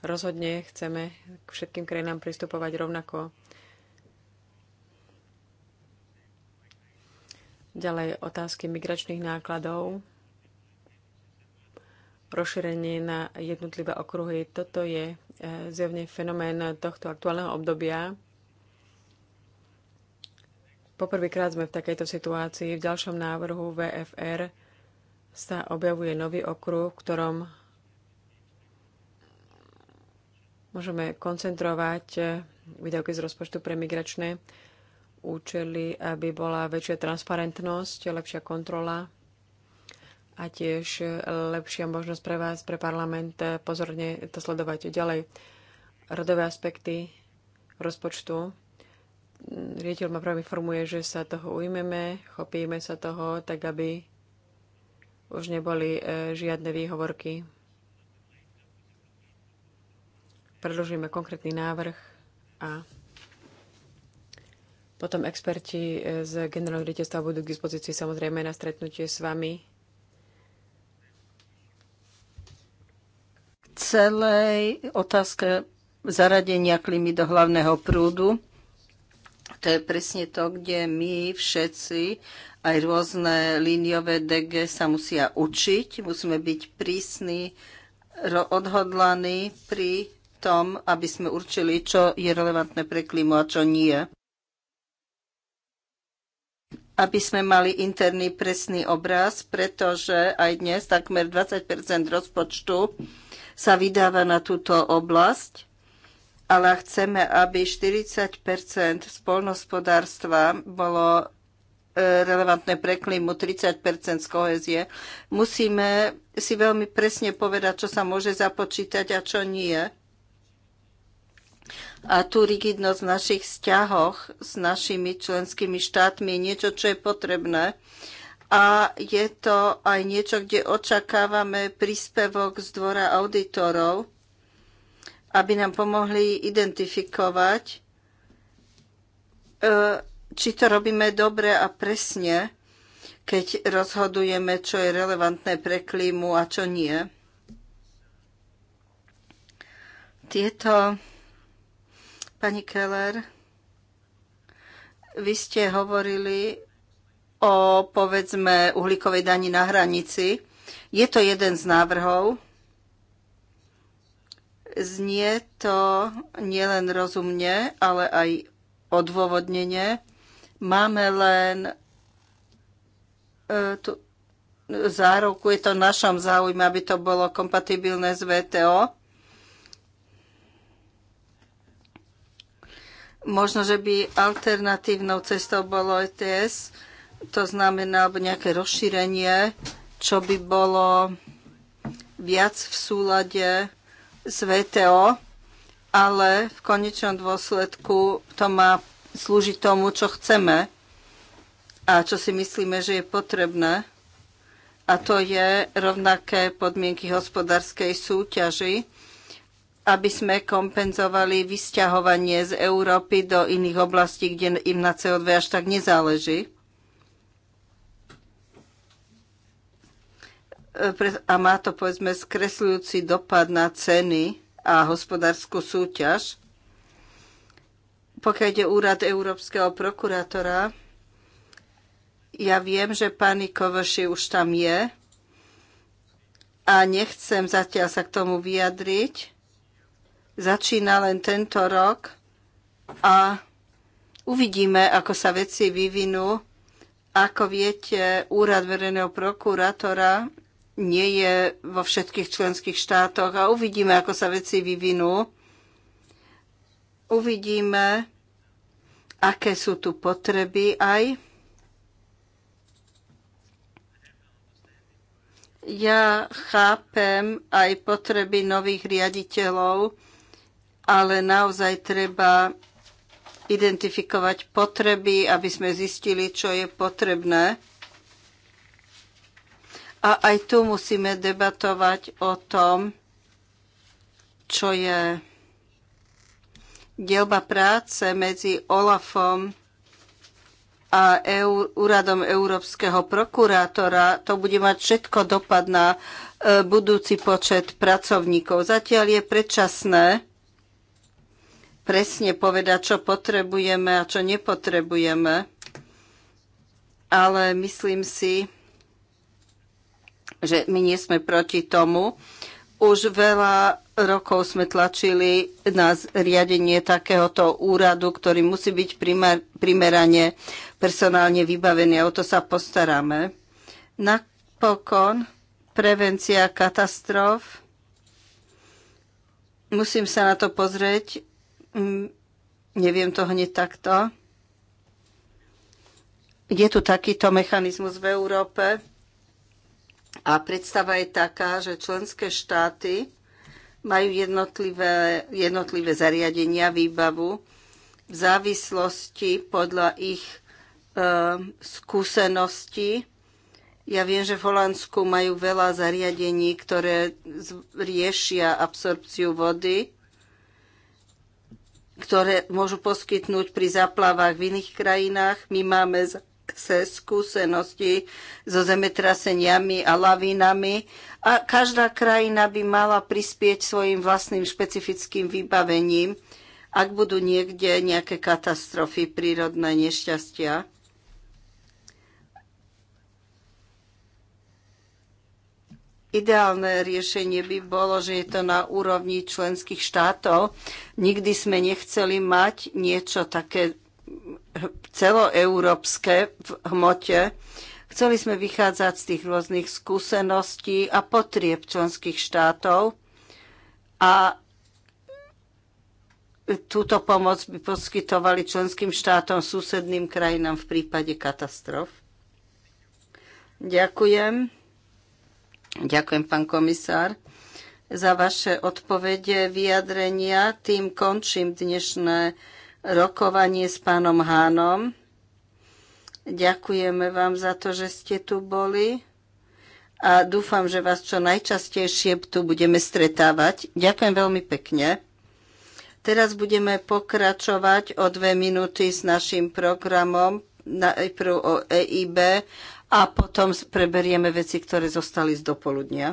Speaker 1: Rozhodne chceme k všetkým krajinám pristupovať rovnako. Ďalej otázky migračných nákladov, rozšírenie na jednotlivé okruhy. Toto je e, zjavne fenomén tohto aktuálneho obdobia. Poprvýkrát sme v takejto situácii. V ďalšom návrhu VFR sa objavuje nový okruh, v ktorom môžeme koncentrovať e, výdavky z rozpočtu pre migračné účely, aby bola väčšia transparentnosť, lepšia kontrola a tiež e, lepšia možnosť pre vás, pre parlament, e, pozorne to sledovať ďalej. Rodové aspekty rozpočtu. Mm, Riediteľ ma práve informuje, že sa toho ujmeme, chopíme sa toho, tak aby už neboli e, žiadne výhovorky. Predložíme konkrétny návrh a potom experti eh, z generálneho riaditeľstva budú k dispozícii samozrejme na stretnutie s vami.
Speaker 3: K celej otázke zaradenia klímy do hlavného prúdu. To je presne to, kde my všetci, aj rôzne líniové DG sa musia učiť. Musíme byť prísni, odhodlaní pri tom, aby sme určili, čo je relevantné pre klímu a čo nie aby sme mali interný presný obraz, pretože aj dnes takmer 20 rozpočtu sa vydáva na túto oblasť, ale chceme, aby 40 spolnospodárstva bolo e, relevantné pre klímu, 30 z kohezie. Musíme si veľmi presne povedať, čo sa môže započítať a čo nie a tu rigidnosť v našich vzťahoch s našimi členskými štátmi je niečo, čo je potrebné. A je to aj niečo, kde očakávame príspevok z dvora auditorov, aby nám pomohli identifikovať, e, či to robíme dobre a presne, keď rozhodujeme, čo je relevantné pre klímu a čo nie. Tieto Pani Keller, vy ste hovorili o, povedzme, uhlíkovej dani na hranici. Je to jeden z návrhov. Znie to nielen rozumne, ale aj odôvodnenie. Máme len e, tu, záruku, je to v našom záujme, aby to bolo kompatibilné s VTO Možno, že by alternatívnou cestou bolo ETS, to znamená alebo nejaké rozšírenie, čo by bolo viac v súlade s VTO, ale v konečnom dôsledku to má slúžiť tomu, čo chceme a čo si myslíme, že je potrebné. A to je rovnaké podmienky hospodárskej súťaži aby sme kompenzovali vysťahovanie z Európy do iných oblastí, kde im na CO2 až tak nezáleží. A má to, povedzme, skresľujúci dopad na ceny a hospodárskú súťaž. Pokiaľ ide úrad Európskeho prokurátora, ja viem, že pani kovaši už tam je a nechcem zatiaľ sa k tomu vyjadriť začína len tento rok a uvidíme, ako sa veci vyvinú. Ako viete, úrad verejného prokurátora nie je vo všetkých členských štátoch a uvidíme, ako sa veci vyvinú. Uvidíme, aké sú tu potreby aj. Ja chápem aj potreby nových riaditeľov, ale naozaj treba identifikovať potreby, aby sme zistili, čo je potrebné. A aj tu musíme debatovať o tom, čo je dielba práce medzi OLAFom a EU, úradom Európskeho prokurátora, to bude mať všetko dopad na e, budúci počet pracovníkov. Zatiaľ je predčasné presne povedať, čo potrebujeme a čo nepotrebujeme. Ale myslím si, že my nie sme proti tomu. Už veľa rokov sme tlačili na riadenie takéhoto úradu, ktorý musí byť primer, primerane personálne vybavený a o to sa postaráme. Napokon prevencia katastrof. Musím sa na to pozrieť Mm, neviem to hneď takto. Je tu takýto mechanizmus v Európe a predstava je taká, že členské štáty majú jednotlivé, jednotlivé zariadenia, výbavu v závislosti podľa ich e, skúseností. Ja viem, že v Holandsku majú veľa zariadení, ktoré riešia absorpciu vody ktoré môžu poskytnúť pri zaplavách v iných krajinách. My máme zase skúsenosti so zemetraseniami a lavínami a každá krajina by mala prispieť svojim vlastným špecifickým vybavením, ak budú niekde nejaké katastrofy, prírodné nešťastia. Ideálne riešenie by bolo, že je to na úrovni členských štátov. Nikdy sme nechceli mať niečo také celoeurópske v hmote. Chceli sme vychádzať z tých rôznych skúseností a potrieb členských štátov a túto pomoc by poskytovali členským štátom, susedným krajinám v prípade katastrof. Ďakujem. Ďakujem, pán komisár, za vaše odpovede, vyjadrenia. Tým končím dnešné rokovanie s pánom Hánom. Ďakujeme vám za to, že ste tu boli a dúfam, že vás čo najčastejšie tu budeme stretávať. Ďakujem veľmi pekne. Teraz budeme pokračovať o dve minúty s našim programom, najprv o EIB a potom preberieme veci, ktoré zostali z dopoludnia.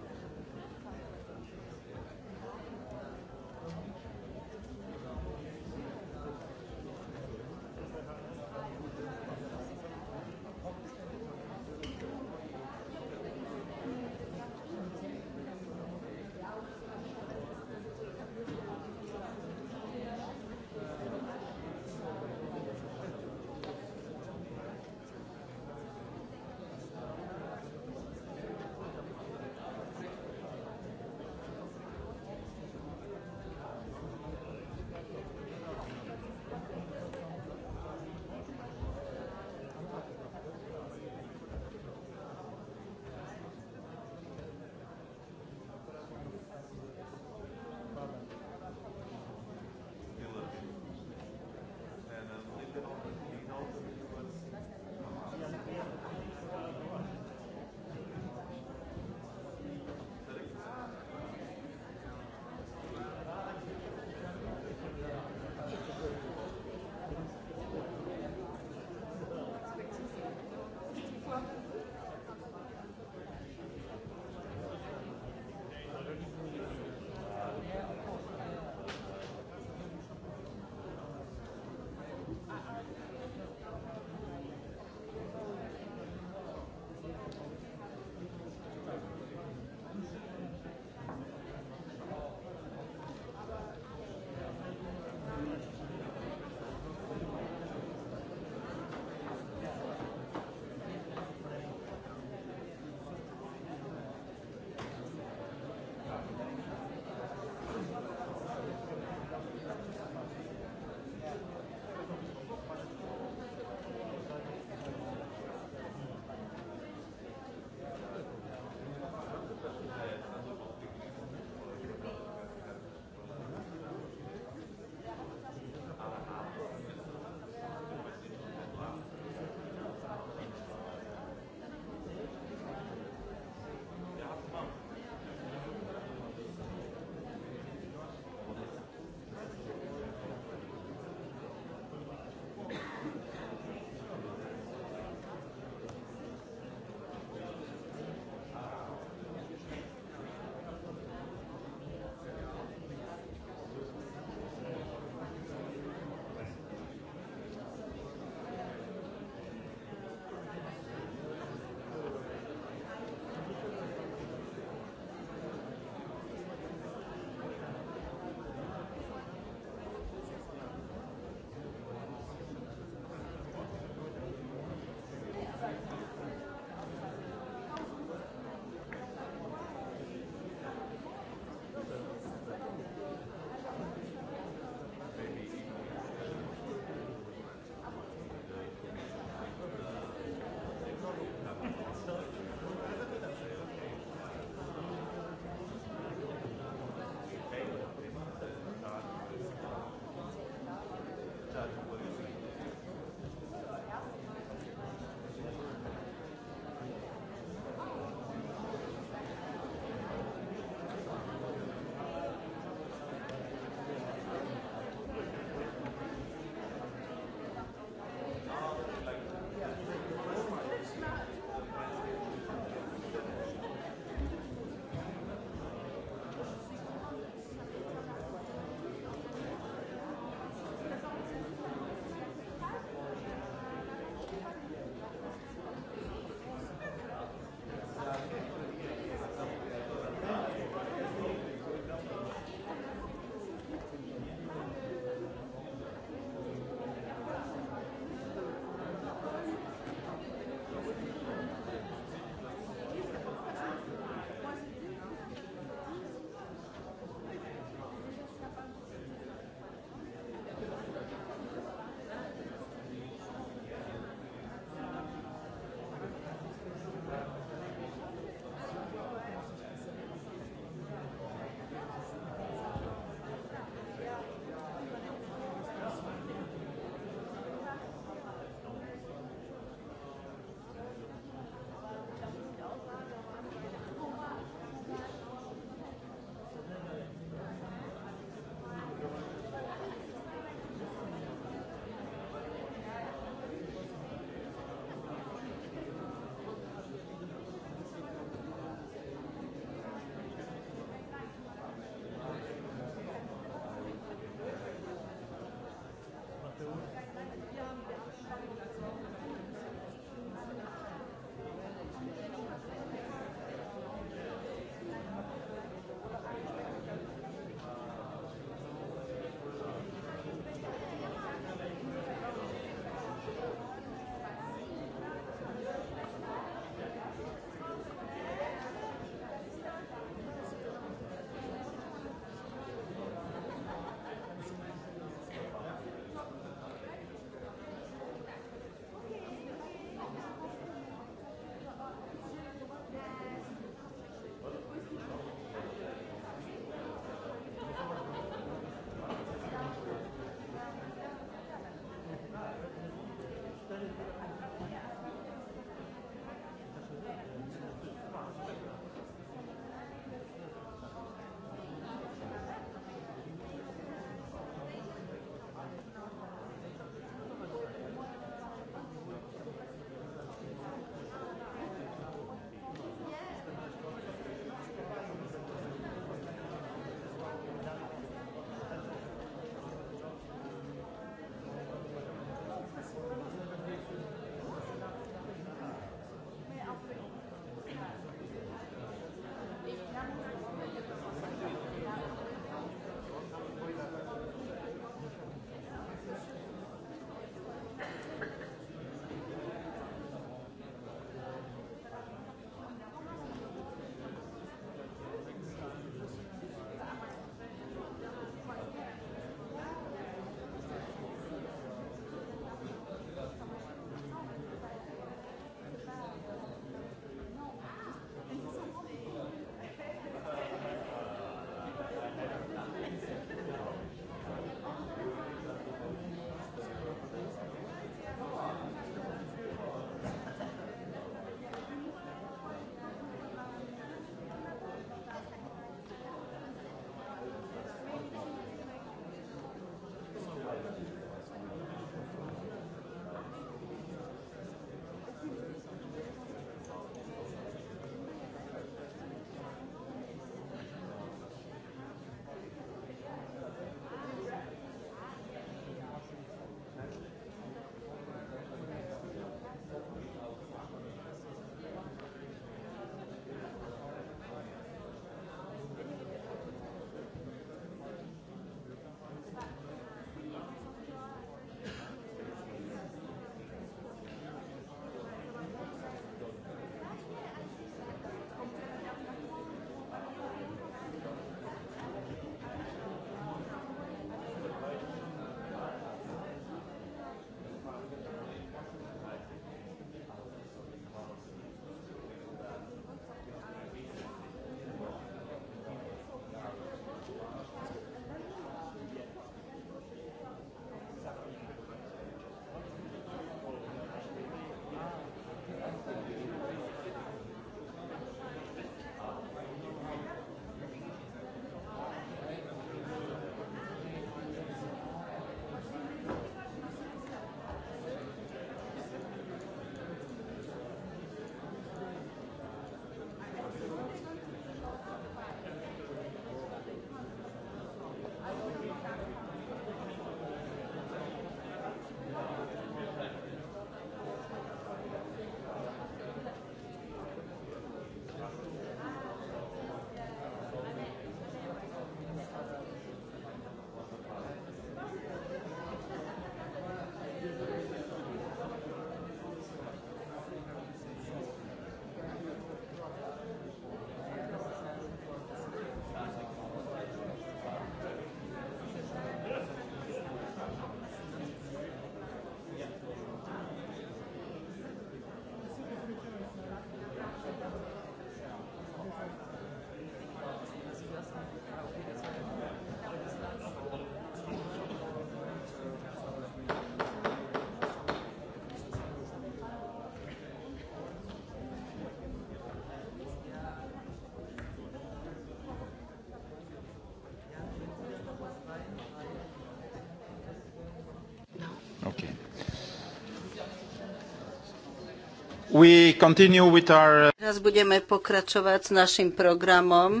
Speaker 3: We continue with our... Uh, Teraz budeme pokračovať s našim programom,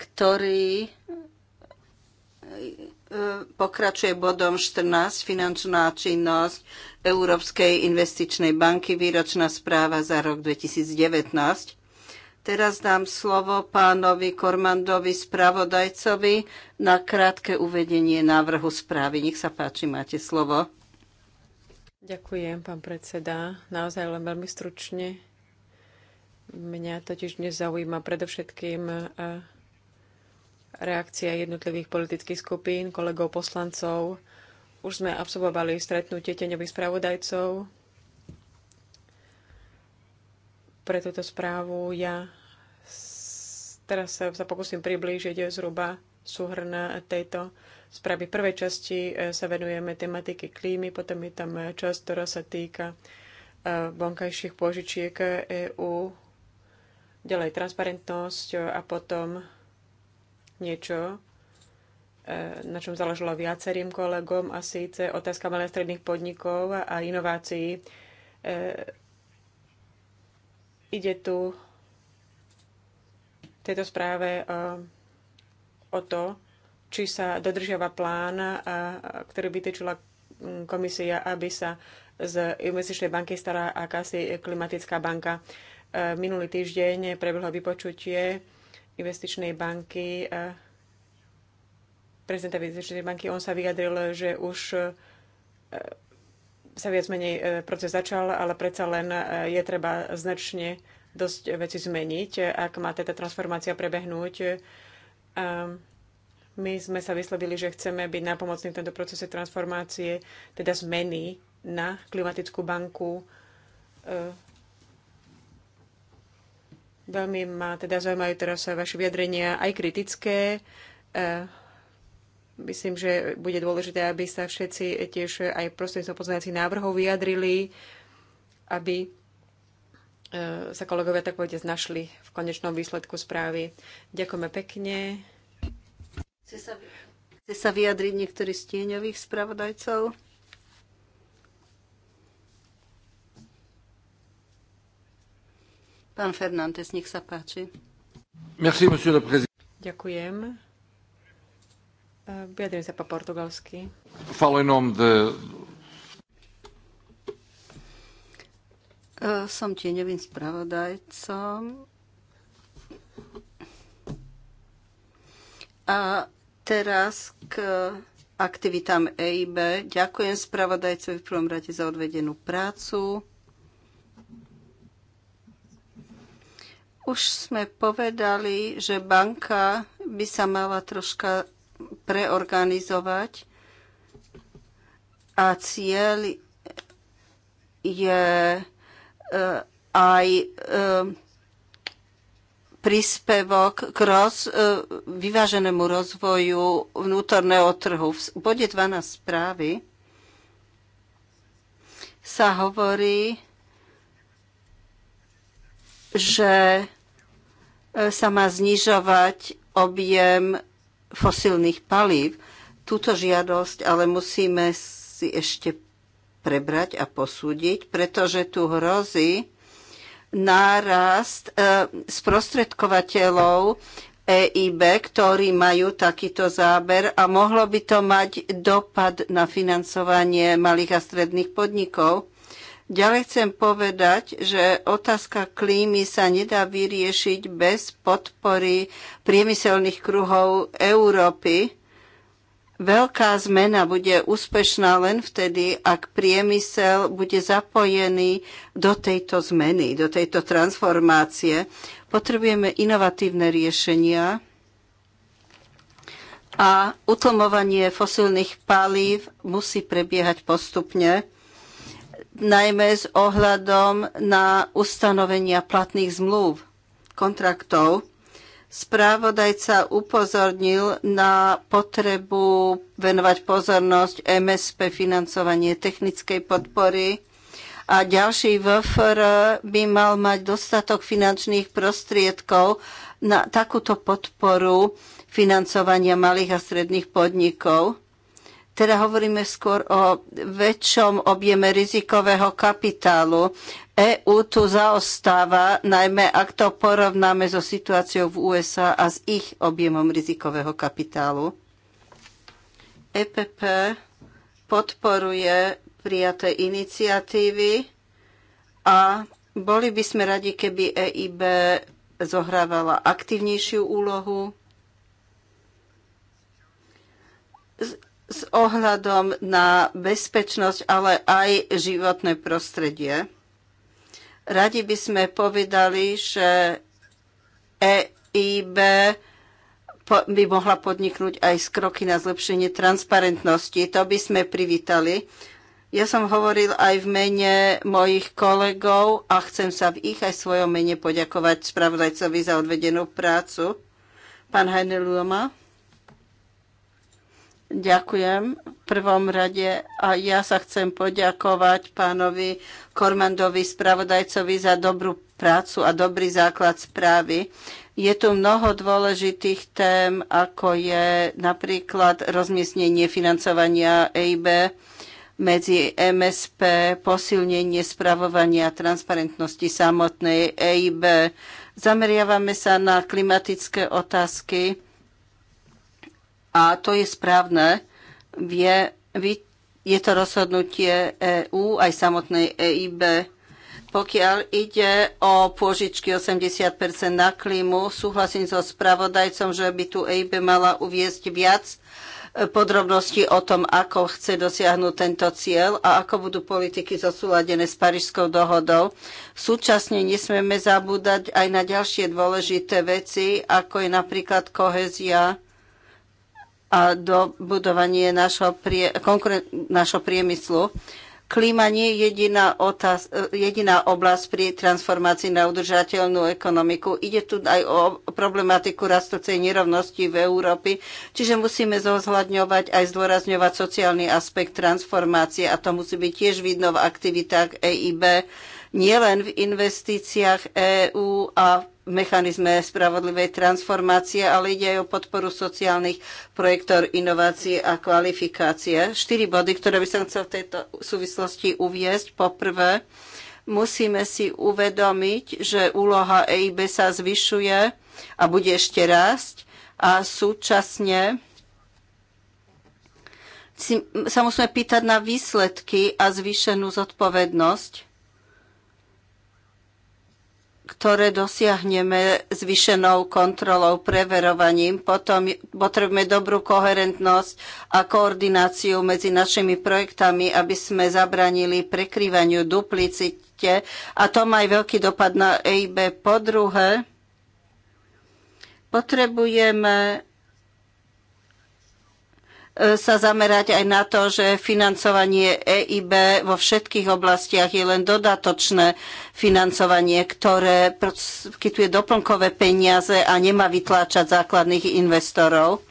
Speaker 3: ktorý e, pokračuje bodom 14, finančná činnosť Európskej investičnej banky, výročná správa za rok 2019. Teraz dám slovo pánovi Kormandovi, spravodajcovi, na krátke uvedenie návrhu správy. Nech sa páči, máte slovo.
Speaker 1: Ďakujem, pán predseda. Naozaj len veľmi stručne. Mňa totiž dnes zaujíma predovšetkým e, reakcia jednotlivých politických skupín, kolegov poslancov. Už sme absolvovali stretnutie teňových spravodajcov. Pre túto správu ja teraz sa, sa pokúsim priblížiť zhruba súhrn tejto správy. V prvej časti e, sa venujeme tematike klímy, potom je tam e, časť, ktorá sa týka e, vonkajších pôžičiek EÚ, ďalej transparentnosť a potom niečo, na čom založilo viacerým kolegom a síce otázka malých stredných podnikov a inovácií. ide tu v tejto správe o o to, či sa dodržiava plán, ktorý vytýčila mm, komisia, aby sa z investičnej banky stará akási klimatická banka. E, minulý týždeň prebehlo vypočutie investičnej banky, e, prezidenta investičnej banky. On sa vyjadril, že už e, sa viac menej proces začal, ale predsa len je treba značne dosť veci zmeniť, ak má teda transformácia prebehnúť a my sme sa vyslovili, že chceme byť napomocní v tomto procese transformácie, teda zmeny na klimatickú banku. E, veľmi ma teda zaujímajú teraz vaše vyjadrenia, aj kritické. E, myslím, že bude dôležité, aby sa všetci tiež aj prostredníctvom poznávacích návrhov vyjadrili, aby E, sa kolegovia tak povedať našli v konečnom výsledku správy.
Speaker 3: Ďakujeme pekne. Chce sa, chce sa vyjadriť niektorý z tieňových spravodajcov? Pán Fernández, nech sa páči.
Speaker 1: Merci, monsieur le président. Ďakujem. E, vyjadrím sa po portugalsky.
Speaker 3: Falo em nome de, E, som tieňovým spravodajcom. A teraz k aktivitám EIB. Ďakujem spravodajcovi v prvom rade za odvedenú prácu. Už sme povedali, že banka by sa mala troška preorganizovať a cieľ je Eh, aj eh, príspevok k roz, eh, vyváženému rozvoju vnútorného trhu. V bode 12 správy sa hovorí, že sa má znižovať objem fosilných palív. Túto žiadosť ale musíme si ešte prebrať a posúdiť, pretože tu hrozí nárast e, sprostredkovateľov EIB, ktorí majú takýto záber a mohlo by to mať dopad na financovanie malých a stredných podnikov. Ďalej chcem povedať, že otázka klímy sa nedá vyriešiť bez podpory priemyselných kruhov Európy Veľká zmena bude úspešná len vtedy, ak priemysel bude zapojený do tejto zmeny, do tejto transformácie. Potrebujeme inovatívne riešenia a utlmovanie fosílnych palív musí prebiehať postupne, najmä s ohľadom na ustanovenia platných zmluv, kontraktov Správodajca upozornil na potrebu venovať pozornosť MSP financovanie technickej podpory a ďalší VFR by mal mať dostatok finančných prostriedkov na takúto podporu financovania malých a stredných podnikov. Teda hovoríme skôr o väčšom objeme rizikového kapitálu. EÚ tu zaostáva, najmä ak to porovnáme so situáciou v USA a s ich objemom rizikového kapitálu. EPP podporuje prijaté iniciatívy a boli by sme radi, keby EIB zohrávala aktívnejšiu úlohu s, s ohľadom na bezpečnosť, ale aj životné prostredie. Radi by sme povedali, že EIB by mohla podniknúť aj z kroky na zlepšenie transparentnosti. To by sme privítali. Ja som hovoril aj v mene mojich kolegov a chcem sa v ich aj svojom mene poďakovať spravodajcovi za odvedenú prácu. Pán Luma. Ďakujem v prvom rade a ja sa chcem poďakovať pánovi Kormandovi, spravodajcovi za dobrú prácu a dobrý základ správy. Je tu mnoho dôležitých tém, ako je napríklad rozmiestnenie financovania EIB medzi MSP, posilnenie spravovania transparentnosti samotnej EIB. Zameriavame sa na klimatické otázky a to je správne. Je, je to rozhodnutie EÚ aj samotnej EIB. Pokiaľ ide o pôžičky 80% na klímu, súhlasím so spravodajcom, že by tu EIB mala uviezť viac e, podrobnosti o tom, ako chce dosiahnuť tento cieľ a ako budú politiky zosúladené s Parížskou dohodou. Súčasne nesmieme zabúdať aj na ďalšie dôležité veci, ako je napríklad kohezia a do budovania našho, prie, konkuren, našho priemyslu. Klíma nie je jediná, otáz, jediná oblasť pri transformácii na udržateľnú ekonomiku. Ide tu aj o problematiku rastúcej nerovnosti v Európe, čiže musíme zohľadňovať aj zdôrazňovať sociálny aspekt transformácie a to musí byť tiež vidno v aktivitách EIB, nielen v investíciách EÚ a v mechanizme spravodlivej transformácie, ale ide aj o podporu sociálnych projektov inovácií a kvalifikácie. Štyri body, ktoré by som chcel v tejto súvislosti uviesť. Poprvé, musíme si uvedomiť, že úloha EIB sa zvyšuje a bude ešte rásť a súčasne si, sa musíme pýtať na výsledky a zvýšenú zodpovednosť ktoré dosiahneme zvyšenou kontrolou, preverovaním. Potom potrebujeme dobrú koherentnosť a koordináciu medzi našimi projektami, aby sme zabranili prekrývaniu duplicite. A to má aj veľký dopad na EIB. Po druhé, potrebujeme sa zamerať aj na to, že financovanie EIB vo všetkých oblastiach je len dodatočné financovanie, ktoré poskytuje doplnkové peniaze a nemá vytláčať základných investorov.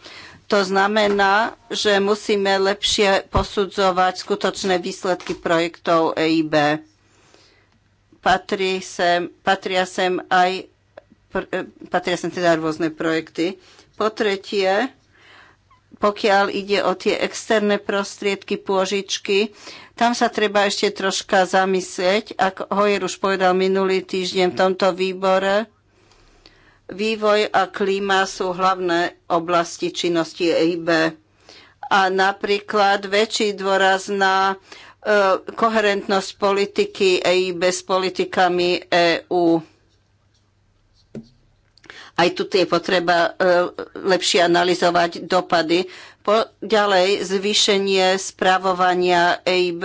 Speaker 3: To znamená, že musíme lepšie posudzovať skutočné výsledky projektov EIB. Patrí sem, patria sem aj e, patria sem teda rôzne projekty. Po tretie, pokiaľ ide o tie externé prostriedky, pôžičky, tam sa treba ešte troška zamyslieť, ako Hojer už povedal minulý týždeň v tomto výbore, vývoj a klíma sú hlavné oblasti činnosti EIB. A napríklad väčší dôraz na e, koherentnosť politiky EIB s politikami EÚ aj tu je potreba e, lepšie analyzovať dopady. Po, ďalej zvýšenie správovania EIB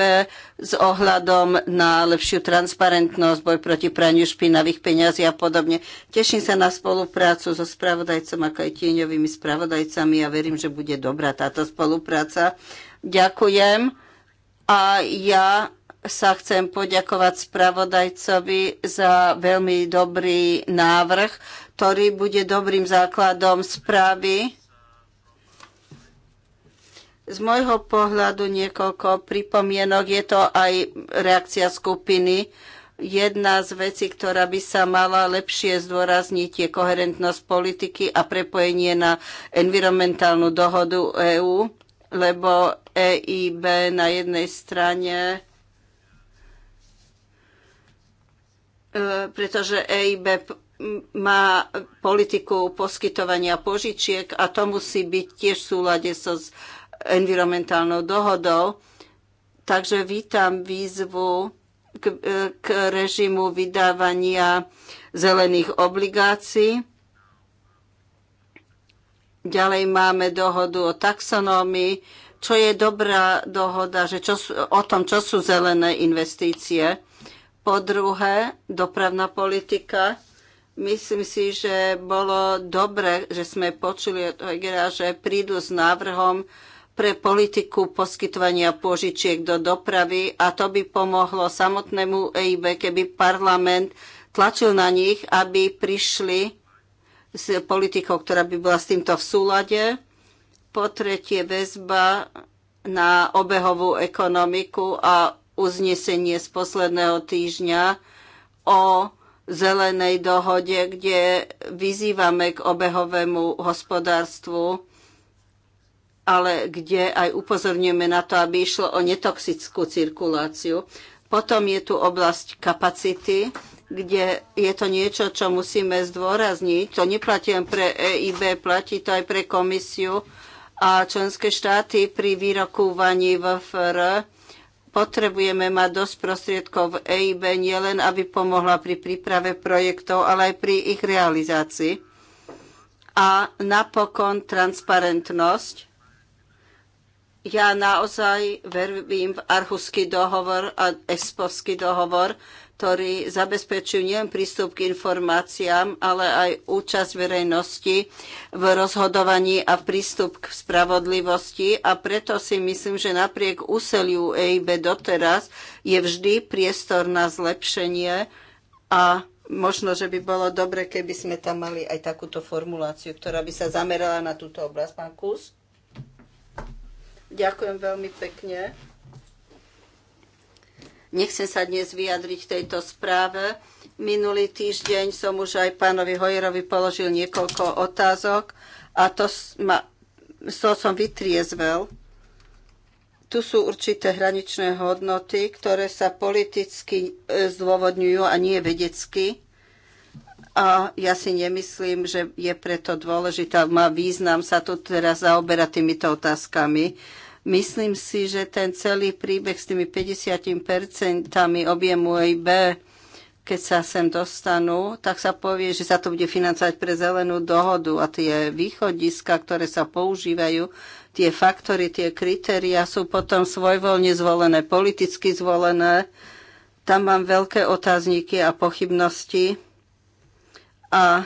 Speaker 3: s ohľadom na lepšiu transparentnosť, boj proti praniu špinavých peňazí a podobne. Teším sa na spoluprácu so spravodajcom, ako aj tieňovými spravodajcami a ja verím, že bude dobrá táto spolupráca. Ďakujem a ja sa chcem poďakovať spravodajcovi za veľmi dobrý návrh ktorý bude dobrým základom správy. Z môjho pohľadu niekoľko pripomienok. Je to aj reakcia skupiny. Jedna z vecí, ktorá by sa mala lepšie zdôrazniť, je koherentnosť politiky a prepojenie na environmentálnu dohodu EÚ, lebo EIB na jednej strane e, pretože EIB má politiku poskytovania požičiek a to musí byť tiež v súlade so s environmentálnou dohodou. Takže vítam výzvu k, k režimu vydávania zelených obligácií. Ďalej máme dohodu o taxonómii, čo je dobrá dohoda že čo, o tom, čo sú zelené investície. Po druhé, dopravná politika Myslím si, že bolo dobre, že sme počuli od Hegera, že prídu s návrhom pre politiku poskytovania požičiek do dopravy a to by pomohlo samotnému EIB, keby parlament tlačil na nich, aby prišli s politikou, ktorá by bola s týmto v súlade. Po tretie väzba na obehovú ekonomiku a uznesenie z posledného týždňa o zelenej dohode, kde vyzývame k obehovému hospodárstvu, ale kde aj upozorňujeme na to, aby išlo o netoxickú cirkuláciu. Potom je tu oblasť kapacity, kde je to niečo, čo musíme zdôrazniť. To neplatí len pre EIB, platí to aj pre komisiu a členské štáty pri vyrokúvaní VFR Potrebujeme mať dosť prostriedkov v EIB nielen, aby pomohla pri príprave projektov, ale aj pri ich realizácii. A napokon transparentnosť. Ja naozaj verím v Arhusky dohovor a Espovský dohovor, ktorí zabezpečujú nielen prístup k informáciám, ale aj účasť verejnosti v rozhodovaní a prístup k spravodlivosti. A preto si myslím, že napriek úseliu EIB doteraz je vždy priestor na zlepšenie a možno, že by bolo dobre, keby sme tam mali aj takúto formuláciu, ktorá by sa zamerala na túto oblasť. Pán Kus? Ďakujem veľmi pekne. Nechcem sa dnes vyjadriť tejto správe. Minulý týždeň som už aj pánovi Hojerovi položil niekoľko otázok a to, ma, to som vytriezvel. Tu sú určité hraničné hodnoty, ktoré sa politicky e, zdôvodňujú a nie vedecky. A ja si nemyslím, že je preto dôležité, má význam sa tu teraz zaoberať týmito otázkami Myslím si, že ten celý príbeh s tými 50% objemu EIB, keď sa sem dostanú, tak sa povie, že sa to bude financovať pre zelenú dohodu a tie východiska, ktoré sa používajú, tie faktory, tie kritéria sú potom svojvoľne zvolené, politicky zvolené. Tam mám veľké otázniky a pochybnosti. A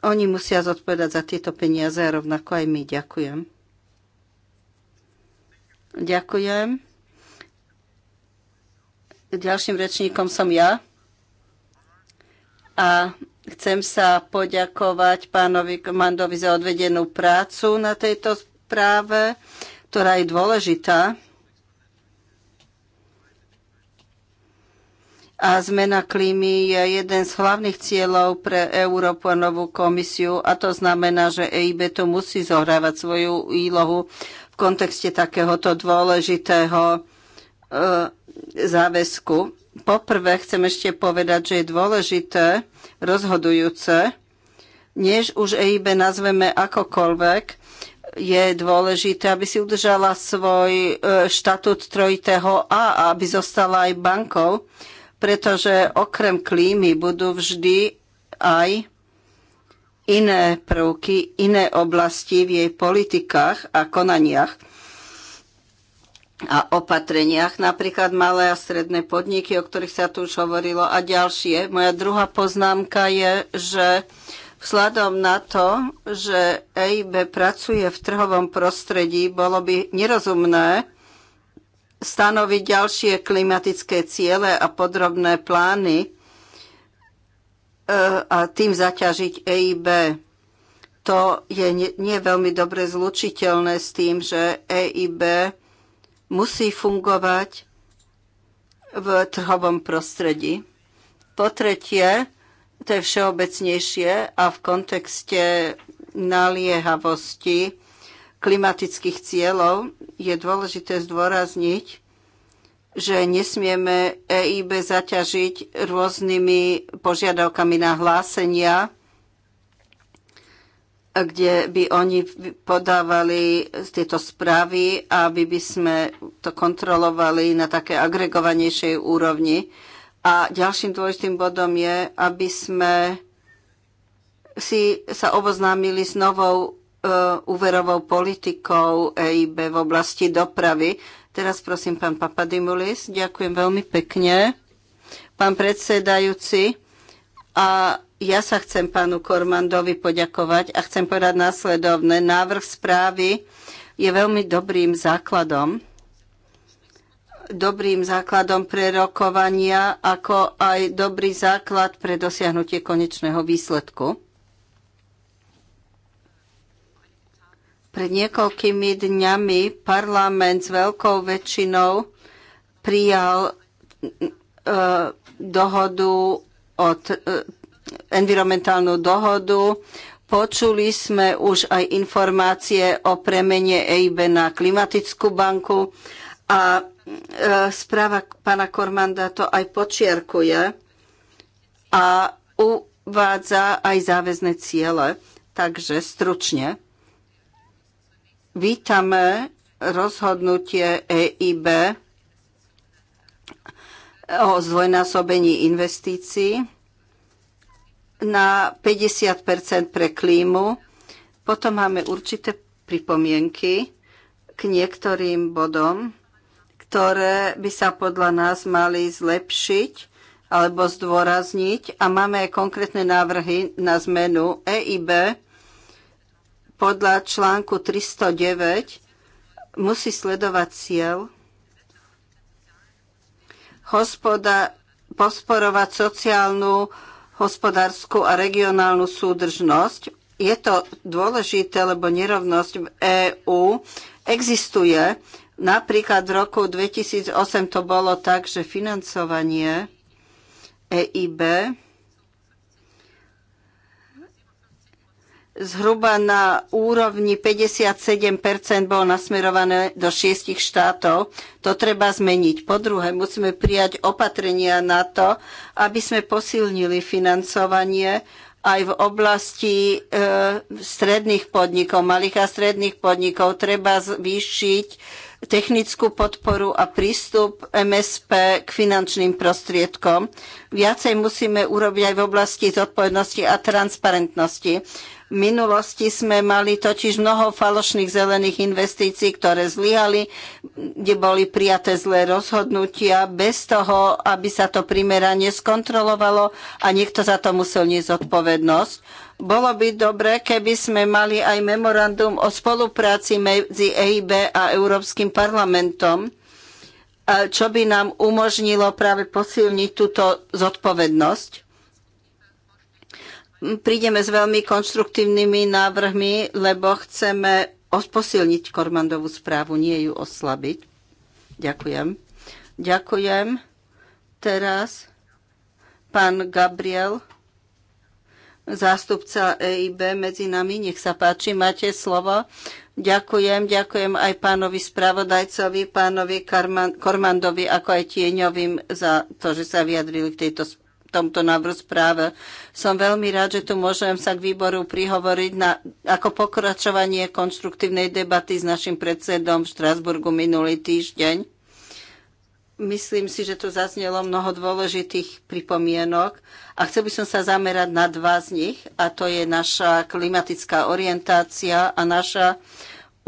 Speaker 3: oni musia zodpovedať za tieto peniaze a rovnako aj my. Ďakujem. Ďakujem. Ďalším rečníkom som ja. A chcem sa poďakovať pánovi Komandovi za odvedenú prácu na tejto správe, ktorá je dôležitá. a zmena klímy je jeden z hlavných cieľov pre Európu a novú komisiu a to znamená, že EIB tu musí zohrávať svoju ílohu v kontexte takéhoto dôležitého e, záväzku. Poprvé chcem ešte povedať, že je dôležité, rozhodujúce, než už EIB nazveme akokoľvek, je dôležité, aby si udržala svoj e, štatút trojitého A a aby zostala aj bankou pretože okrem klímy budú vždy aj iné prvky, iné oblasti v jej politikách a konaniach a opatreniach, napríklad malé a stredné podniky, o ktorých sa tu už hovorilo, a ďalšie. Moja druhá poznámka je, že vzhľadom na to, že EIB pracuje v trhovom prostredí, bolo by nerozumné, stanoviť ďalšie klimatické ciele a podrobné plány e, a tým zaťažiť EIB. To je nie, veľmi dobre zlučiteľné s tým, že EIB musí fungovať v trhovom prostredí. Po tretie, to je všeobecnejšie a v kontexte naliehavosti klimatických cieľov, je dôležité zdôrazniť, že nesmieme EIB zaťažiť rôznymi požiadavkami na hlásenia, kde by oni podávali tieto správy, aby by sme to kontrolovali na také agregovanejšej úrovni. A ďalším dôležitým bodom je, aby sme si sa oboznámili s novou E, úverovou politikou EIB v oblasti dopravy. Teraz prosím pán Papadimulis. Ďakujem veľmi pekne. Pán predsedajúci, a ja sa chcem pánu Kormandovi poďakovať a chcem povedať následovné. Návrh správy je veľmi dobrým základom dobrým základom pre rokovania, ako aj dobrý základ pre dosiahnutie konečného výsledku. Pred niekoľkými dňami parlament s veľkou väčšinou prijal e, dohodu od e, environmentálnu dohodu. Počuli sme už aj informácie o premene EIB na klimatickú banku a e, správa pána Kormanda to aj počiarkuje a uvádza aj záväzne ciele. Takže stručne. Vítame rozhodnutie EIB o zdvojnásobení investícií na 50 pre klímu. Potom máme určité pripomienky k niektorým bodom, ktoré by sa podľa nás mali zlepšiť alebo zdôrazniť a máme aj konkrétne návrhy na zmenu EIB podľa článku 309 musí sledovať cieľ hospoda, posporovať sociálnu, hospodárskú a regionálnu súdržnosť. Je to dôležité, lebo nerovnosť v EÚ existuje. Napríklad v roku 2008 to bolo tak, že financovanie EIB zhruba na úrovni 57% bolo nasmerované do šiestich štátov. To treba zmeniť. Po druhé, musíme prijať opatrenia na to, aby sme posilnili financovanie aj v oblasti e, stredných podnikov, malých a stredných podnikov. Treba zvýšiť technickú podporu a prístup MSP k finančným prostriedkom. Viacej musíme urobiť aj v oblasti zodpovednosti a transparentnosti. V minulosti sme mali totiž mnoho falošných zelených investícií, ktoré zlyhali, kde boli prijaté zlé rozhodnutia bez toho, aby sa to primerane skontrolovalo a niekto za to musel niesť zodpovednosť. Bolo by dobre, keby sme mali aj memorandum o spolupráci medzi EIB a Európskym parlamentom, čo by nám umožnilo práve posilniť túto zodpovednosť prídeme s veľmi konštruktívnymi návrhmi, lebo chceme posilniť Kormandovú správu, nie ju oslabiť. Ďakujem. Ďakujem. Teraz pán Gabriel, zástupca EIB medzi nami. Nech sa páči, máte slovo. Ďakujem, ďakujem aj pánovi spravodajcovi, pánovi Kormandovi, ako aj tieňovým za to, že sa vyjadrili k tejto správe tomto návrhu správe. Som veľmi rád, že tu môžem sa k výboru prihovoriť na, ako pokračovanie konštruktívnej debaty s našim predsedom v Štrásburgu minulý týždeň. Myslím si, že tu zaznelo mnoho dôležitých pripomienok a chcel by som sa zamerať na dva z nich a to je naša klimatická orientácia a naša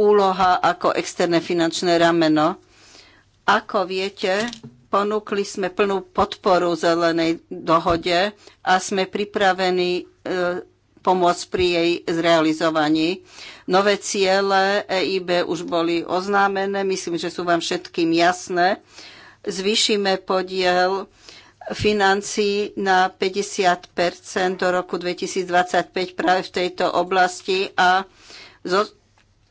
Speaker 3: úloha ako externé finančné rameno. Ako viete, Ponúkli sme plnú podporu zelenej dohode a sme pripravení e, pomôcť pri jej zrealizovaní. Nové ciele EIB už boli oznámené, myslím, že sú vám všetkým jasné. Zvýšime podiel financí na 50 do roku 2025 práve v tejto oblasti a, zo,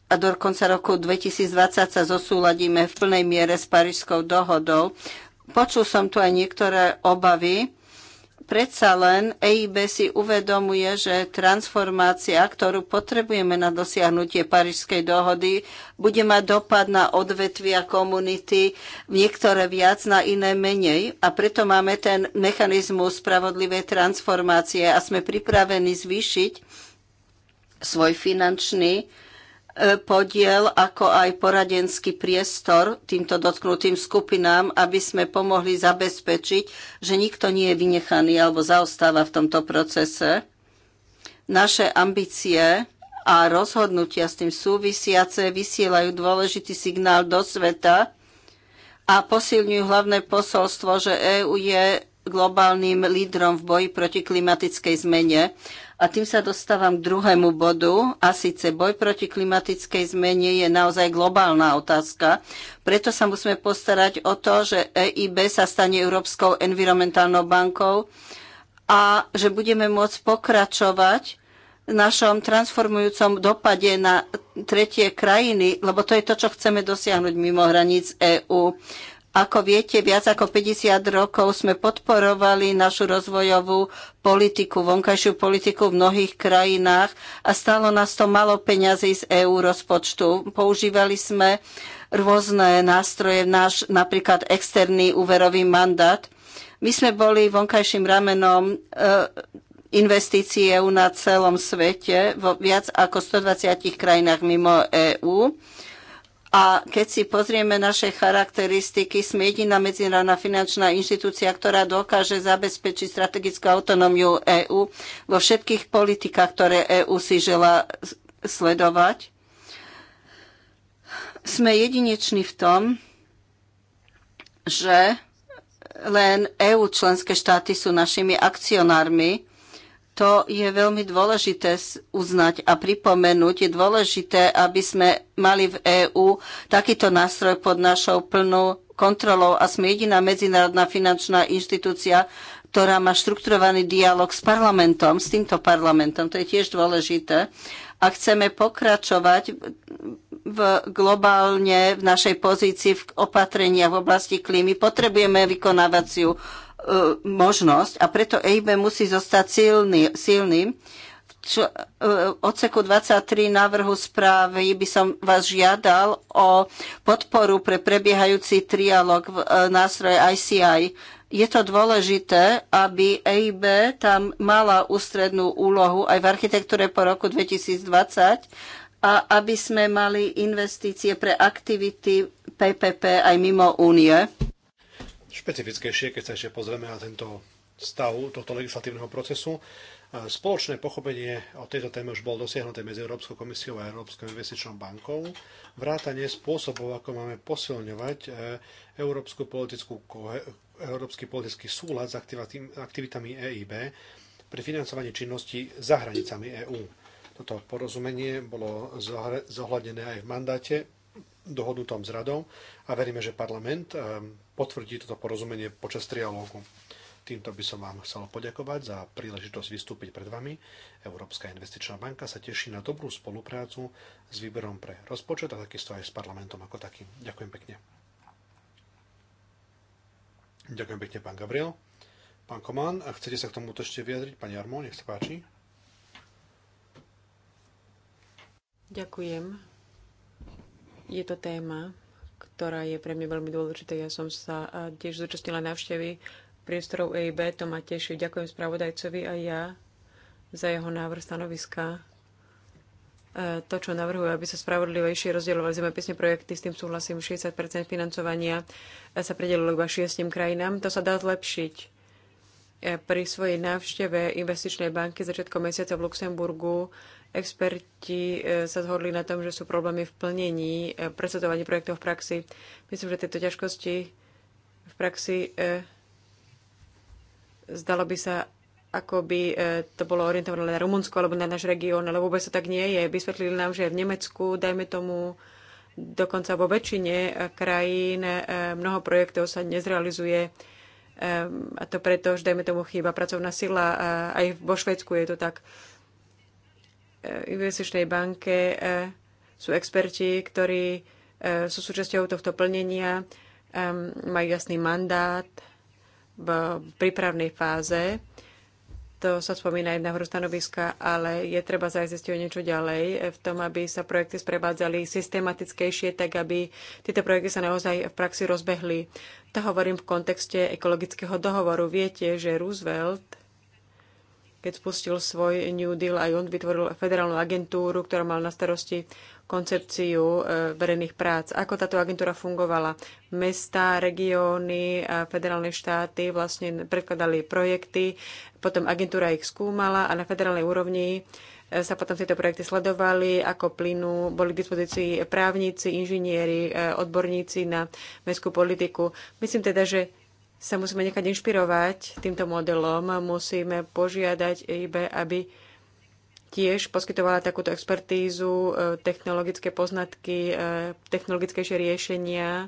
Speaker 3: a do konca roku 2020 sa zosúladíme v plnej miere s Parížskou dohodou. Počul som tu aj niektoré obavy. Predsa len EIB si uvedomuje, že transformácia, ktorú potrebujeme na dosiahnutie Parížskej dohody, bude mať dopad na odvetvia komunity, niektoré viac, na iné menej. A preto máme ten mechanizmus spravodlivej transformácie a sme pripravení zvýšiť svoj finančný E, podiel, ako aj poradenský priestor týmto dotknutým skupinám, aby sme pomohli zabezpečiť, že nikto nie je vynechaný alebo zaostáva v tomto procese. Naše ambície a rozhodnutia s tým súvisiace vysielajú dôležitý signál do sveta a posilňujú hlavné posolstvo, že EÚ je globálnym lídrom v boji proti klimatickej zmene a tým sa dostávam k druhému bodu, a síce boj proti klimatickej zmene je naozaj globálna otázka. Preto sa musíme postarať o to, že EIB sa stane Európskou environmentálnou bankou a že budeme môcť pokračovať v našom transformujúcom dopade na tretie krajiny, lebo to je to, čo chceme dosiahnuť mimo hraníc EÚ. Ako viete, viac ako 50 rokov sme podporovali našu rozvojovú politiku, vonkajšiu politiku v mnohých krajinách a stalo nás to malo peňazí z EÚ rozpočtu. Používali sme rôzne nástroje, náš napríklad externý úverový mandát. My sme boli vonkajším ramenom e, investícií EÚ na celom svete, vo viac ako 120 krajinách mimo EÚ. A keď si pozrieme naše charakteristiky, sme jediná medzinárodná finančná inštitúcia, ktorá dokáže zabezpečiť strategickú autonómiu EÚ vo všetkých politikách, ktoré EÚ si žela sledovať. Sme jedineční v tom, že len EÚ členské štáty sú našimi akcionármi to je veľmi dôležité uznať a pripomenúť. Je dôležité, aby sme mali v EÚ takýto nástroj pod našou plnou kontrolou a sme jediná medzinárodná finančná inštitúcia, ktorá má štrukturovaný dialog s parlamentom, s týmto parlamentom. To je tiež dôležité. A chceme pokračovať v, globálne v našej pozícii v opatreniach v oblasti klímy, potrebujeme vykonávaciu E, možnosť a preto EIB musí zostať silný, silným. V e, odseku 23 návrhu správy by som vás žiadal o podporu pre prebiehajúci trialog v e, nástroje ICI. Je to dôležité, aby EIB tam mala ústrednú úlohu aj v architektúre po roku 2020 a aby sme mali investície pre aktivity PPP aj mimo únie
Speaker 2: špecifickejšie, keď sa ešte pozrieme na tento stav tohto legislatívneho procesu. Spoločné pochopenie o tejto téme už bolo dosiahnuté medzi Európskou komisiou a Európskou investičnou bankou. Vrátanie spôsobov, ako máme posilňovať e, európsku politickú, európsky politický súlad s aktivitami EIB pri financovaní činnosti za hranicami EÚ. Toto porozumenie bolo zohľadené aj v mandáte dohodnutom s radou a veríme, že parlament eh, potvrdí toto porozumenie počas trialógu. Týmto by som vám chcel poďakovať za príležitosť vystúpiť pred vami. Európska investičná banka sa teší na dobrú spoluprácu s výberom pre rozpočet a takisto aj s parlamentom ako takým. Ďakujem pekne. Ďakujem pekne, pán Gabriel. Pán Komán, a chcete sa k tomuto ešte vyjadriť? Pani Armo, nech sa páči.
Speaker 1: Ďakujem, je to téma, ktorá je pre mňa veľmi dôležitá. Ja som sa tiež zúčastnila návštevy priestorov EIB, to ma teší. Ďakujem spravodajcovi a ja za jeho návrh stanoviska. E, to, čo navrhujú, aby sa spravodlivejšie rozdielovali zemepisné projekty, s tým súhlasím, 60 financovania sa predelilo iba šiestim krajinám. To sa dá zlepšiť. E, pri svojej návšteve investičnej banky začiatkom mesiaca v Luxemburgu Experti e, sa zhodli na tom, že sú problémy v plnení, e, presadovaní projektov v praxi. Myslím, že tieto ťažkosti v praxi e, zdalo by sa, ako by to bolo orientované na Rumunsko alebo na náš región, ale vôbec to tak nie je. Vysvetlili nám, že v Nemecku, dajme tomu, dokonca vo väčšine krajín mnoho projektov sa nezrealizuje a to preto, že dajme tomu chýba pracovná sila, aj vo Švedsku je to tak investičnej banke e, sú experti, ktorí e, sú súčasťou tohto plnenia, e, majú jasný mandát v prípravnej fáze. To sa spomína aj v návrhu stanoviska, ale je treba zajsť o niečo ďalej v tom, aby sa projekty sprevádzali systematickejšie, tak aby tieto projekty sa naozaj v praxi rozbehli. To hovorím v kontexte ekologického dohovoru. Viete, že Roosevelt keď spustil svoj New Deal, aj on vytvoril federálnu agentúru, ktorá mal na starosti koncepciu e, verejných prác. Ako táto agentúra fungovala? Mesta, regióny a federálne štáty vlastne predkladali projekty, potom agentúra ich skúmala a na federálnej úrovni e, sa potom tieto projekty sledovali, ako plynu, boli k dispozícii právnici, inžinieri, e, odborníci na mestskú politiku. Myslím teda, že sa musíme nechať inšpirovať týmto modelom. Musíme požiadať EIB, aby tiež poskytovala takúto expertízu, e, technologické poznatky, e, technologickejšie riešenia, e,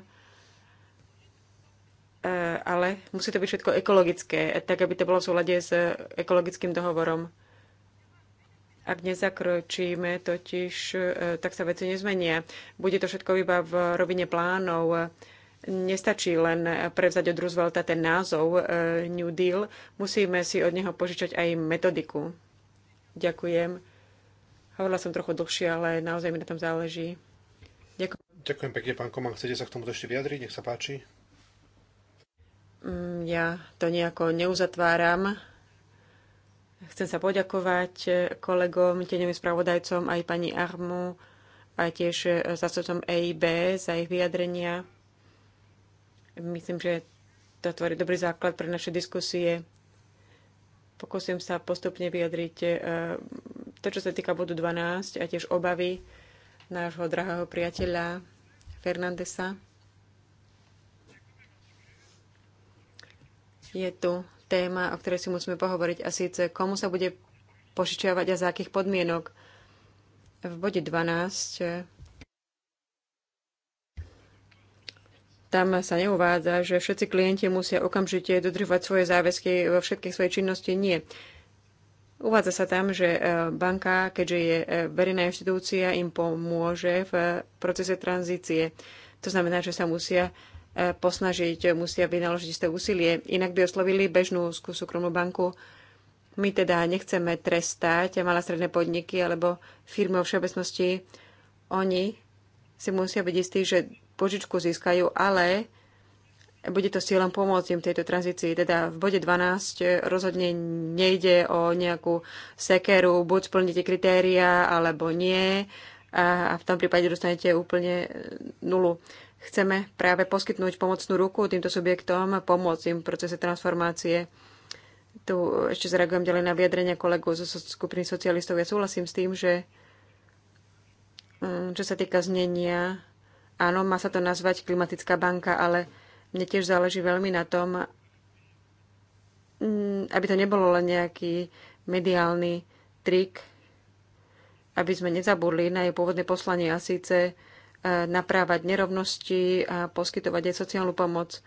Speaker 1: ale musí to byť všetko ekologické, tak aby to bolo v súlade s ekologickým dohovorom. Ak nezakročíme totiž, tak sa veci nezmenia. Bude to všetko iba v rovine plánov nestačí len prevzať od Roosevelta ten názov e, New Deal, musíme si od neho požičať aj metodiku. Ďakujem. Hovorila som trochu dlhšie, ale naozaj mi na tom záleží. Ďakujem.
Speaker 2: Ďakujem pekne, pán Koman. Chcete sa k tomu ešte vyjadriť? Nech sa páči.
Speaker 1: Mm, ja to nejako neuzatváram. Chcem sa poďakovať e, kolegom, tenevým spravodajcom, aj pani Armu, a tiež e, zastupcom EIB za ich vyjadrenia. Myslím, že to tvorí dobrý základ pre naše diskusie. Pokúsim sa postupne vyjadriť e, to, čo sa týka bodu 12 a tiež obavy nášho drahého priateľa Fernandesa. Je tu téma, o ktorej si musíme pohovoriť a síce komu sa bude požičiavať a za akých podmienok. V bode 12 tam sa neuvádza, že všetci klienti musia okamžite dodržovať svoje záväzky vo všetkej svojej činnosti. Nie. Uvádza sa tam, že e, banka, keďže je e, verejná inštitúcia, im pomôže v e, procese tranzície. To znamená, že sa musia posnažiť, musia vynaložiť isté úsilie. Inak by oslovili bežnú súkromnú banku. My teda nechceme trestať malé stredné podniky alebo firmy o všeobecnosti. Oni si musia byť istí, že požičku získajú, ale bude to cieľom pomôcť im tejto tranzícii. Teda v bode 12 rozhodne nejde o nejakú sekeru, buď splníte kritéria, alebo nie. A v tom prípade dostanete úplne e, nulu. Chceme práve poskytnúť pomocnú ruku týmto subjektom, pomôcť im v procese transformácie. Tu ešte zareagujem ďalej na vyjadrenia kolegu zo skupiny socialistov. Ja súhlasím s tým, že mm, čo sa týka znenia Áno, má sa to nazvať klimatická banka, ale mne tiež záleží veľmi na tom, mm, aby to nebolo len nejaký mediálny trik, aby sme nezabudli na jej pôvodné poslanie a síce eh, naprávať nerovnosti a poskytovať aj sociálnu pomoc.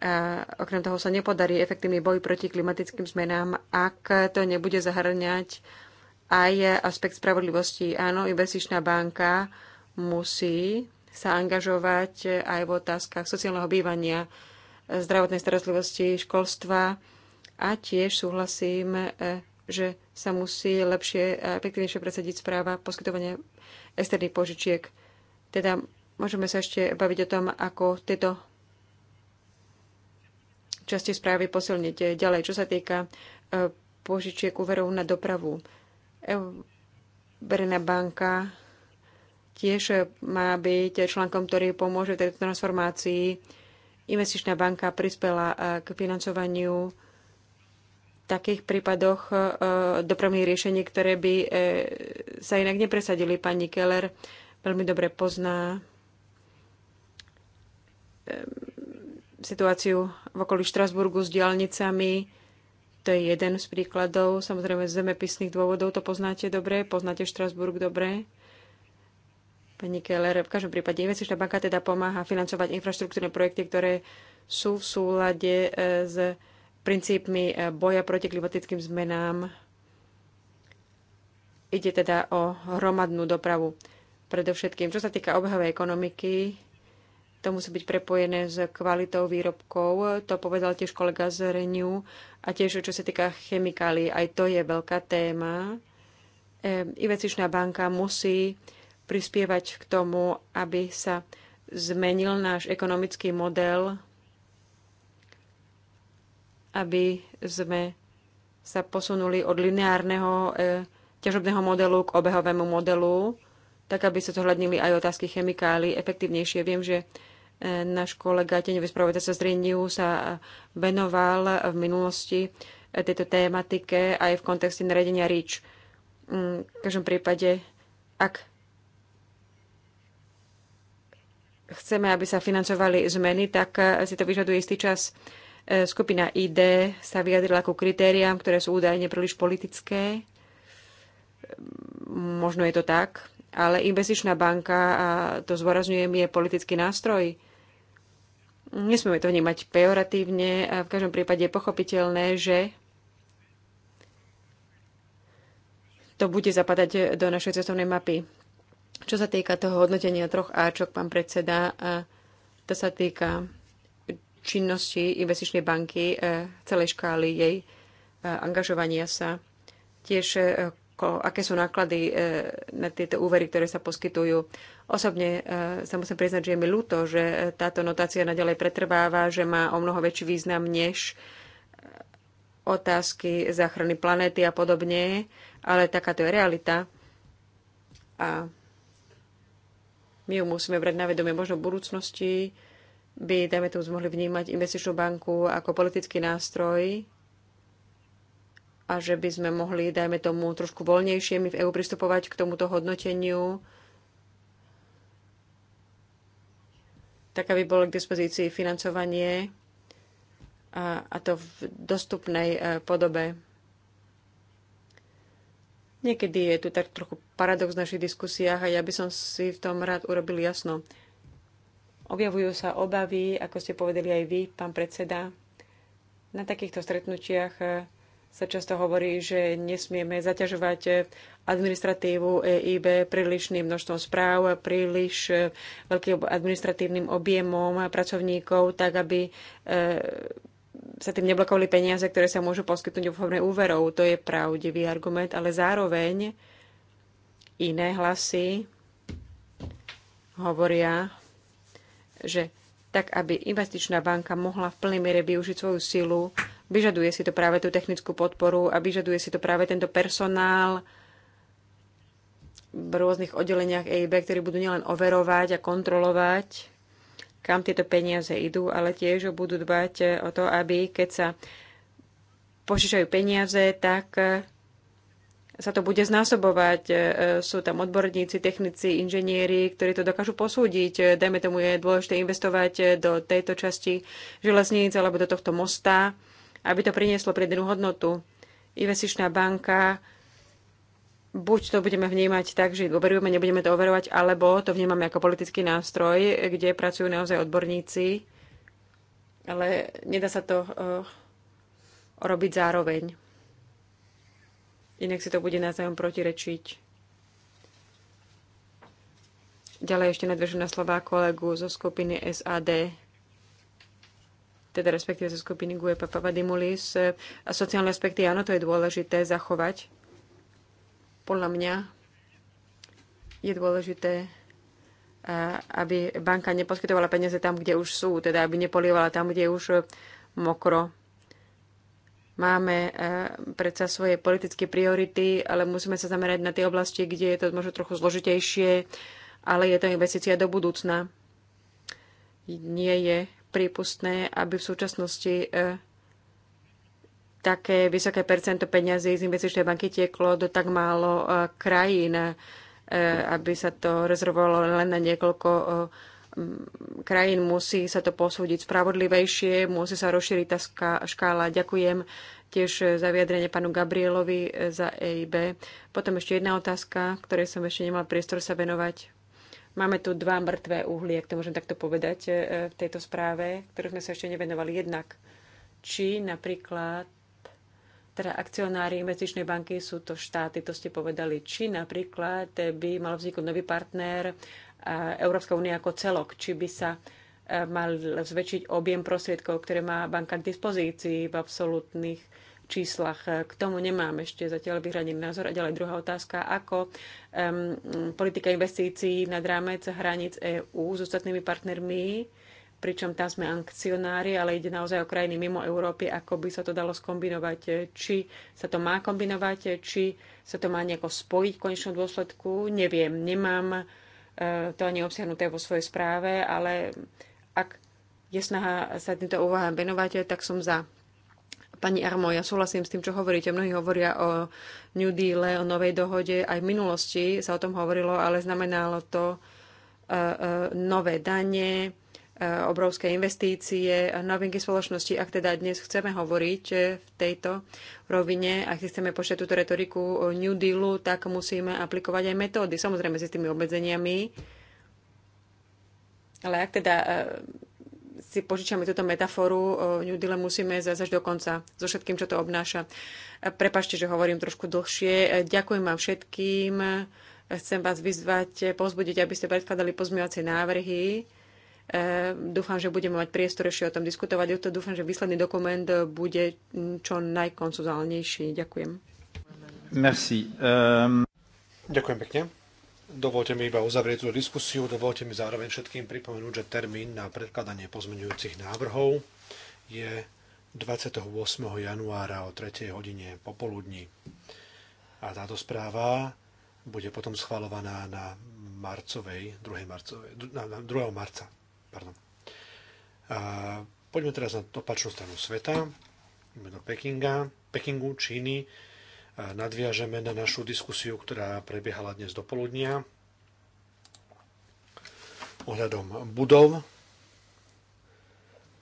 Speaker 1: A okrem toho sa nepodarí efektívny boj proti klimatickým zmenám, ak to nebude zahrňať aj aspekt spravodlivosti. Áno, investičná banka musí sa angažovať aj v otázkach sociálneho bývania, zdravotnej starostlivosti, školstva a tiež súhlasím, e, že sa musí lepšie a efektívnejšie presadiť správa poskytovania externých požičiek. Teda môžeme sa ešte baviť o tom, ako tieto časti správy posilniť ďalej. Čo sa týka e, požičiek úverov na dopravu, e, Verejná banka tiež má byť článkom, ktorý pomôže tejto transformácii. Investičná banka prispela e, k financovaniu v takých prípadoch e, dopravných riešení, ktoré by e, sa inak nepresadili. Pani Keller veľmi dobre pozná situáciu v okolí Štrasburgu s diálnicami. To je jeden z príkladov. Samozrejme, z zemepisných dôvodov to poznáte dobre, poznáte Štrasburg dobre pani Keller. V každom prípade investičná banka teda pomáha financovať infraštruktúrne projekty, ktoré sú v súlade e, s princípmi e, boja proti klimatickým zmenám. Ide teda o hromadnú dopravu. Predovšetkým, čo sa týka obehovej ekonomiky, to musí byť prepojené s kvalitou výrobkov. To povedal tiež kolega z Renew. A tiež, čo sa týka chemikálií, aj to je veľká téma. E, investičná banka musí prispievať k tomu, aby sa zmenil náš ekonomický model, aby sme sa posunuli od lineárneho e, ťažobného modelu k obehovému modelu, tak aby sa zohľadnili aj otázky chemikálií efektívnejšie. Viem, že e, náš kolega Teňový spravodajca sa Renew sa venoval v minulosti e, tejto tématike aj v kontexte naredenia REACH. Mm, v každom prípade, ak chceme, aby sa financovali zmeny, tak e, si to vyžaduje istý čas. E, skupina ID sa vyjadrila ku kritériám, ktoré sú údajne príliš politické. Možno je to tak, ale investičná banka, a to zvorazňujem, je politický nástroj. Nesmieme to vnímať pejoratívne a v každom prípade je pochopiteľné, že to bude zapadať do našej cestovnej mapy. Čo sa týka toho hodnotenia troch Ačok, pán predseda, to sa týka činnosti investičnej banky, e, celej škály jej e, angažovania sa, tiež e, aké sú náklady na tieto úvery, ktoré sa poskytujú. Osobne sa musím priznať, že je mi ľúto, že táto notácia naďalej pretrváva, že má o mnoho väčší význam než otázky záchrany planéty a podobne, ale takáto je realita. A my ju musíme brať na vedomie. Možno v budúcnosti by, dajme tomu, mohli vnímať investičnú banku ako politický nástroj a že by sme mohli, dajme tomu, trošku voľnejšie my v EU pristupovať k tomuto hodnoteniu, tak aby bolo k dispozícii financovanie a, a to v dostupnej e, podobe. Niekedy je tu tak trochu paradox v našich diskusiách a ja by som si v tom rád urobil jasno. Objavujú sa obavy, ako ste povedali aj vy, pán predseda. Na takýchto stretnutiach eh, sa často hovorí, že nesmieme zaťažovať eh, administratívu EIB prílišným množstvom správ, príliš eh, veľkým administratívnym objemom pracovníkov, tak aby sa tým neblokovali peniaze, ktoré sa môžu poskytnúť v forme úverov. To je pravdivý argument, ale zároveň iné hlasy hovoria, že tak, aby investičná banka mohla v plnej miere využiť svoju silu, vyžaduje si to práve tú technickú podporu a vyžaduje si to práve tento personál v rôznych oddeleniach EIB, ktorí budú nielen overovať a kontrolovať kam tieto peniaze idú, ale tiež budú dbať eh, o to, aby keď sa požičajú peniaze, tak eh, sa to bude znásobovať. Eh, sú tam odborníci, technici, inžinieri, ktorí to dokážu posúdiť. Dajme tomu, je dôležité investovať do tejto časti železníc alebo do tohto mosta, aby to prinieslo pridanú hodnotu. Investičná banka buď to budeme vnímať tak, že dôverujeme, nebudeme to overovať, alebo to vnímame ako politický nástroj, kde pracujú naozaj odborníci, ale nedá sa to eh, robiť zároveň. Inak si to bude navzájom protirečiť. Ďalej ešte nadvežím na slová kolegu zo skupiny SAD, teda respektíve zo skupiny GUE Papadimulis. A sociálne aspekty, áno, to je dôležité zachovať podľa mňa je dôležité, eh, aby banka neposkytovala peniaze tam, kde už sú, teda aby nepolievala tam, kde je už eh, mokro. Máme eh, predsa svoje politické priority, ale musíme sa zamerať na tie oblasti, kde je to možno trochu zložitejšie, ale je to investícia do budúcna. Nie je prípustné, aby v súčasnosti také vysoké percento peňazí z investičnej banky tieklo do tak málo e, krajín, e, aby sa to rezervovalo len na niekoľko e, krajín. Musí sa to posúdiť spravodlivejšie, musí sa rozšíriť tá škála. Ďakujem tiež za vyjadrenie panu Gabrielovi za EIB. Potom ešte jedna otázka, ktorej som ešte nemal priestor sa venovať. Máme tu dva mŕtvé uhlie, ak to môžem takto povedať, v tejto správe, ktorú sme sa ešte nevenovali. Jednak či napríklad teda akcionári investičnej banky sú to štáty, to ste povedali. Či napríklad by mal vzniknúť nový partner e, Európska únia ako celok, či by sa e, mal zväčšiť objem prostriedkov, ktoré má banka k dispozícii v absolútnych číslach. K tomu nemám ešte zatiaľ vyhradený názor. A ďalej druhá otázka, ako um, politika investícií nad rámec hraníc EÚ s ostatnými partnermi pričom tam sme akcionári, ale ide naozaj o krajiny mimo Európy, ako by sa to dalo skombinovať. Či sa to má kombinovať, či sa to má nejako spojiť v konečnom dôsledku, neviem, nemám e, to ani obsiahnuté vo svojej správe, ale ak je snaha sa týmto úvahám venovať, tak som za. Pani Armo, ja súhlasím s tým, čo hovoríte. Mnohí hovoria o New Deal, o novej dohode. Aj v minulosti sa o tom hovorilo, ale znamenalo to uh, uh, nové dane, obrovské investície, novinky spoločnosti. Ak teda dnes chceme hovoriť e, v tejto rovine, ak chceme počať túto retoriku New Dealu, tak musíme aplikovať aj metódy, samozrejme s tými obmedzeniami. Ale ak teda e, si požičame túto metaforu, New Deal musíme zase až do konca, so všetkým, čo to obnáša. E, Prepašte, že hovorím trošku dlhšie. Ďakujem vám všetkým. Chcem vás vyzvať, pozbudiť, aby ste predkladali pozmývacie návrhy Ehm, dúfam, že budeme mať priestor ešte o tom diskutovať. O to dúfam, že výsledný dokument e, bude čo najkonsuzálnejší. Ďakujem.
Speaker 2: Merci. Um... Ďakujem pekne. Dovolte mi iba uzavrieť tú diskusiu. Dovolte mi zároveň všetkým pripomenúť, že termín na predkladanie pozmeňujúcich návrhov je 28. januára o 3. hodine popoludní. A táto správa bude potom schvalovaná na marcovej, 2. Marcovej, na 2. marca Pardon. A poďme teraz na opačnú stranu sveta, do Pekinga, Pekingu, Číny. A nadviažeme na našu diskusiu, ktorá prebiehala dnes do poludnia ohľadom budov.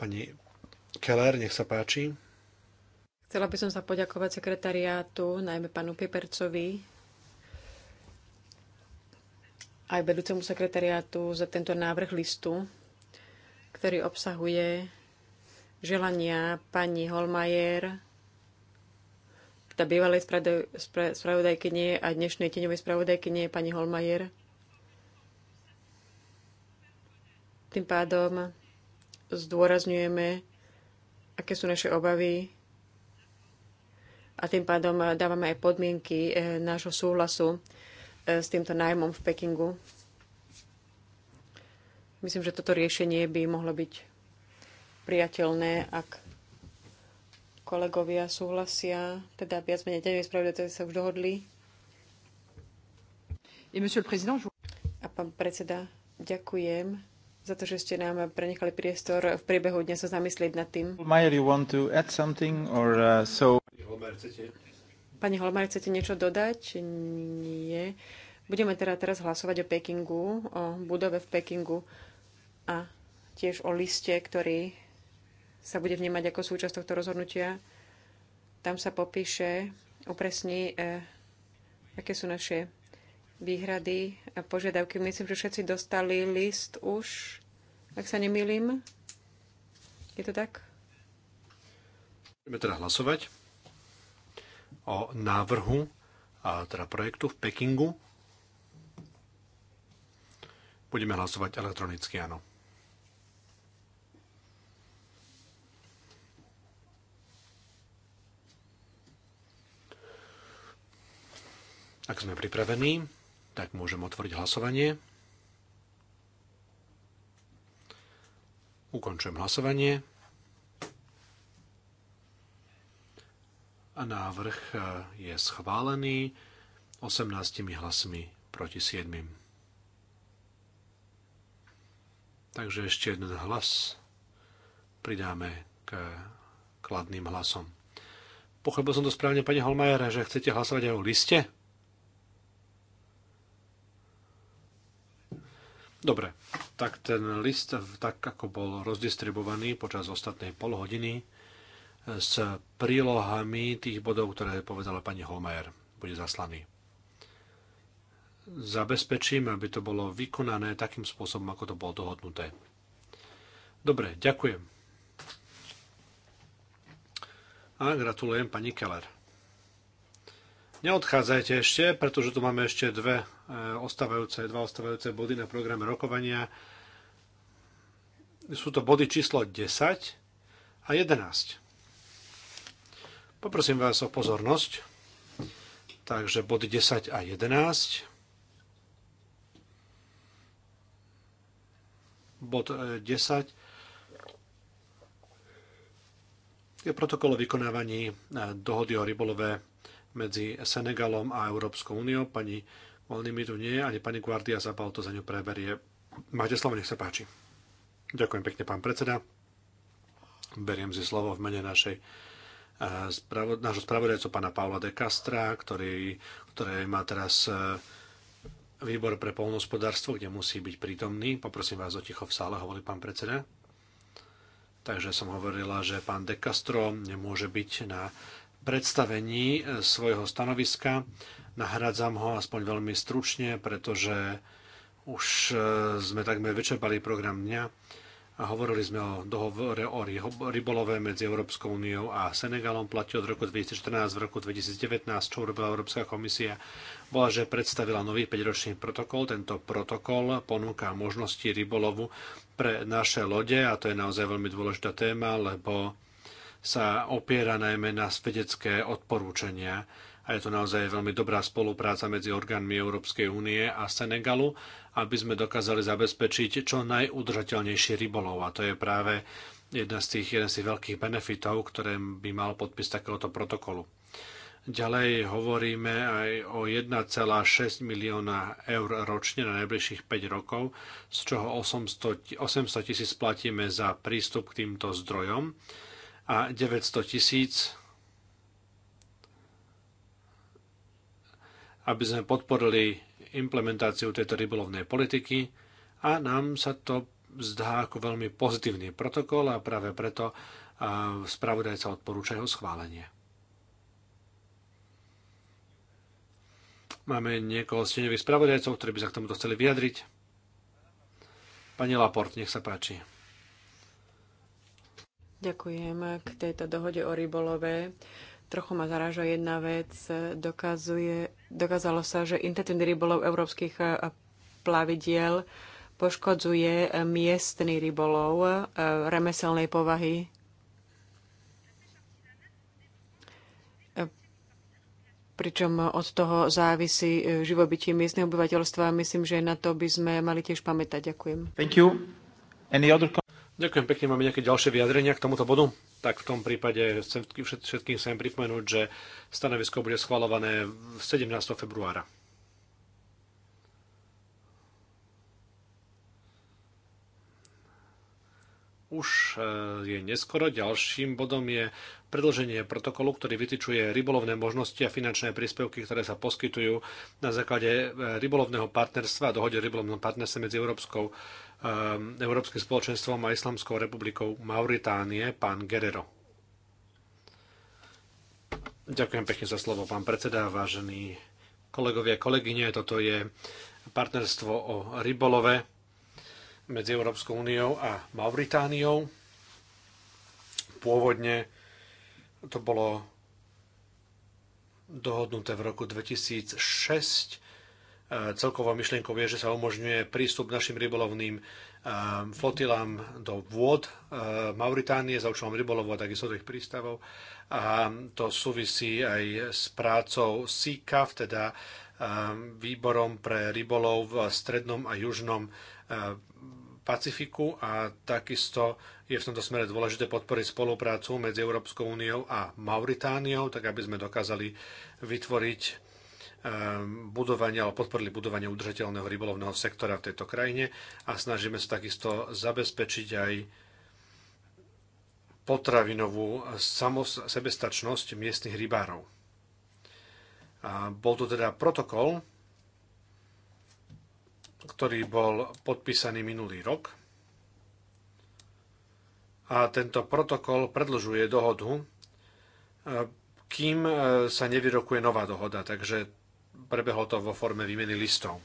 Speaker 2: Pani Keller, nech sa páči.
Speaker 1: Chcela by som sa poďakovať sekretariátu, najmä panu Pipercovi, aj vedúcemu sekretariátu za tento návrh listu ktorý obsahuje želania pani Holmajer, tá bývalej spravodajkynie a dnešnej teňovej spravodajkynie pani Holmajer. Tým pádom zdôrazňujeme, aké sú naše obavy a tým pádom dávame aj podmienky eh, nášho súhlasu eh, s týmto nájmom v Pekingu. Myslím, že toto riešenie by mohlo byť priateľné, ak kolegovia súhlasia, teda viac menej deň spravodajte sa už dohodli. A pán predseda, ďakujem za to, že ste nám prenechali priestor v priebehu dňa sa zamyslieť nad tým.
Speaker 3: you want to add
Speaker 2: something or uh, so...
Speaker 1: Pani Holmar, chcete niečo dodať? Nie. Budeme teda teraz hlasovať o Pekingu, o budove v Pekingu a tiež o liste, ktorý sa bude vnímať ako súčasť tohto rozhodnutia. Tam sa popíše, upresní, eh, aké sú naše výhrady a požiadavky. Myslím, že všetci dostali list už, ak sa nemýlim. Je to tak?
Speaker 2: Budeme teda hlasovať o návrhu a teda projektu v Pekingu. Budeme hlasovať elektronicky, áno. Ak sme pripravení, tak môžem otvoriť hlasovanie. Ukončujem hlasovanie. A návrh e, je schválený 18 hlasmi proti 7. Takže ešte jeden hlas pridáme k kladným hlasom. Pochopil som to správne, pani Holmajera, že chcete hlasovať aj o liste? Dobre, tak ten list, tak ako bol rozdistribovaný počas ostatnej polhodiny, eh, s prílohami tých bodov, ktoré povedala pani Homer bude zaslaný. Zabezpečím, aby to bolo vykonané takým spôsobom, ako to bolo dohodnuté. Dobre, ďakujem. A gratulujem pani Keller. Neodchádzajte ešte, pretože tu máme ešte dve e, ostávajúce, dva ostávajúce body na programe rokovania. Sú to body číslo 10 a 11. Poprosím vás o pozornosť. Takže body 10 a 11. Bod 10 e, je protokol o vykonávaní e, dohody o rybolove medzi Senegalom a Európskou úniou. Pani Molnými tu nie, ani pani Guardia Zabal to za ňu preberie. Máte slovo, nech sa páči. Ďakujem pekne, pán predseda. Beriem si slovo v mene našej eh, nášho spravodajcu pána Paula de Castra, ktorý, ktoré má teraz eh, výbor pre polnospodárstvo, kde musí byť prítomný. Poprosím vás o ticho v sále, hovorí pán predseda. Takže som hovorila, že pán De Castro nemôže byť na predstavení e, svojho stanoviska. Nahradzam ho aspoň veľmi stručne, pretože už e, sme takmer vyčerpali program dňa a hovorili sme o dohovore o rybolove medzi Európskou úniou a Senegalom. Platí od roku 2014 v roku 2019, čo urobila Európska komisia, bola, že predstavila nový 5-ročný protokol. Tento protokol ponúka možnosti rybolovu pre naše lode a to je naozaj veľmi dôležitá téma, lebo sa opiera najmä na svedecké odporúčania a je to naozaj veľmi dobrá spolupráca medzi orgánmi Európskej únie a Senegalu, aby sme dokázali zabezpečiť čo najudržateľnejší rybolov. A to je práve jedna z tých, jeden z tých veľkých benefitov, ktoré by mal podpis takéhoto protokolu. Ďalej hovoríme aj o 1,6 milióna eur ročne na najbližších 5 rokov, z čoho 800 tisíc platíme za prístup k týmto zdrojom a 900 tisíc, aby sme podporili implementáciu tejto rybolovnej politiky a nám sa to zdá ako veľmi pozitívny protokol a práve preto spravodajca odporúča jeho schválenie. Máme niekoho z tieňových spravodajcov, ktorí by sa k tomuto chceli vyjadriť. Pani Laport, nech sa páči.
Speaker 1: Ďakujem k tejto dohode o rybolove. Trochu ma zaráža jedna vec. Dokazuje, dokázalo sa, že intenzívny rybolov európskych e, plavidiel poškodzuje e, miestny rybolov e, remeselnej povahy. pričom od toho závisí živobytie miestneho obyvateľstva. Myslím, že na to by sme mali tiež pamätať. Ďakujem. Thank
Speaker 2: you. Any other Ďakujem pekne. Máme nejaké ďalšie vyjadrenia k tomuto bodu? Tak v tom prípade chcem všetkým sem pripomenúť, že stanovisko bude schvalované 17. februára. Už e, je neskoro. Ďalším bodom je predlženie protokolu, ktorý vytyčuje rybolovné možnosti a finančné príspevky, ktoré sa poskytujú na základe e, rybolovného partnerstva a dohode o rybolovnom partnerstve medzi Európskou Ehm, Európskym spoločenstvom a Islamskou republikou Mauritánie, pán Guerrero. Ďakujem pekne za slovo, pán predseda, vážení kolegovia, kolegyne. Toto je partnerstvo o rybolove medzi Európskou úniou a Mauritániou. Pôvodne to bolo dohodnuté v roku 2006 Celkovou myšlienkou je, že sa umožňuje prístup našim rybolovným eh, flotilám do vôd eh, Mauritánie za účelom rybolovu a takisto do ich prístavov. A to súvisí aj s prácou SICAF, teda eh, výborom pre rybolov v strednom a južnom Pacifiku a takisto je v tomto smere dôležité podporiť spoluprácu medzi Európskou úniou a Mauritániou, tak aby sme dokázali vytvoriť Ehm, budovania alebo podporili budovanie udržateľného rybolovného sektora v tejto krajine a snažíme sa takisto zabezpečiť aj potravinovú samos, sebestačnosť miestnych rybárov. A bol to teda protokol, ktorý bol podpísaný minulý rok. A tento protokol predlžuje dohodu, kým e, sa nevyrokuje nová dohoda. Takže Prebehlo to vo forme výmeny listov.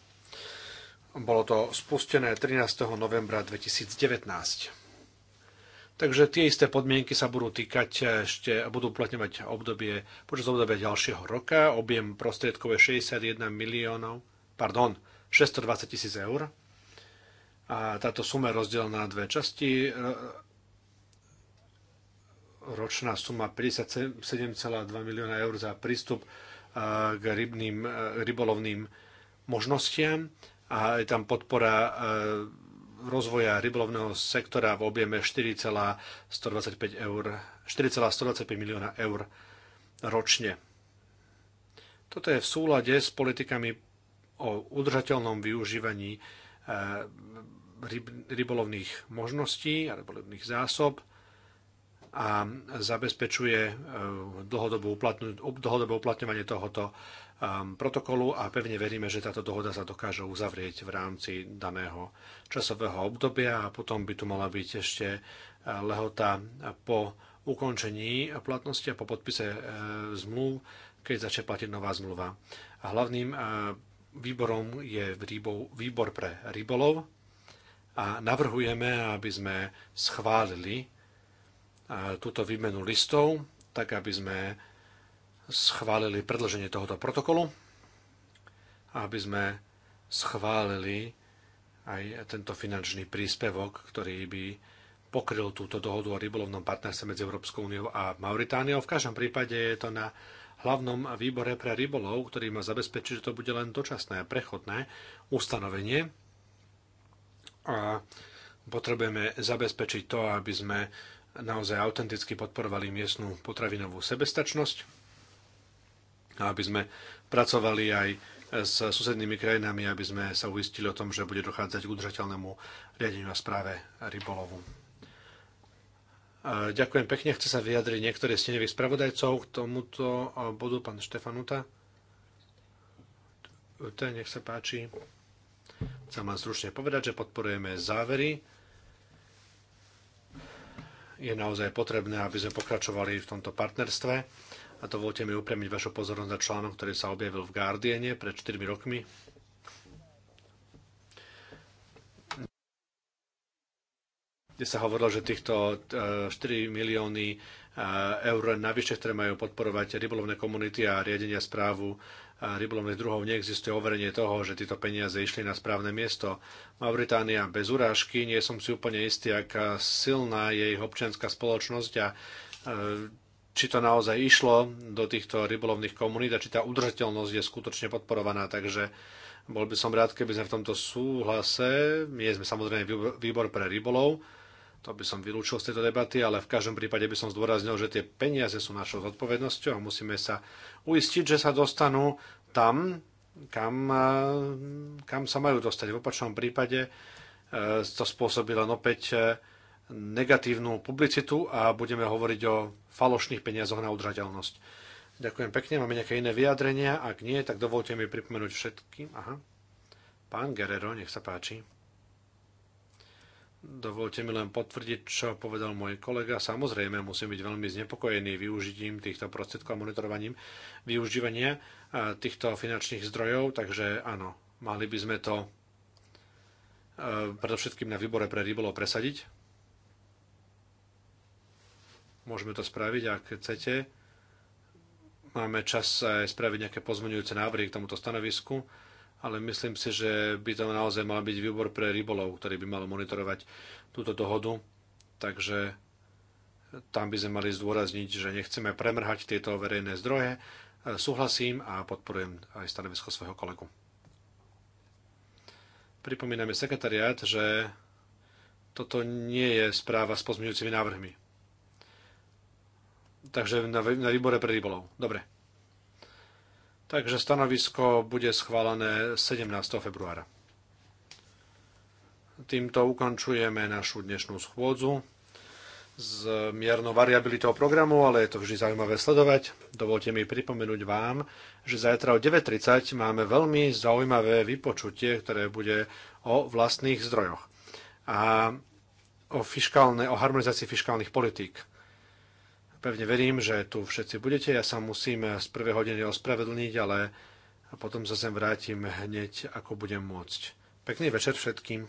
Speaker 2: Bolo to spustené 13. novembra 2019. Takže tie isté podmienky sa budú týkať, ešte budú uplatňovať obdobie, počas obdobia ďalšieho roka. Objem prostriedkov je 61 miliónov, pardon, 620 tisíc eur. A táto suma je rozdelená na dve časti. Ročná suma 57,2 milióna eur za prístup k rybným, e, rybolovným možnostiam a je tam podpora e, rozvoja rybolovného sektora v objeme 4,125 eur, 4,125 milióna eur ročne. Toto je v súlade s politikami o udržateľnom využívaní e, rybolovných možností a rybolovných zásob a zabezpečuje eh, dlhodobé uplatňovanie tohoto ehm, protokolu a pevne veríme, že táto dohoda sa dokáže uzavrieť v rámci daného časového obdobia a potom by tu mala byť ešte eh, lehota po ukončení platnosti a po podpise eh, zmluv, keď začne platiť nová zmluva. A hlavným výborom je výbor pre rybolov a navrhujeme, aby sme schválili túto výmenu listov, tak aby sme schválili predlženie tohoto protokolu, a aby sme schválili aj tento finančný príspevok, ktorý by pokryl túto dohodu o rybolovnom partnerstve medzi Európskou úniou a Mauritániou. V každom prípade je to na hlavnom výbore pre rybolov, ktorý má zabezpečiť, že to bude len dočasné a prechodné ustanovenie. A potrebujeme zabezpečiť to, aby sme naozaj autenticky podporovali miestnú potravinovú sebestačnosť a aby sme pracovali aj s susednými krajinami, aby sme sa uistili o tom, že bude dochádzať k udržateľnému riadeniu a správe rybolovu. Ďakujem pekne. Chce sa vyjadriť niektoré z tenevých spravodajcov k tomuto bodu. Pán Štefanuta. Uta, nech sa páči. Chcem len zručne povedať, že podporujeme závery je naozaj potrebné, aby sme pokračovali v tomto partnerstve. A to voľte mi upriamiť vašu pozornosť na článok, ktorý sa objavil v Guardiane pred 4 rokmi. Kde sa hovorilo, že týchto 4 e, milióny e, eur navyše, ktoré majú podporovať rybolovné komunity a riadenia správu rybolovných druhov neexistuje overenie toho, že tieto peniaze išli na správne miesto. Mauritánia bez urážky, nie som si úplne istý, aká silná je ich občianská spoločnosť a e, či to naozaj išlo do týchto rybolovných komunít a či tá udržateľnosť je skutočne podporovaná. Takže bol by som rád, keby sme v tomto súhlase, nie sme samozrejme výbor pre rybolov, to by som vylúčil z tejto debaty, ale v každom prípade by som zdôraznil, že tie peniaze sú našou zodpovednosťou a musíme sa uistiť, že sa dostanú tam, kam, e, kam sa majú dostať. V opačnom prípade e, to spôsobí len opäť e, negatívnu publicitu a budeme hovoriť o falošných peniazoch na udržateľnosť. Ďakujem pekne, máme nejaké iné vyjadrenia? Ak nie, tak dovolte mi pripomenúť všetkým. Aha. Pán Guerrero, nech sa páči. Dovolte mi len potvrdiť, čo povedal môj kolega. Samozrejme, musím byť veľmi znepokojený využitím týchto prostriedkov a monitorovaním využívania týchto finančných zdrojov, takže áno, mali by sme to predovšetkým na výbore pre rybolo presadiť. Môžeme to spraviť, ak chcete. Máme čas spraviť nejaké pozmenujúce návrhy k tomuto stanovisku ale myslím si, že by to naozaj mal byť výbor pre rybolov, ktorý by mal monitorovať túto dohodu. Takže tam by sme mali zdôrazniť, že nechceme premrhať tieto verejné zdroje. Súhlasím a podporujem aj stanovisko svojho kolegu. Pripomíname sekretariát, že toto nie je správa s pozmeňujúcimi návrhmi. Takže na výbore pre rybolov. Dobre. Takže stanovisko bude schválené 17. februára. Týmto ukončujeme našu dnešnú schôdzu s miernou variabilitou programu, ale je to vždy zaujímavé sledovať. Dovolte mi pripomenúť vám, že zajtra o 9.30 máme veľmi zaujímavé vypočutie, ktoré bude o vlastných zdrojoch a o, fiskálne, o harmonizácii fiskálnych politík. Pevne verím, že tu všetci budete. Ja sa musím z prvej hodiny ospravedlniť, ale potom sa sem vrátim hneď, ako budem môcť. Pekný večer všetkým.